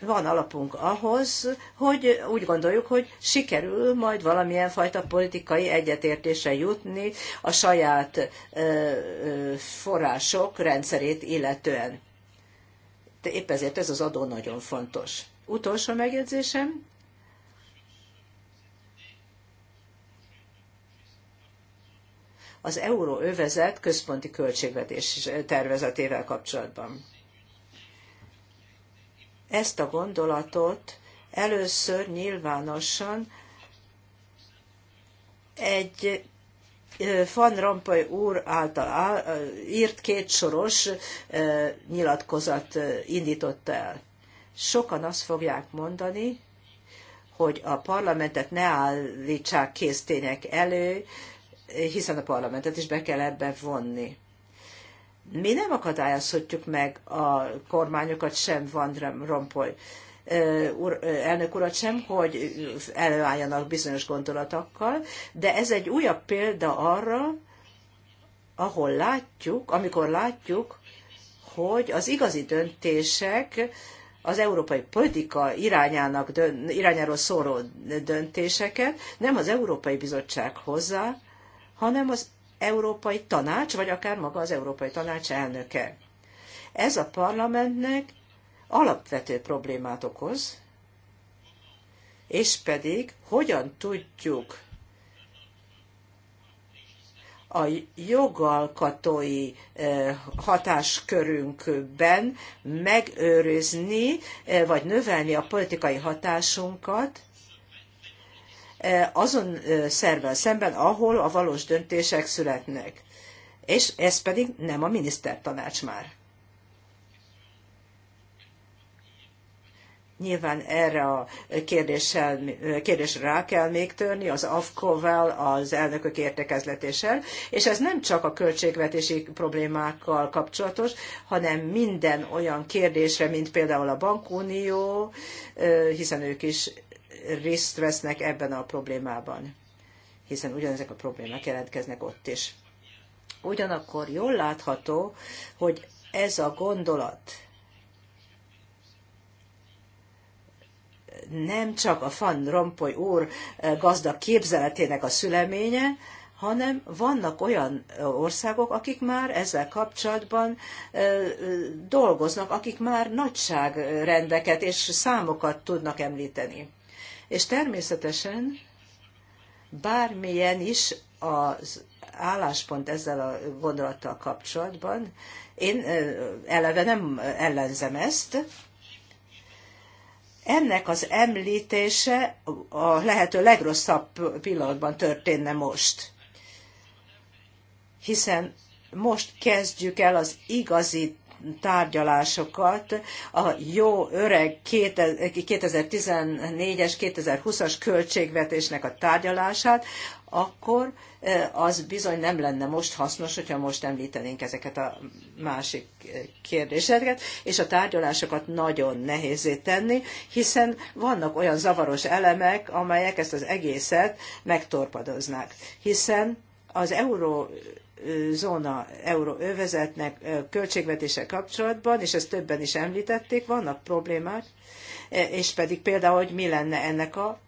van alapunk ahhoz, hogy úgy gondoljuk, hogy sikerül majd valamilyen fajta politikai egyetértése jutni a saját források rendszerét illetően. De épp ezért ez az adó nagyon fontos. Utolsó megjegyzésem. Az euróövezet központi költségvetés tervezetével kapcsolatban ezt a gondolatot először nyilvánosan egy Van Rompuy úr által írt kétsoros nyilatkozat indította el. Sokan azt fogják mondani, hogy a parlamentet ne állítsák késztények elő, hiszen a parlamentet is be kell ebbe vonni mi nem akadályozhatjuk meg a kormányokat, sem Van Rompuy úr, elnök urat sem, hogy előálljanak bizonyos gondolatokkal, de ez egy újabb példa arra, ahol látjuk, amikor látjuk, hogy az igazi döntések az európai politika irányának, irányáról szóló döntéseket nem az Európai Bizottság hozzá, hanem az Európai Tanács, vagy akár maga az Európai Tanács elnöke. Ez a parlamentnek alapvető problémát okoz, és pedig hogyan tudjuk a jogalkatói hatáskörünkben megőrizni, vagy növelni a politikai hatásunkat, azon szervvel szemben, ahol a valós döntések születnek. És ez pedig nem a minisztertanács már. Nyilván erre a kérdéssel, kérdésre rá kell még törni, az AFKO-val, az elnökök értekezletéssel, és ez nem csak a költségvetési problémákkal kapcsolatos, hanem minden olyan kérdésre, mint például a bankunió, hiszen ők is részt vesznek ebben a problémában, hiszen ugyanezek a problémák jelentkeznek ott is. Ugyanakkor jól látható, hogy ez a gondolat nem csak a fan Rompuy úr eh, gazdag képzeletének a szüleménye, hanem vannak olyan eh, országok, akik már ezzel kapcsolatban eh, dolgoznak, akik már nagyságrendeket és számokat tudnak említeni. És természetesen bármilyen is az álláspont ezzel a gondolattal kapcsolatban, én eleve nem ellenzem ezt, ennek az említése a lehető legrosszabb pillanatban történne most. Hiszen most kezdjük el az igazi tárgyalásokat a jó öreg 2014-es, 2020-as költségvetésnek a tárgyalását, akkor e, az bizony nem lenne most hasznos, hogyha most említenénk ezeket a másik e, kérdéseket, és a tárgyalásokat nagyon nehézé tenni, hiszen vannak olyan zavaros elemek, amelyek ezt az egészet megtorpadoznák. Hiszen az euró zóna euróövezetnek költségvetése kapcsolatban, és ezt többen is említették, vannak problémák, e, és pedig például, hogy mi lenne ennek a,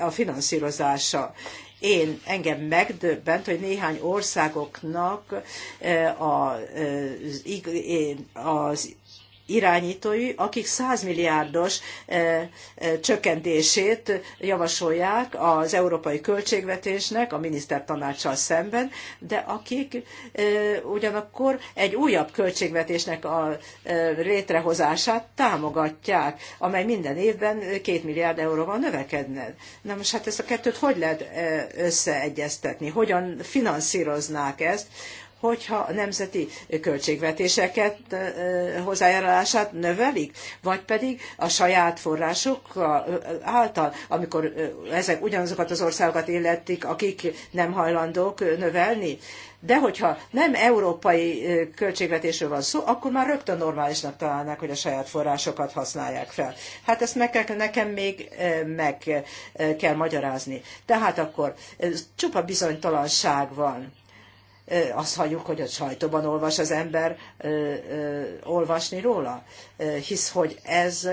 a finanszírozása. Én engem megdöbbent, hogy néhány országoknak az, az irányítói, akik 100 milliárdos eh, eh, csökkentését javasolják az európai költségvetésnek a minisztertanácssal szemben, de akik eh, ugyanakkor egy újabb költségvetésnek a létrehozását támogatják, amely minden évben 2 milliárd euróval növekedne. Na most hát ezt a kettőt hogy lehet összeegyeztetni? Hogyan finanszíroznák ezt? hogyha a nemzeti költségvetéseket hozzájárulását növelik, vagy pedig a saját források által, amikor ezek ugyanazokat az országokat illetik, akik nem hajlandók növelni. De hogyha nem európai költségvetésről van szó, akkor már rögtön normálisnak találnák, hogy a saját forrásokat használják fel. Hát ezt meg kell, nekem még meg kell magyarázni. Tehát akkor csupa bizonytalanság van azt halljuk, hogy a sajtóban olvas az ember olvasni róla, hisz hogy ez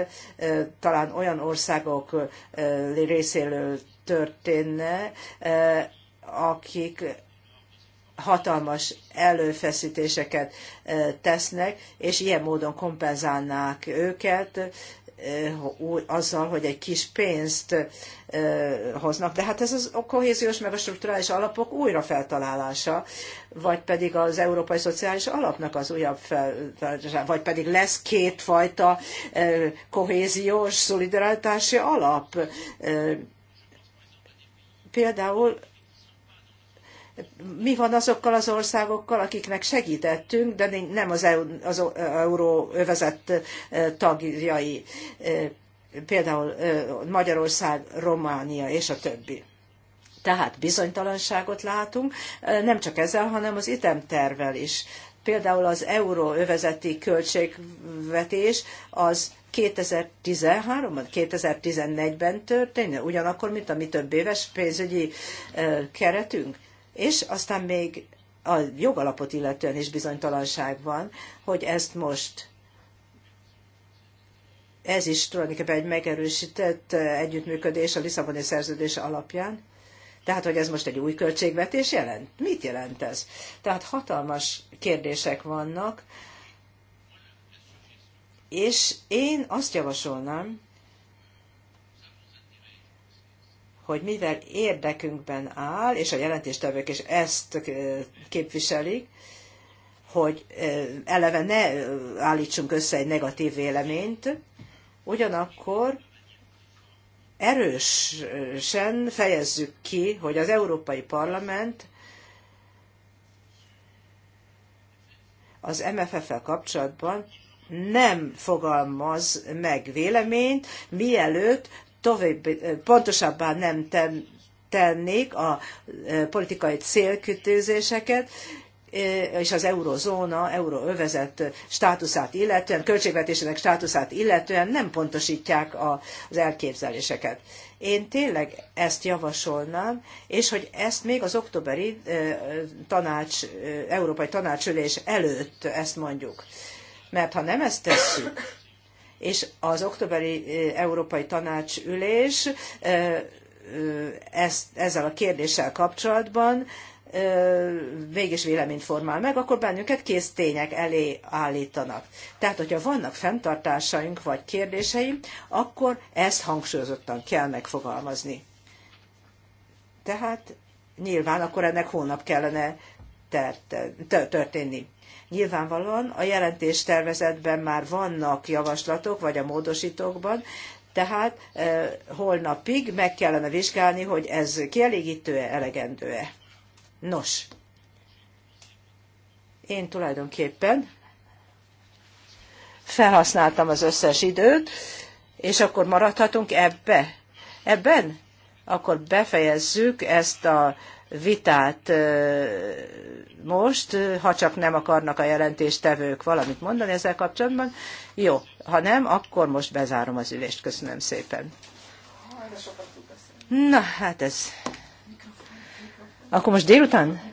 talán olyan országok részéről történne, akik hatalmas előfeszítéseket tesznek, és ilyen módon kompenzálnák őket, azzal, hogy egy kis pénzt hoznak. De hát ez az a kohéziós meg a strukturális alapok újra feltalálása, vagy pedig az Európai Szociális Alapnak az újabb feltalálása, vagy pedig lesz kétfajta kohéziós szolidaritási alap. Például mi van azokkal az országokkal, akiknek segítettünk, de nem az, EU, az euróövezet tagjai, például Magyarország, Románia és a többi. Tehát bizonytalanságot látunk, nem csak ezzel, hanem az itemtervel is. Például az euróövezeti költségvetés az 2013-ban, 2014-ben történne, ugyanakkor, mint a mi több éves pénzügyi keretünk. És aztán még a jogalapot illetően is bizonytalanság van, hogy ezt most ez is tulajdonképpen egy megerősített eh, együttműködés a Lisszaboni szerződés alapján. Tehát, hogy ez most egy új költségvetés jelent? Mit jelent ez? Tehát hatalmas kérdések vannak, és én azt javasolnám, hogy mivel érdekünkben áll, és a jelentéstevők is ezt képviselik, hogy eleve ne állítsunk össze egy negatív véleményt, ugyanakkor erősen fejezzük ki, hogy az Európai Parlament az MFF-fel kapcsolatban nem fogalmaz meg véleményt, mielőtt Tovább pontosabbá nem tennék a e, politikai célkütőzéseket, e, és az eurozóna, euróövezet státuszát illetően, költségvetésének státuszát illetően nem pontosítják az elképzeléseket. Én tényleg ezt javasolnám, és hogy ezt még az októberi e, tanács, európai tanácsülés előtt ezt mondjuk. Mert ha nem ezt tesszük, és az októberi Európai Tanács ülés ezt, ezzel a kérdéssel kapcsolatban végés véleményt formál meg, akkor bennünket kész tények elé állítanak. Tehát, hogyha vannak fenntartásaink vagy kérdéseim, akkor ezt hangsúlyozottan kell megfogalmazni. Tehát nyilván akkor ennek hónap kellene történni. Nyilvánvalóan a jelentéstervezetben már vannak javaslatok, vagy a módosítókban, tehát eh, holnapig meg kellene vizsgálni, hogy ez kielégítő-e, elegendő-e. Nos, én tulajdonképpen felhasználtam az összes időt, és akkor maradhatunk ebbe. Ebben? Akkor befejezzük ezt a vitát most, ha csak nem akarnak a jelentéstevők valamit mondani ezzel kapcsolatban. Jó, ha nem, akkor most bezárom az ülést. Köszönöm szépen. Na, hát ez. Akkor most délután?